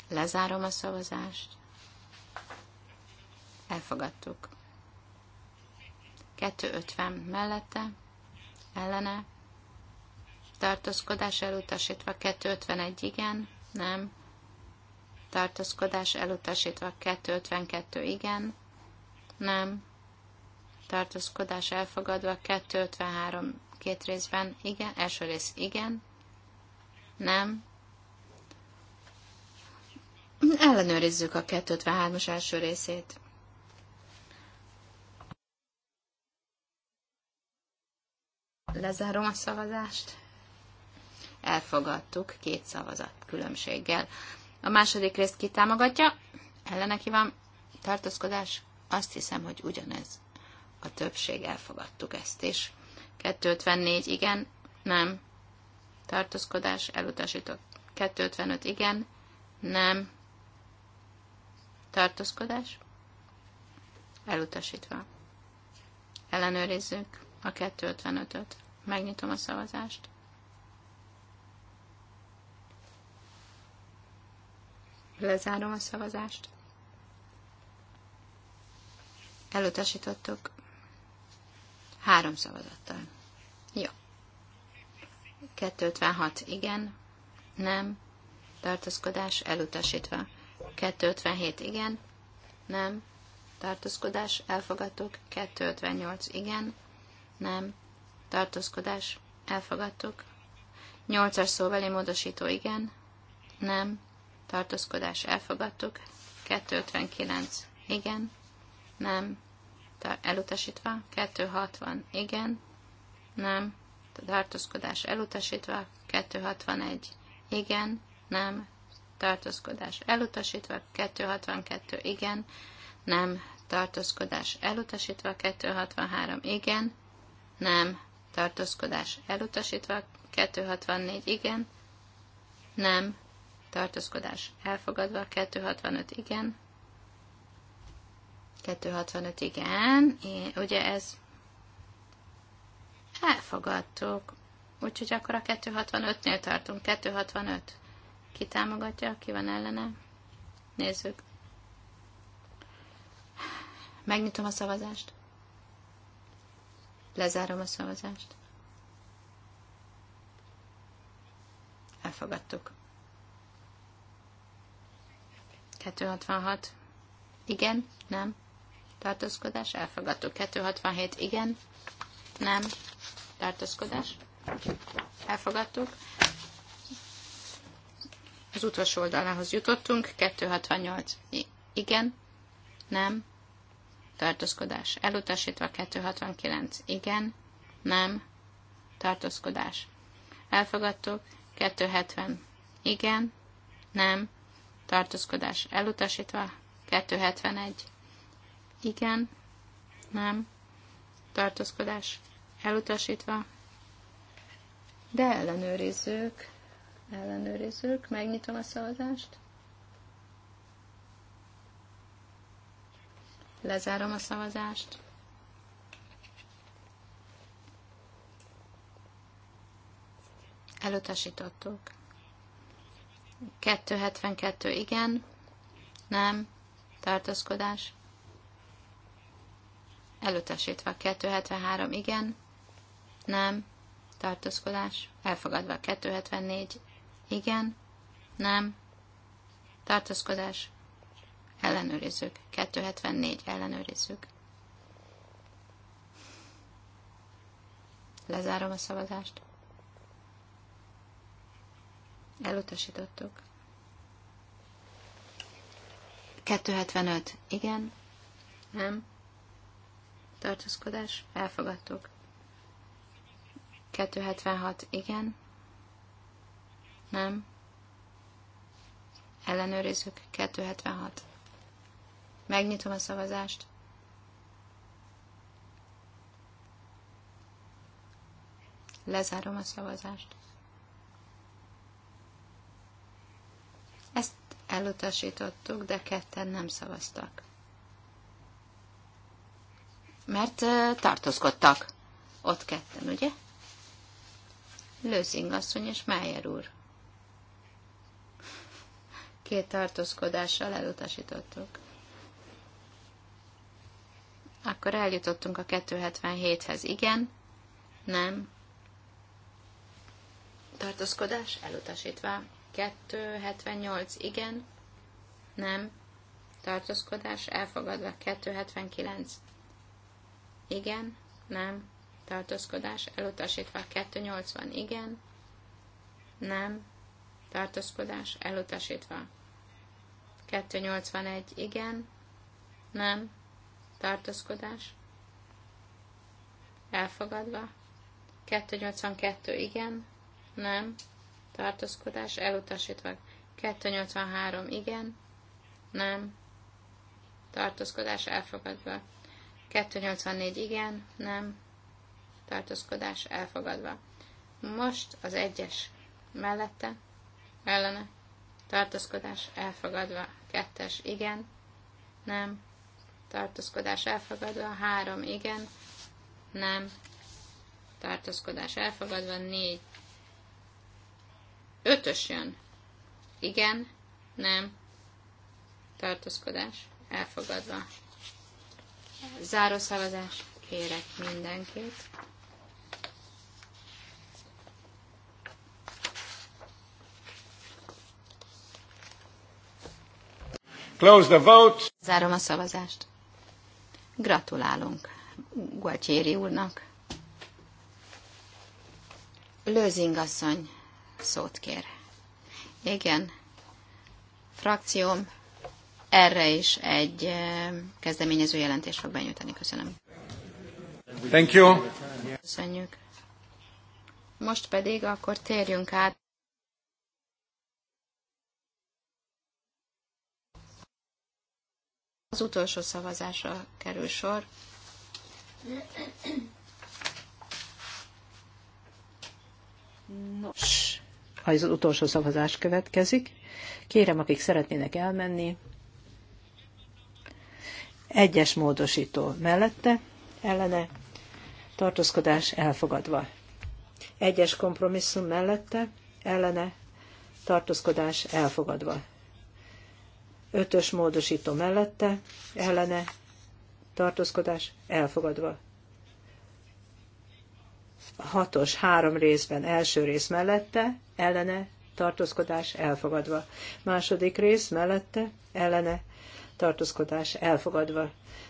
Lezárom a szavazást. Elfogadtuk. 250 mellette, ellene, tartózkodás elutasítva 251 igen, nem, tartózkodás elutasítva 252 igen, nem, tartózkodás elfogadva 253 két részben igen, első rész igen, nem, ellenőrizzük a 253-as első részét. Lezárom a szavazást elfogadtuk két szavazat különbséggel. A második részt kitámogatja, ellene kíván tartózkodás, azt hiszem, hogy ugyanez a többség elfogadtuk ezt is. 254 igen, nem, tartózkodás elutasított. 255 igen, nem, tartózkodás elutasítva. Ellenőrizzük a 255-öt. Megnyitom a szavazást. Lezárom a szavazást. Elutasítottuk. Három szavazattal. Jó. 256 igen, nem, tartózkodás elutasítva. 257 igen, nem, tartózkodás elfogadtuk. 258 igen, nem, tartózkodás elfogadtuk. 8-as szóveli módosító igen, nem, tartózkodás elfogadtuk, 259 igen, nem, elutasítva, 260 igen, nem, tartózkodás elutasítva, 261 igen, nem, tartózkodás elutasítva, 262 igen, nem, tartózkodás elutasítva, 263 igen, nem, tartózkodás elutasítva, 264 igen, nem, tartózkodás elfogadva, 265 igen, 265 igen, Én, ugye ez elfogadtuk, úgyhogy akkor a 265-nél tartunk, 265 ki támogatja, ki van ellene, nézzük. Megnyitom a szavazást. Lezárom a szavazást. Elfogadtuk. 266. Igen, nem. Tartózkodás, elfogadó. 267. Igen, nem. Tartózkodás, elfogadtuk. Az utolsó oldalához jutottunk. 268. Igen, nem. Tartózkodás, elutasítva. 269. Igen, nem. Tartózkodás, elfogadtuk. 270. Igen, nem tartózkodás elutasítva, 271, igen, nem, tartózkodás elutasítva, de ellenőrizzük, ellenőrizzük, megnyitom a szavazást, lezárom a szavazást, elutasítottuk. 272 igen, nem, tartózkodás. Elutasítva 273 igen, nem, tartózkodás. Elfogadva 274 igen, nem, tartózkodás. Ellenőrizzük. 274 ellenőrizzük. Lezárom a szavazást. Elutasítottuk. 275. Igen. Nem. Tartózkodás. Elfogadtuk. 276. Igen. Nem. Ellenőrizzük. 276. Megnyitom a szavazást. Lezárom a szavazást. elutasítottuk, de ketten nem szavaztak. Mert tartózkodtak. Ott ketten, ugye? Lőzing asszony és Májer úr. Két tartózkodással elutasítottuk. Akkor eljutottunk a 277-hez. Igen, nem. Tartózkodás elutasítva. 278 igen, nem, tartózkodás elfogadva. 279 igen, nem, tartózkodás elutasítva. 280 igen, nem, tartózkodás elutasítva. 281 igen, nem, tartózkodás elfogadva. 282 igen, nem, tartózkodás elutasítva. 283 igen, nem, tartózkodás elfogadva. 284 igen, nem, tartózkodás elfogadva. Most az egyes mellette, ellene, tartózkodás elfogadva. Kettes igen, nem, tartózkodás elfogadva. Három igen, nem, tartózkodás elfogadva. Négy Ötös jön. Igen, nem, tartózkodás, elfogadva. Zárószavazás kérek mindenkit. Close the vote. Zárom a szavazást. Gratulálunk Gualtieri úrnak. Lőzing asszony, szót kér. Igen, frakcióm erre is egy eh, kezdeményező jelentés fog benyújtani. Köszönöm. Thank you. Köszönjük. Most pedig akkor térjünk át. Az utolsó szavazásra kerül sor. Nos ha az utolsó szavazás következik. Kérem, akik szeretnének elmenni, egyes módosító mellette, ellene, tartózkodás elfogadva. Egyes kompromisszum mellette, ellene, tartózkodás elfogadva. Ötös módosító mellette, ellene, tartózkodás elfogadva hatos három részben első rész mellette, ellene, tartózkodás elfogadva. Második rész mellette, ellene, tartózkodás elfogadva.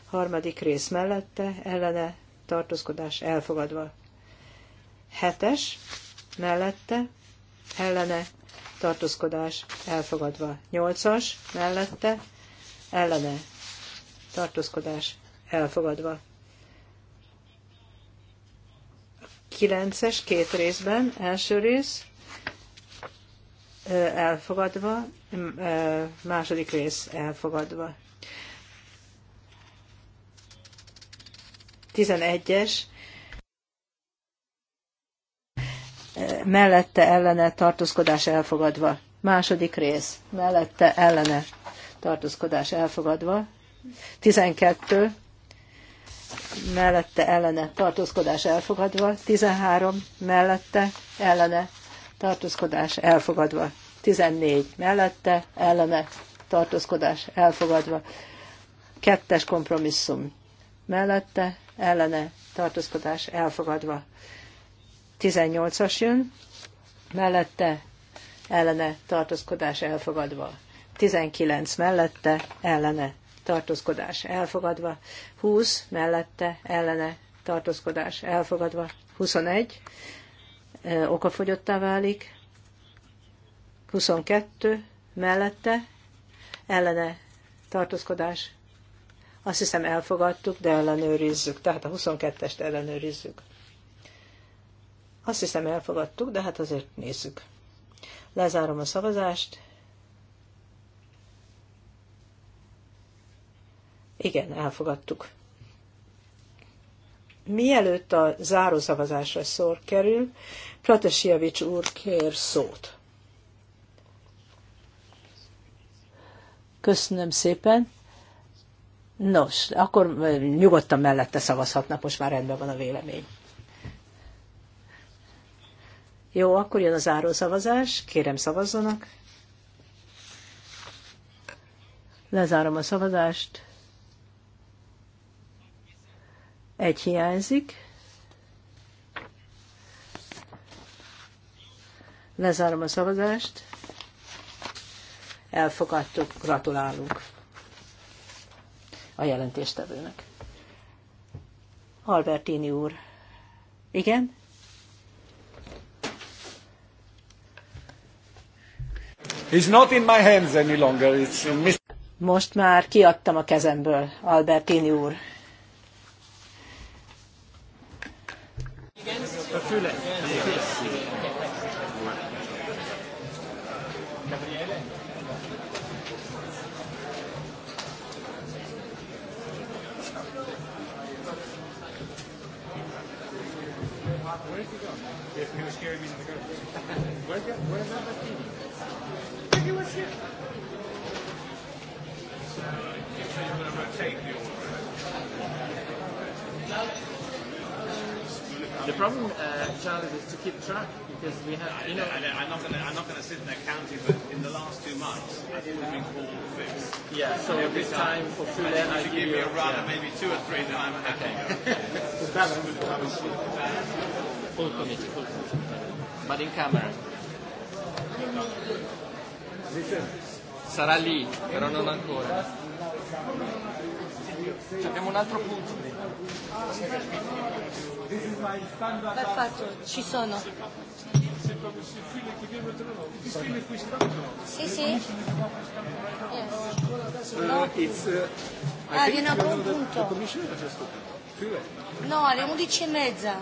Harmadik rész mellette, ellene, tartózkodás elfogadva. Hetes mellette, ellene, tartózkodás elfogadva. Nyolcas mellette, ellene, tartózkodás elfogadva. 9-es két részben, első rész elfogadva, második rész elfogadva. 11-es mellette ellene tartózkodás elfogadva. Második rész mellette ellene tartózkodás elfogadva. 12 mellette ellene tartózkodás elfogadva, 13 mellette ellene tartózkodás elfogadva, 14 mellette ellene tartózkodás elfogadva, kettes kompromisszum mellette ellene tartózkodás elfogadva, 18-as jön, mellette ellene tartózkodás elfogadva, 19 mellette ellene tartózkodás elfogadva, 20 mellette ellene tartózkodás elfogadva, 21 okafogyottá válik, 22 mellette ellene tartózkodás. Azt hiszem elfogadtuk, de ellenőrizzük. Tehát a 22-est ellenőrizzük. Azt hiszem elfogadtuk, de hát azért nézzük. Lezárom a szavazást. Igen, elfogadtuk. Mielőtt a zárószavazásra szor kerül, Pratasiavics úr kér szót. Köszönöm szépen. Nos, akkor nyugodtan mellette szavazhatnak, most már rendben van a vélemény. Jó, akkor jön a zárószavazás. Kérem, szavazzanak. Lezárom a szavazást. Egy hiányzik. Lezárom a szavazást. Elfogadtuk, gratulálunk a jelentéstevőnek. Albertini úr. Igen? It's not in my hands any longer. It's in... Most már kiadtam a kezemből, Albertini úr. Füle. The problem, uh, Charles, is to keep track because we have. I, you know, I, I, I'm not going to. I'm not going to sit there counting, but in the last two months, I think we've been called six. Yeah. So every this time, time for then I give, you a run yeah. maybe two or three, then I'm happy. full committee, full committee, but in camera. Sarà lì, però non ancora. Abbiamo un altro punto. L'ha fatto, ci sono. E e sì, sì. Yes. No. Eh, it's, uh, ah, viene a buon punto. No, alle 11 e mezza.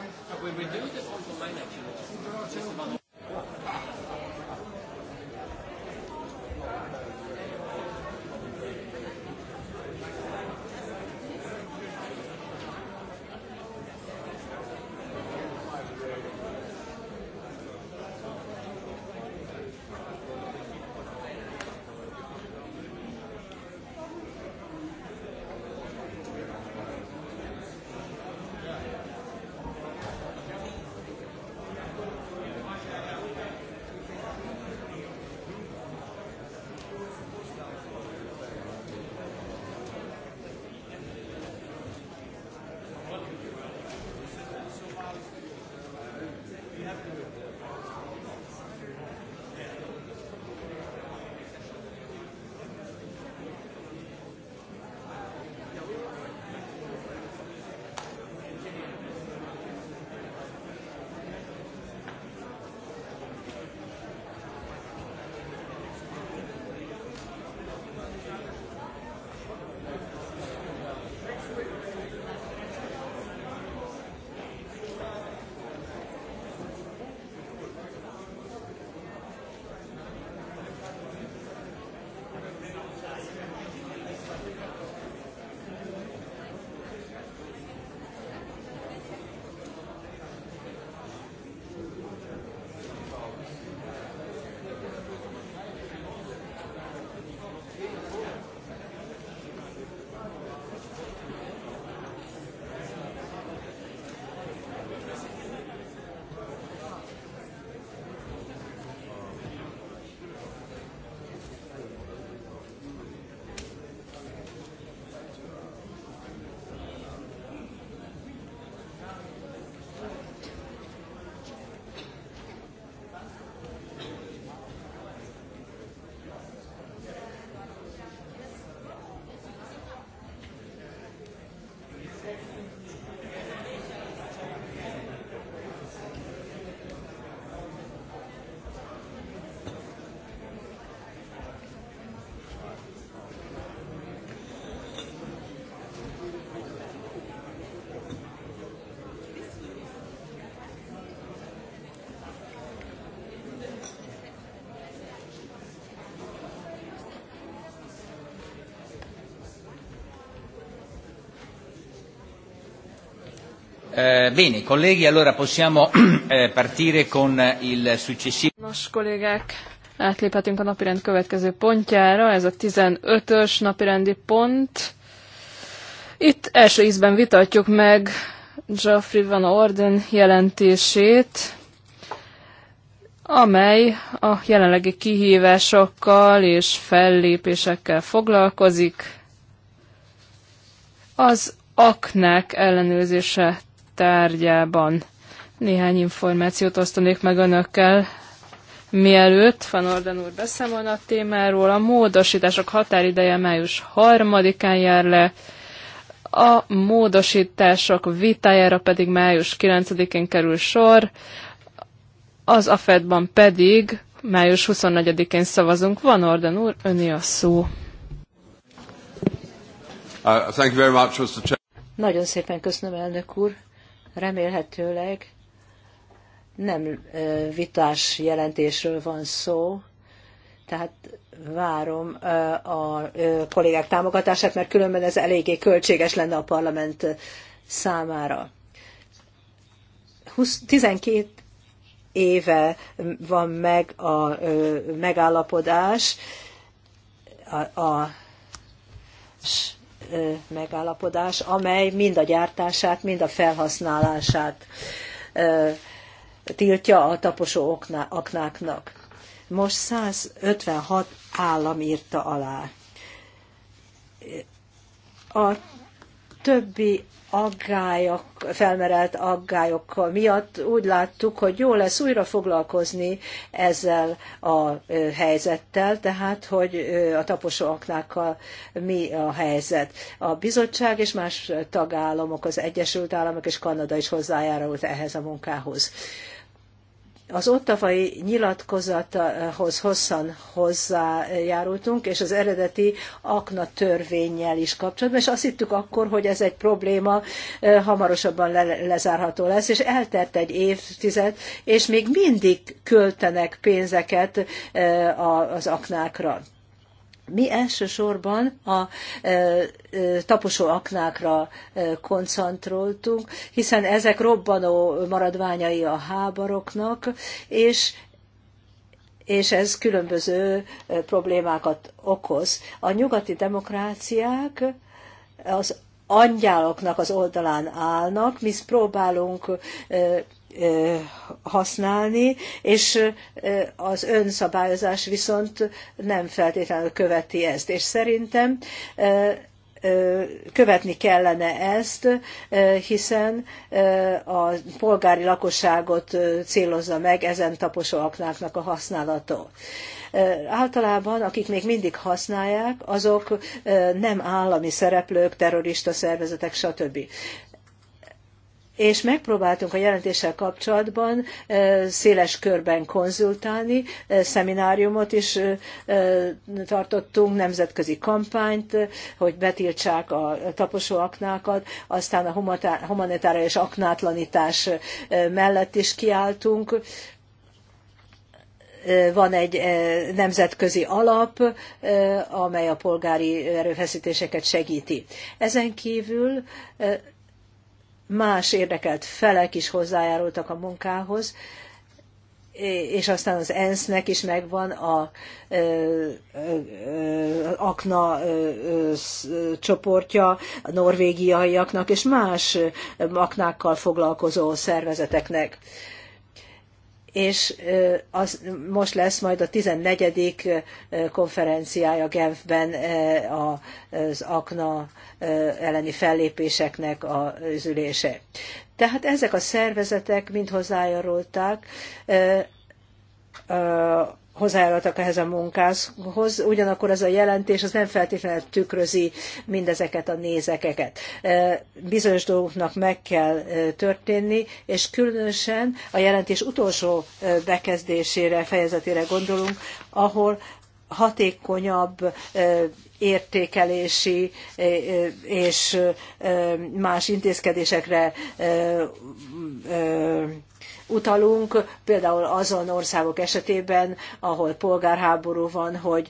Eh, bene, colleghi, allora possiamo eh, partire con eh, il successivo. Nos, kollégák, átléphetünk a napirend következő pontjára, ez a 15-ös napirendi pont. Itt első ízben vitatjuk meg Geoffrey Van Orden jelentését, amely a jelenlegi kihívásokkal és fellépésekkel foglalkozik. Az aknák ellenőrzése tárgyában. Néhány információt osztanék meg önökkel. Mielőtt Van Orden úr beszámolna a témáról, a módosítások határideje május 3-án jár le, a módosítások vitájára pedig május 9-én kerül sor, az AFED-ban pedig május 24-én szavazunk. Van Orden úr, öné a szó. Uh, thank you very much, Mr. Nagyon szépen köszönöm, elnök úr. Remélhetőleg nem vitás jelentésről van szó, tehát várom a kollégák támogatását, mert különben ez eléggé költséges lenne a parlament számára. 12 éve van meg a megállapodás, a, a megállapodás, amely mind a gyártását, mind a felhasználását tiltja a taposó aknáknak. Most 156 állam írta alá. A többi aggályok, felmerelt aggályok miatt úgy láttuk, hogy jó lesz újra foglalkozni ezzel a helyzettel, tehát hogy a taposóaknákkal mi a helyzet. A bizottság és más tagállamok, az Egyesült Államok és Kanada is hozzájárult ehhez a munkához. Az ottavai nyilatkozathoz hosszan hozzájárultunk, és az eredeti akna törvényel is kapcsolatban, és azt hittük akkor, hogy ez egy probléma hamarosabban le- lezárható lesz, és eltelt egy évtized, és még mindig költenek pénzeket az aknákra. Mi elsősorban a e, e, taposó aknákra e, koncentroltunk, hiszen ezek robbanó maradványai a háboroknak, és és ez különböző problémákat okoz. A nyugati demokráciák az angyáloknak az oldalán állnak, mi próbálunk használni, és az önszabályozás viszont nem feltétlenül követi ezt. És szerintem követni kellene ezt, hiszen a polgári lakosságot célozza meg ezen taposóaknáknak a használata. Általában, akik még mindig használják, azok nem állami szereplők, terrorista szervezetek, stb és megpróbáltunk a jelentéssel kapcsolatban széles körben konzultálni, szemináriumot is tartottunk, nemzetközi kampányt, hogy betiltsák a taposó aknákat, aztán a humanitárius aknátlanítás mellett is kiálltunk, van egy nemzetközi alap, amely a polgári erőfeszítéseket segíti. Ezen kívül más érdekelt felek is hozzájárultak a munkához, és aztán az ENSZ-nek is megvan a ö, akna csoportja, a norvégiaiaknak és más aknákkal foglalkozó szervezeteknek. Ö, és az, most lesz majd a 14. konferenciája Genfben az akna elleni fellépéseknek az ülése. Tehát ezek a szervezetek mind hozzájárulták hozzájárultak ehhez a munkához, ugyanakkor ez a jelentés az nem feltétlenül tükrözi mindezeket a nézekeket. Bizonyos dolgoknak meg kell történni, és különösen a jelentés utolsó bekezdésére, fejezetére gondolunk, ahol hatékonyabb értékelési és más intézkedésekre utalunk, például azon országok esetében, ahol polgárháború van, hogy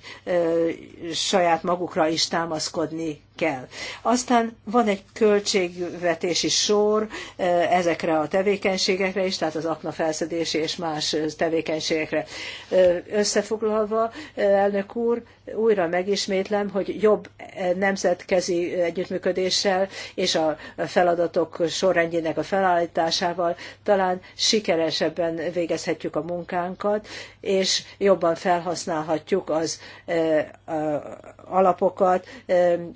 saját magukra is támaszkodni kell. Aztán van egy költségvetési sor eh, ezekre a tevékenységekre is, tehát az akna felszedési és más eh, tevékenységekre. Eh, összefoglalva, elnök úr, újra megismétlem, hogy jobb nemzetközi együttműködéssel és a feladatok sorrendjének a felállításával talán sikeresebben végezhetjük a munkánkat, és jobban felhasználhatjuk az alapokat,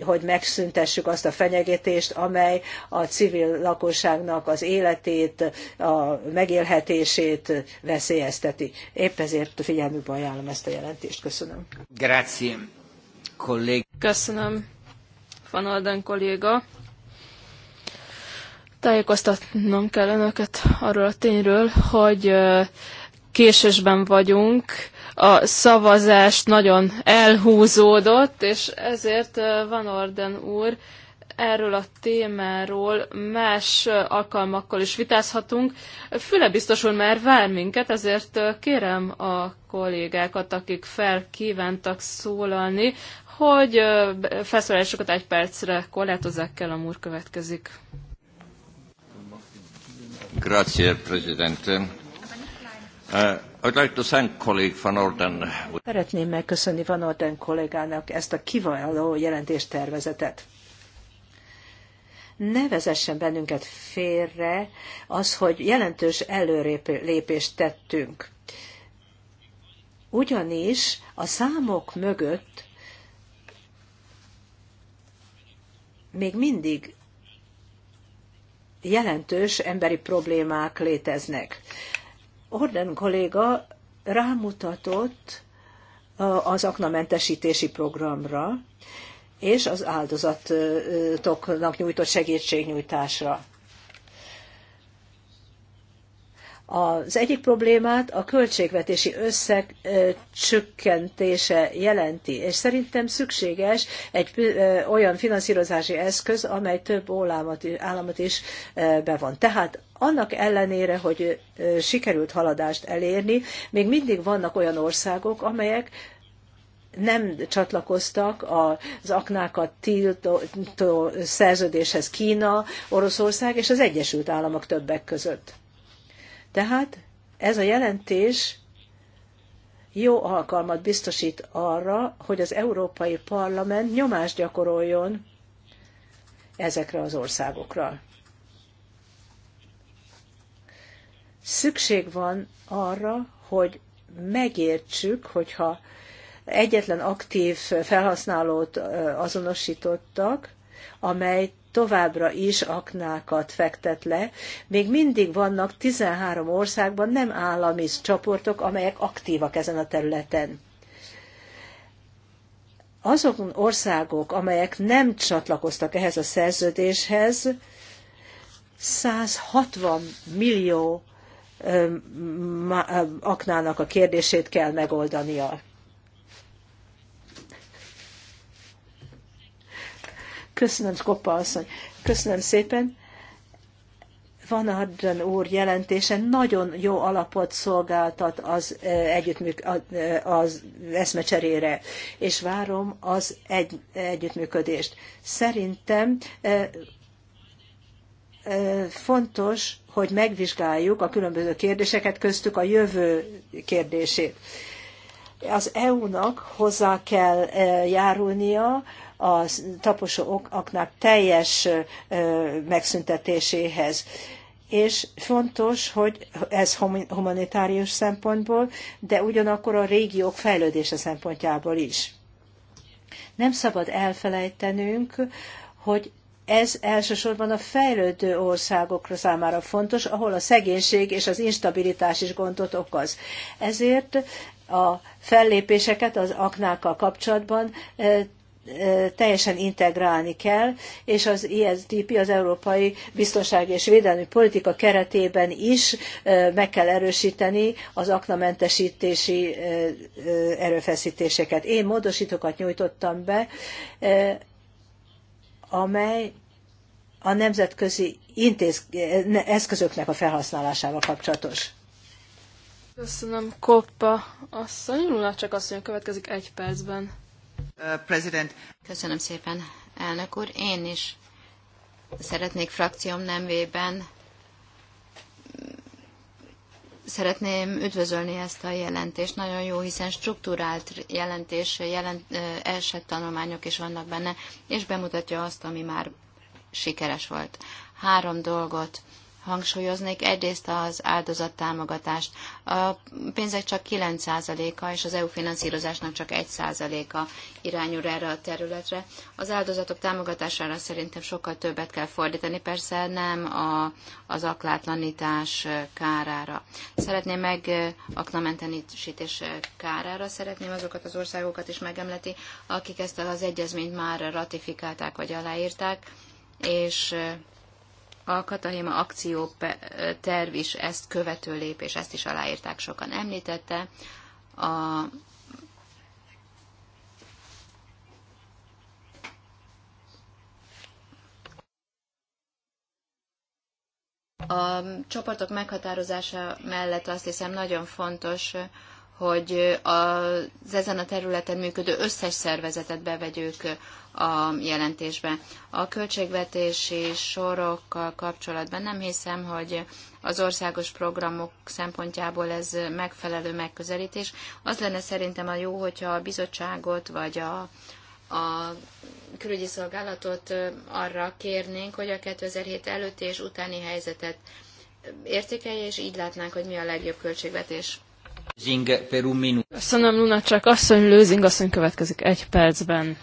hogy megszüntessük azt a fenyegetést, amely a civil lakosságnak az életét, a megélhetését veszélyezteti. Épp ezért figyelmükbe ajánlom ezt a jelentést. Köszönöm. Grazie. Kollég. Köszönöm, Van Alden kolléga. Tájékoztatnom kell önöket arról a tényről, hogy késésben vagyunk, a szavazás nagyon elhúzódott, és ezért Van Orden úr erről a témáról más alkalmakkal is vitázhatunk. Füle biztos úr már vár minket, ezért kérem a kollégákat, akik felkívántak szólalni, hogy felszólalásokat egy percre korlátozzák kell, a úr következik. Grazie, Presidente. Uh, I'd like to thank colleague Van Orden. Szeretném megköszönni Van Orden kollégának ezt a kiváló jelentéstervezetet. Ne vezessen bennünket félre az, hogy jelentős előrépést tettünk. Ugyanis a számok mögött még mindig jelentős emberi problémák léteznek. Orden kolléga rámutatott az aknamentesítési programra és az áldozatoknak nyújtott segítségnyújtásra. Az egyik problémát a költségvetési összeg csökkentése jelenti, és szerintem szükséges egy olyan finanszírozási eszköz, amely több államot is bevon. Tehát annak ellenére, hogy sikerült haladást elérni, még mindig vannak olyan országok, amelyek nem csatlakoztak az aknákat tiltó szerződéshez Kína, Oroszország és az Egyesült Államok többek között. Tehát ez a jelentés jó alkalmat biztosít arra, hogy az Európai Parlament nyomást gyakoroljon ezekre az országokra. Szükség van arra, hogy megértsük, hogyha egyetlen aktív felhasználót azonosítottak, amely továbbra is aknákat fektet le. Még mindig vannak 13 országban nem állami csoportok, amelyek aktívak ezen a területen. Azok országok, amelyek nem csatlakoztak ehhez a szerződéshez, 160 millió aknának a kérdését kell megoldania. Köszönöm, Koppa asszony. Köszönöm szépen. Van Arden úr jelentése nagyon jó alapot szolgáltat az, eh, együttműk, eh, az eszmecserére, és várom az egy, együttműködést. Szerintem eh, fontos, hogy megvizsgáljuk a különböző kérdéseket, köztük a jövő kérdését. Az EU-nak hozzá kell járulnia a taposó aknák teljes megszüntetéséhez. És fontos, hogy ez humanitárius szempontból, de ugyanakkor a régiók fejlődése szempontjából is. Nem szabad elfelejtenünk, hogy ez elsősorban a fejlődő országokra számára fontos, ahol a szegénység és az instabilitás is gondot okoz. Ezért a fellépéseket az aknákkal kapcsolatban teljesen integrálni kell, és az ISDP, az Európai Biztonsági és Védelmi Politika keretében is meg kell erősíteni az aknamentesítési erőfeszítéseket. Én módosítókat nyújtottam be, amely a nemzetközi intéz, eszközöknek a felhasználásával kapcsolatos. Köszönöm, Koppa. a Luna csak asszony következik egy percben. Uh, President. Köszönöm szépen, elnök úr. Én is szeretnék frakcióm nemvében mm, szeretném üdvözölni ezt a jelentést. Nagyon jó, hiszen struktúrált jelentés, jelent, esett tanulmányok is vannak benne, és bemutatja azt, ami már sikeres volt. Három dolgot hangsúlyoznék egyrészt az áldozat támogatást. A pénzek csak 9%-a, és az EU finanszírozásnak csak 1%-a irányul erre a területre. Az áldozatok támogatására szerintem sokkal többet kell fordítani, persze nem a, az aklátlanítás kárára. Szeretném meg aknamentenítés kárára, szeretném azokat az országokat is megemleti, akik ezt az egyezményt már ratifikálták vagy aláírták, és a Katahima akcióterv is ezt követő lépés, ezt is aláírták sokan. Említette a A csoportok meghatározása mellett azt hiszem nagyon fontos, hogy az ezen a területen működő összes szervezetet bevegyük a jelentésbe. A költségvetési sorokkal kapcsolatban nem hiszem, hogy az országos programok szempontjából ez megfelelő megközelítés. Az lenne szerintem a jó, hogyha a bizottságot vagy a, a külügyi szolgálatot arra kérnénk, hogy a 2007 előtti és utáni helyzetet értékelje, és így látnánk, hogy mi a legjobb költségvetés. Zing per un minut. Köszönöm, Luna, csak asszony, Lőzing asszony következik egy percben.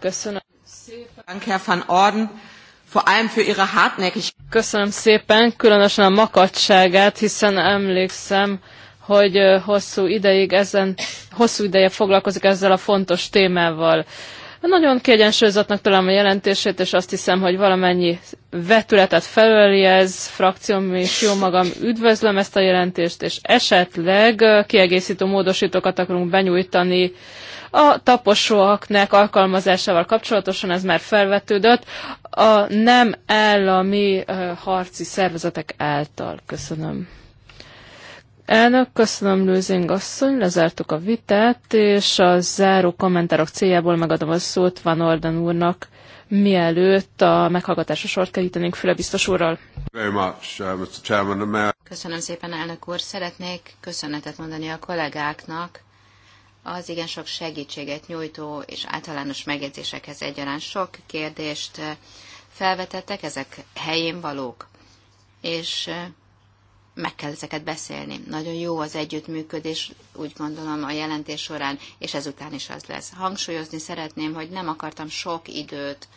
Köszönöm szépen. Herr van Orden, vor allem für Ihre Hartnäckigkeit. Köszönöm szépen, különösen a makacságát, hiszen emlékszem, hogy hosszú ideig ezen, hosszú ideje foglalkozik ezzel a fontos témával. Nagyon kiegyensúlyozatnak talán a jelentését, és azt hiszem, hogy valamennyi vetületet felöli ez, frakcióm és jó magam üdvözlöm ezt a jelentést, és esetleg kiegészítő módosítókat akarunk benyújtani a taposóaknak alkalmazásával kapcsolatosan ez már felvetődött a nem állami harci szervezetek által. Köszönöm. Elnök, köszönöm Lőzing asszony, lezártuk a vitát, és a záró kommentárok céljából megadom a szót Van Orden úrnak, mielőtt a meghallgatásra sort kerítenénk Füle biztos úrral. Uh, köszönöm szépen, elnök úr. Szeretnék köszönetet mondani a kollégáknak az igen sok segítséget nyújtó és általános megjegyzésekhez egyaránt sok kérdést uh, felvetettek, ezek helyén valók. És uh, meg kell ezeket beszélni. Nagyon jó az együttműködés, úgy gondolom, a jelentés során, és ezután is az lesz. Hangsúlyozni szeretném, hogy nem akartam sok időt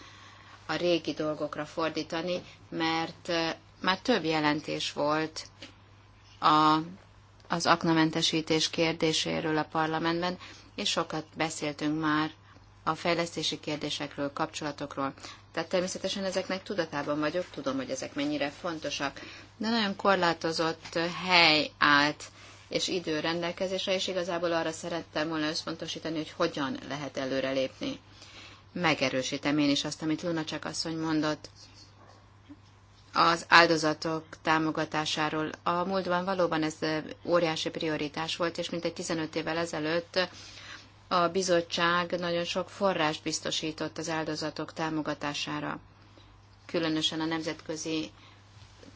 a régi dolgokra fordítani, mert eh, már több jelentés volt a, az aknamentesítés kérdéséről a parlamentben, és sokat beszéltünk már a fejlesztési kérdésekről, kapcsolatokról. Tehát természetesen ezeknek tudatában vagyok, tudom, hogy ezek mennyire fontosak, de nagyon korlátozott hely állt és idő rendelkezésre, és igazából arra szerettem volna összpontosítani, hogy hogyan lehet előrelépni. Megerősítem én is azt, amit csak asszony mondott az áldozatok támogatásáról. A múltban valóban ez óriási prioritás volt, és mint egy 15 évvel ezelőtt a bizottság nagyon sok forrást biztosított az áldozatok támogatására, különösen a nemzetközi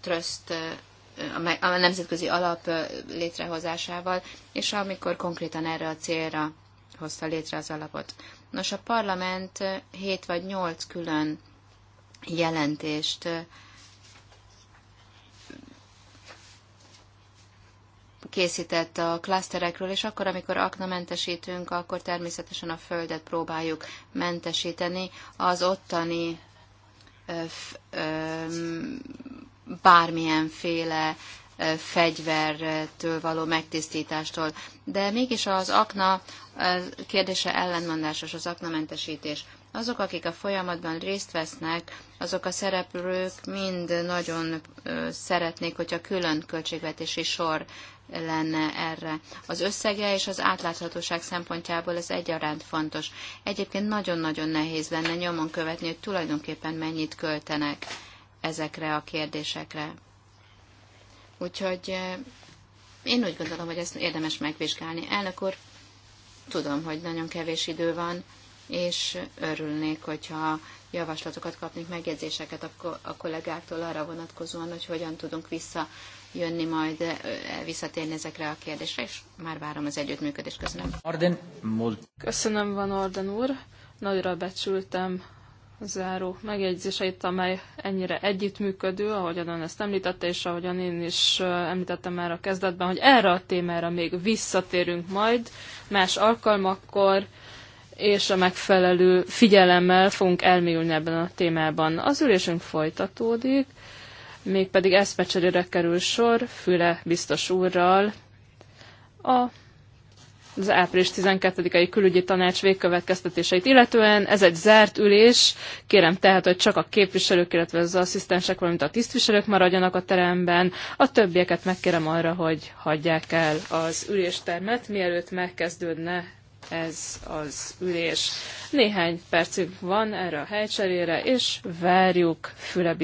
tröszt, a nemzetközi alap létrehozásával, és amikor konkrétan erre a célra hozta létre az alapot. Nos, a parlament 7 vagy 8 külön jelentést készített a klaszterekről, és akkor, amikor aknamentesítünk, akkor természetesen a földet próbáljuk mentesíteni az ottani bármilyenféle fegyvertől való megtisztítástól. De mégis az akna kérdése ellenmondásos, az aknamentesítés. Azok, akik a folyamatban részt vesznek, azok a szereplők mind nagyon szeretnék, hogyha külön költségvetési sor lenne erre. Az összege és az átláthatóság szempontjából ez egyaránt fontos. Egyébként nagyon-nagyon nehéz lenne nyomon követni, hogy tulajdonképpen mennyit költenek ezekre a kérdésekre. Úgyhogy eh, én úgy gondolom, hogy ezt érdemes megvizsgálni. Elnök úr, tudom, hogy nagyon kevés idő van, és örülnék, hogyha javaslatokat kapnék, megjegyzéseket a kollégáktól arra vonatkozóan, hogy hogyan tudunk vissza jönni majd, visszatérni ezekre a kérdésre, és már várom az együttműködést. Köszönöm. Arden, Köszönöm, Van Orden úr. Nagyra becsültem záró megjegyzéseit, amely ennyire együttműködő, ahogyan ön ezt említette, és ahogyan én is említettem már a kezdetben, hogy erre a témára még visszatérünk majd más alkalmakkor, és a megfelelő figyelemmel fogunk elmélyülni ebben a témában. Az ülésünk folytatódik, mégpedig eszmecserére kerül sor Füle biztos úrral a az április 12-i külügyi tanács végkövetkeztetéseit illetően. Ez egy zárt ülés, kérem tehát, hogy csak a képviselők, illetve az asszisztensek, valamint a tisztviselők maradjanak a teremben. A többieket megkérem arra, hogy hagyják el az üléstermet, mielőtt megkezdődne ez az ülés. Néhány percig van erre a helycserére, és várjuk Füle